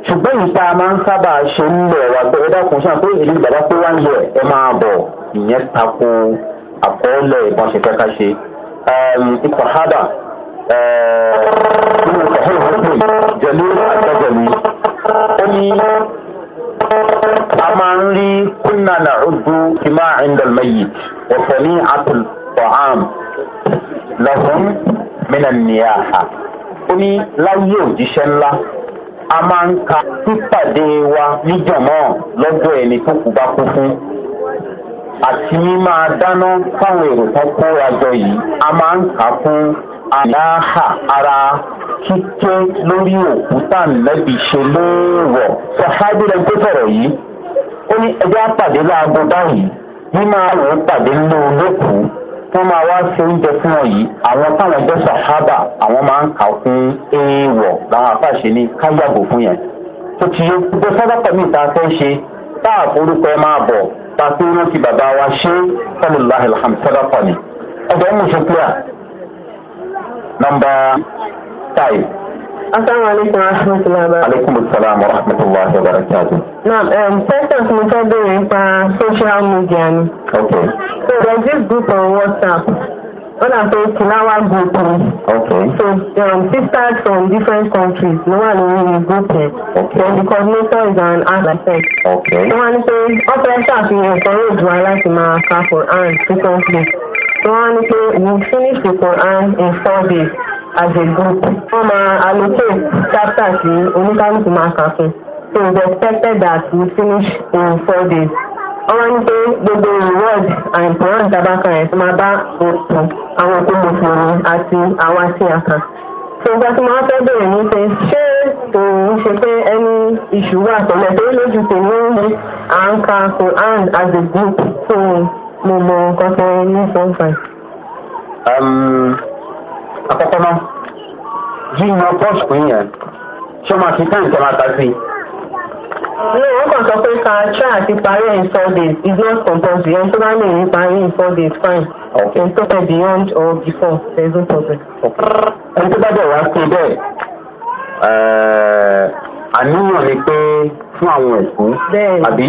ṣùgbọ́n ìta máa ń sábà ṣe ń lọ wá pé ẹ̀dá kan ṣáà pé ìlú bàbá pé wá ń yẹ ẹ máa bọ̀ ìyẹn tako àkọọ́lẹ̀ ìbọn ṣe fẹ́ ká ṣe. ikọ̀ hábà nínú jẹ̀lú àtẹ́jẹ̀lú ó ní a máa ń rí kúnnà nàcúdú ìmá àìndàlmẹ́yì ọ̀fẹ́ ní àtúl ọ̀hán lọ́hùn mìíràn nìyà ha ó ní láyé òjíṣẹ́ ńlá a máa ń ka pípàdé wa níjọ̀mọ́ lọ́dọ̀ ẹni tó kù bá kú fún àti mímáa dáná fáwọn èrò tó kó wa jọ yìí a máa ń kà fún àdáhà ara kíké lórí òkúta nẹ́bí ṣe léèwọ̀ sàfáàbí lẹ́nu tó sọ̀rọ̀ yìí ó ní ẹjọ́ àpàdé láago báyìí bí máa wò ó pàdé nínú olókùú wọ́n máa wá ṣe oúnjẹ fún wọn yìí àwọn táwọn jẹ́ sàhábà àwọn máa ń kà fún èèwọ̀ làwọn àfàṣe ní káyàgò fún yẹn tó ti yẹ gbogbo sọ́dọ̀tọ̀ mi ta fẹ́ ṣe tá a forúkọ ẹ máa bọ̀ ta fi rántí bàbá wa ṣe sọlọ́láhìlhàm sọ́dọ̀tọ̀ ni ọjọ́ mú number five. asalaamualeykum wa rahmatulahi wa barakatuh. aleykum salaam wa rahmatulahi wa barakatuh. naam um, question tí mo fẹ́ béèrè nípa social media ni. okay. so there is this group on whatsapp wọ́n náà fẹ́ kìláwá group ni. okay. so um, sisters from different countries ló wà lórí group yẹn. okay. then the coordinator is an architect. okay. wọ́n wá ní pé wọ́n fẹ́ ṣàfihàn ìkọ́rọ̀ ìdùnnú aláìsí máa kà for hand frequently tí wọ́n ní we finish the Quran in four days as a group wọ́n máa allocate chapter sí oníkálukú máa kà fún so it is expected that we finish in four days wọ́n ní pé gbogbo reward and plan tabaka ẹ̀ tó máa bá òkú àwọn òkú mùsùlùmí àti àwọn àti àkà so ìgbà tí wọ́n fẹ́ bẹ̀rẹ̀ ní pé ṣé kò ń ṣe pé ẹni ìṣù wà tọ̀lẹ̀ tó lójú tèmi ń mú à ń ka Quran as a group so mo mọ kọ́kọ́ ní four five. àkọ́kọ́ náà jí iná pọ́ọ̀sì pín yẹn ṣé máa fi tán ìtẹ́ ta sí i. ní òun kàn sọ pé ká ṣá àti parí ẹ̀ four days is not compulsory ẹni tó bá lè ní parí in four days fine. ẹni tó fẹ́ beyond or before there is no problem. ẹni tó bá dẹ̀ wá sí bẹ́ẹ̀ eh, àníyàn ni pé fún àwọn ẹ̀kú àbí.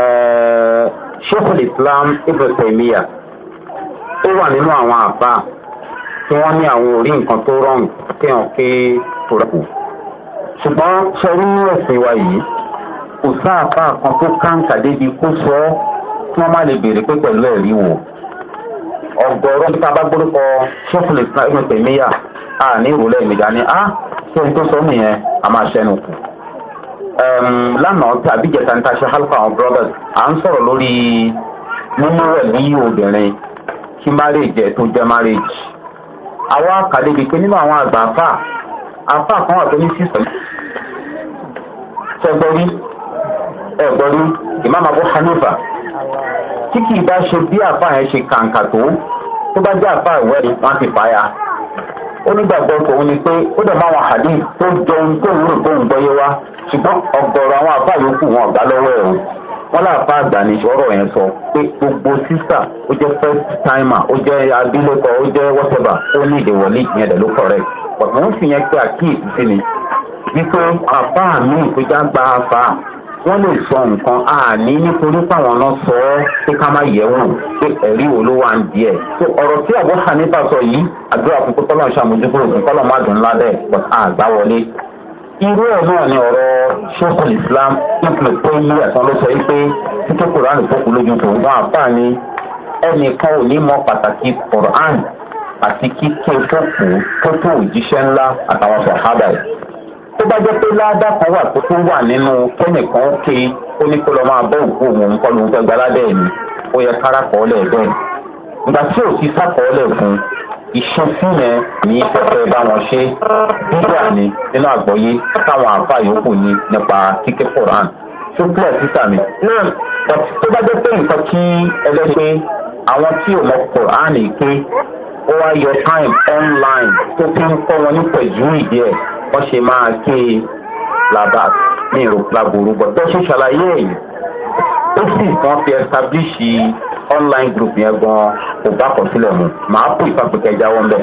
Eh, sheikh islam ibn taymiya ó wà nínú àwọn àbá tí wọ́n ní àwọn orí nǹkan tó rọrùn kí hàn pé tó rẹ̀ kù. ṣùgbọ́n sọrí ní ẹ̀sìn wa yìí kò sáàpá kan tó káǹkà débi kó sọ ọ́ kí wọ́n má lè béèrè pé pẹ̀lú ẹ̀rí wò. ọ̀gọ̀rọ̀ nípa bá gbórúkọ sheikh islam ibn taymiya a ní ìrọ̀lẹ́ ìmìjà ni a kí ẹni tó sọ nìyẹn a máa ṣẹ́nu kù lánàá tàbí jẹta ní taṣe halka àwọn brothers à ń sọ̀rọ̀ lórí mímú rẹ̀ níyì obìnrin kí marriage ẹ̀ tó jẹ́ marriage. àwa kàlẹ́ bíi pé nínú àwọn àgbà afa afa kan wà tó ní sísọ ṣẹgbẹ́rí ẹ̀gbọ́rí imam abu hanifa tí kì í bá ṣe bí afa yẹn ṣe kàǹkà tó tó bá jẹ́ afa ìwẹ́rì wọ́n ti fà á ya. onígbàgbọ́ tòun ni pé ó dẹ̀ máa wọn àdí tó jọ ohun tó ń tó ń gbọ́yé wá ṣùgbọ́n ọ̀gọ̀rọ̀ àwọn àbá yòókù wọn ọ̀gá lọ́wọ́ ẹ̀ o wọn láàfin yẹn sọ pé gbogbo sísà ó jẹ́ first timer ó jẹ́ abilékọ ó jẹ́ whatever ó ní ìdèwọ̀lì yẹn dẹ̀ ló correct but mo ń fi yẹn pé wọ́n lè sọ nǹkan àní nítorí páwọn náà sọ ọ́ pé ká má yẹ̀ wọ̀n pé ẹ̀rí wo ló wà ń di ẹ̀. tó ọ̀rọ̀ tí àbọ̀ hanifa sọ yìí àdúrà púpọ̀ tọ́lọ̀ ṣàmójúkú òfin tọ́lọ̀ má dùn ńlá bẹ́ẹ̀ but àgbá wọlé. irú ẹ̀ náà ni ọ̀rọ̀ ṣókùn islam ìpínlẹ̀ tó yí ẹ̀sán ló sọ yìí pé títí kùránì fòkù lójú tó ń bá àpá ni ẹnìkan ò ní mọ pàtàkì kùránì àti kíké fòkù tó tó òjíṣẹ́ ńlá àtàwọn sọ̀hábà yìí. tó bá jẹ́ pé ládàá kan wà tó tún wà nínú kẹ́nìkan ké ó ní kó lọ máa bọ́ òkú òun kọ́ ló ń fẹ́ gbaládẹ́ ni ó yẹ kára kọ́ lẹ̀ bẹ́ẹ̀ tí ò ti sàkọọ́lẹ̀ fún ìṣesí ní ìfẹ́fẹ́ bá wọn ṣe dídà ni nínú táwọn yòókù nípa koran tó pọ̀ títà mi. wọ́n ṣe máa kí i làbà ní ìrọ̀pàbùrù bọ̀ tó ṣe ṣàlàyé yìí ó sì wọ́n fi ẹ́stábíṣì online group yẹn gan-an kò bá kọ̀ sílẹ̀ mu màá pè ìfàpẹ́kẹ́ jáwọ́ mbẹ́.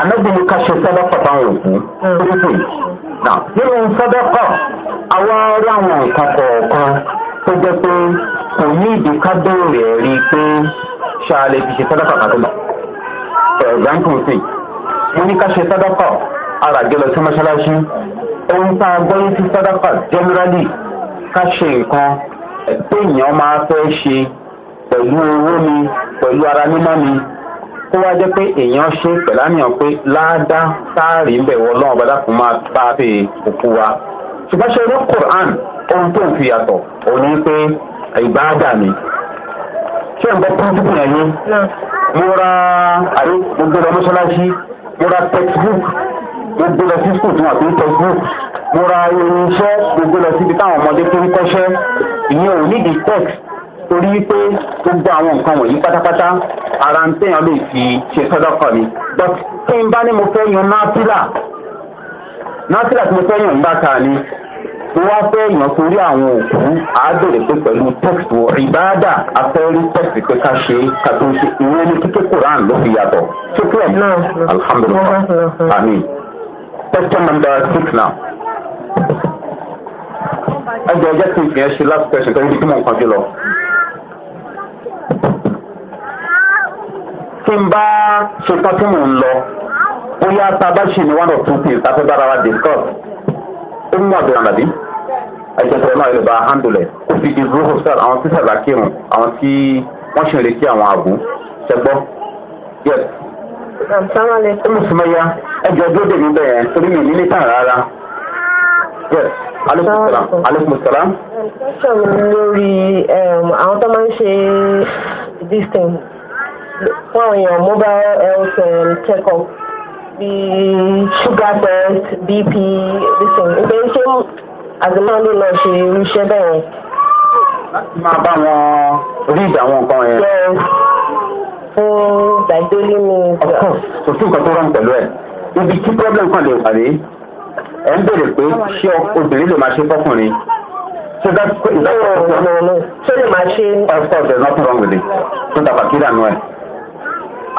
anábìnrin ká ṣe sọ́dọ̀kọ̀ táwọn òkú lókè hmm. náà nínú sọ́dọ̀kọ̀ àwa rí àwọn nǹkan kọ̀ọ̀kan tó jẹ́ pé kò ní ìdí ká béèrè ẹ̀rí pé ṣá lè fi ṣe sọ́dọ̀kọ̀ kan tó lọ. for example sí mo ní ká ṣe sọ́dọ̀kọ̀ ara àjẹ lọ sí mọ́ṣáláṣí ohun tá a gbọ́ yín sí sọ́dọ̀kọ̀ generally ká ṣe nǹkan téèyàn máa fẹ́ ṣe pẹ̀lú owó ni pẹ̀lú ara mímọ́ ni kó wá jẹ́ pé èèyàn ṣe pẹ̀láníyàn pé láàdá sáàrí ń bẹ̀ wọ lọ́wọ́ bàdá kò máa bá a fi òkú wa ṣùgbọ́n ṣe ló quran ohun tó ń fi yàtọ̀ òun ni pé ìbáàdà ni ṣé ń bọ́ pọ́ńtùkù yẹn ni mo ra àrí mo gbé lọ mọ́ṣáláṣí mo ra textbook mo gbé lọ sí school tí wọ́n ti ń textbook mo ra irinṣẹ́ mo lọ síbi táwọn ọmọdé tó ń kọ́ṣẹ́ ìyẹn ò nídìí text torí wípé gbogbo àwọn nǹkan wọ̀nyí pátápátá ara ń tẹ̀yàn lè fi ṣe sọ́dọ̀kọ̀ ni but kí n bá ní mo fẹ́ yan násìlà násìlà tí mo fẹ́ yan nígbà kan ni mo wá fẹ́ yan torí àwọn òkú àádọ́rẹ̀ pé pẹ̀lú text wọ ìbáàdà afẹ́rí text pé ká ṣe ká tó ṣe ìwé ní kíkẹ́ quran ló fi yàtọ̀ tó kúrẹ̀ alhamdulilayi amin question number six now ẹjọ ẹjẹ tí ìfìyẹn ṣe last question tó ń bí kí mò ń kọjú lọ. tí n bá ṣe tán tí mò ń lọ bóyá tá a bá ṣì ní one or two things láti bára wa discuss ó mú àbẹ̀rẹ̀ àdàbí ẹ̀jẹ̀sẹ̀rẹ̀ náà yóò bá handle kò fi di group of staff àwọn tí sàlá kírun àwọn tí wọ́n ṣe retí àwọn àbú ṣẹgbọ́ yes. ó mú sùmẹ́yà ẹjọ́ dúró dèmí bẹ́ẹ̀ torí mi nílé tàn rárá yes aleykum salaam. question mi lórí um, àwọn tó máa ń ṣe this fáwọn èèyàn mobile health um, check-up bíi sugar test bp reason ìgbé ṣé àgbẹ̀mọ́lé lọ ṣe irúṣẹ́ bẹ́ẹ̀ yẹn. láti máa bá wọn read àwọn nǹkan yẹn. yes fún like daily news. of course kò sí nǹkan tó rán pẹ̀lú ẹ̀ ibi tí problem kan lè wà rí ẹ̀ ń bèrè pé ṣé obìnrin lè máa ṣe fọkùnrin. So that's, is that no, no, no, no. So the machine. Of course, there's nothing wrong with it. So that's a killer, no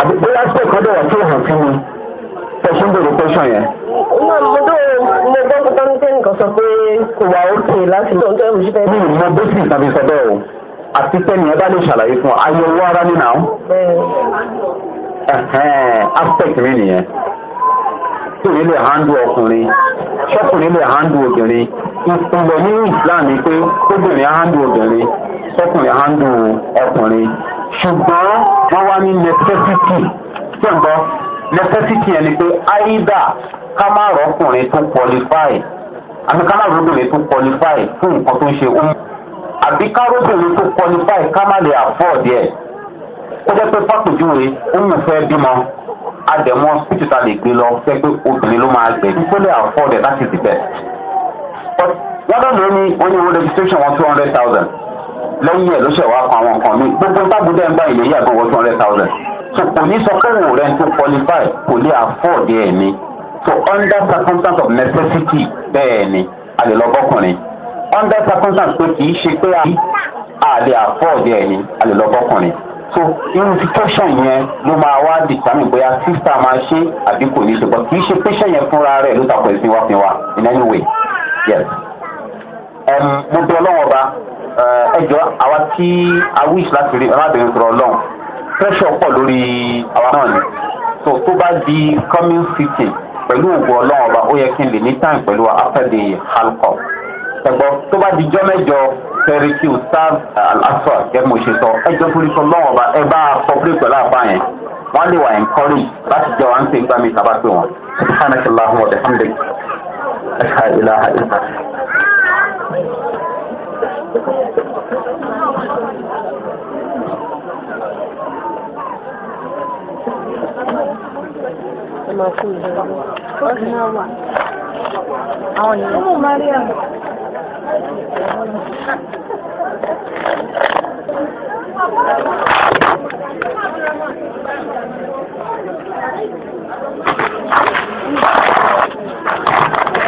àbí bóyá sọ kan dẹ̀ wá tó hàn fún mi tẹ̀sán bèrè tẹ̀sán yẹn. mo mo dó mo gbọ́ pípa ní kẹ́hìn kan sọ pé kò wá òkè láti lọ́n tó ẹ̀rù jíjẹ́. mi mo bó sì tàbí sọ bẹ́ẹ̀ o àti tẹ́ni ẹ bá lè ṣàlàyé fún ọ ayọ̀wọ́ ara nínà ó. aspect mi nìyẹn ọkùnrin lè handle ọkùnrin ṣọkùnrin lè handle obìnrin ìpìlẹ̀ ní islam ni pé kóbìnrin handle obìnrin ṣọkùnrin handle ọkùnrin ṣùgbọ́n wọ́n wá ní necessity ṣùgbọ́n necessity ẹni pé àìdá ká má rọ́kùnrin tó qualify àti ká má rọ́kùnrin tó qualify fún nǹkan tó ń ṣe òun àbí ká rọ́kùnrin tó qualify ká má lè afford yẹ ó jẹ́ pé fàpèjúwe òun fẹ́ bímọ àdẹ̀mọ́ hospital ta lè gbé lọ fẹ́ pé obìnrin ló máa gbẹ̀ kí tó lè afford ẹ̀ láti ti bẹ̀. wọ́n dọ̀ lóní oníwó registration wọn two hundred thousand lẹ́yìn ẹ̀ ló ṣẹ̀ wá kan àwọn nǹkan mi gbogbo tábùdẹ́ ń bá ilé yàgbọ́ wọ́n two hundred thousand so kò ní sọ pé òun rẹ̀ tó qualify kò lè afford ẹ̀ ni so under circumstance of necessity bẹ́ẹ̀ ni a lè lọ bọ́kùnrin under circumstance pé kì í ṣe pé a lè afford ẹ̀ ni a lè lọ bọ́kùnrin so irritation yẹn ló máa wá determine bóyá sísá máa ṣe àbí kò ní ṣe bọ́ kì í ṣe patient yẹn fúnra rẹ̀ ló takò ẹ̀sìn wá fi wá in any way yes. mo bẹ ọlọ́wọ́n ọba Eh, ẹjọ́ àwa tí a wish láti rí ọlọ́dẹ̀rẹ̀ sọ̀rọ̀ lọ́hùn pressure pọ̀ lórí àwa náà ni so tó bá di coming fifty pẹ̀lú ògùn ọlọ́run ọba ó yẹ kí n lè ní time pẹ̀lú after the halcom ẹgbọ́ tó bá di jọ́mẹ́jọ fẹ́rẹ́kì sáf eh, aláṣọ gẹ́gẹ́ mo ṣe sọ ẹjọ́ torí sọ lọ́wọ́ ọba ẹ bá public pẹ̀lú àbá yẹn wọ́n lè wà encourage láti jẹ́ wà ń pè gbàmí tàbá pé wọ́n. ¿Cómo María? Thank you.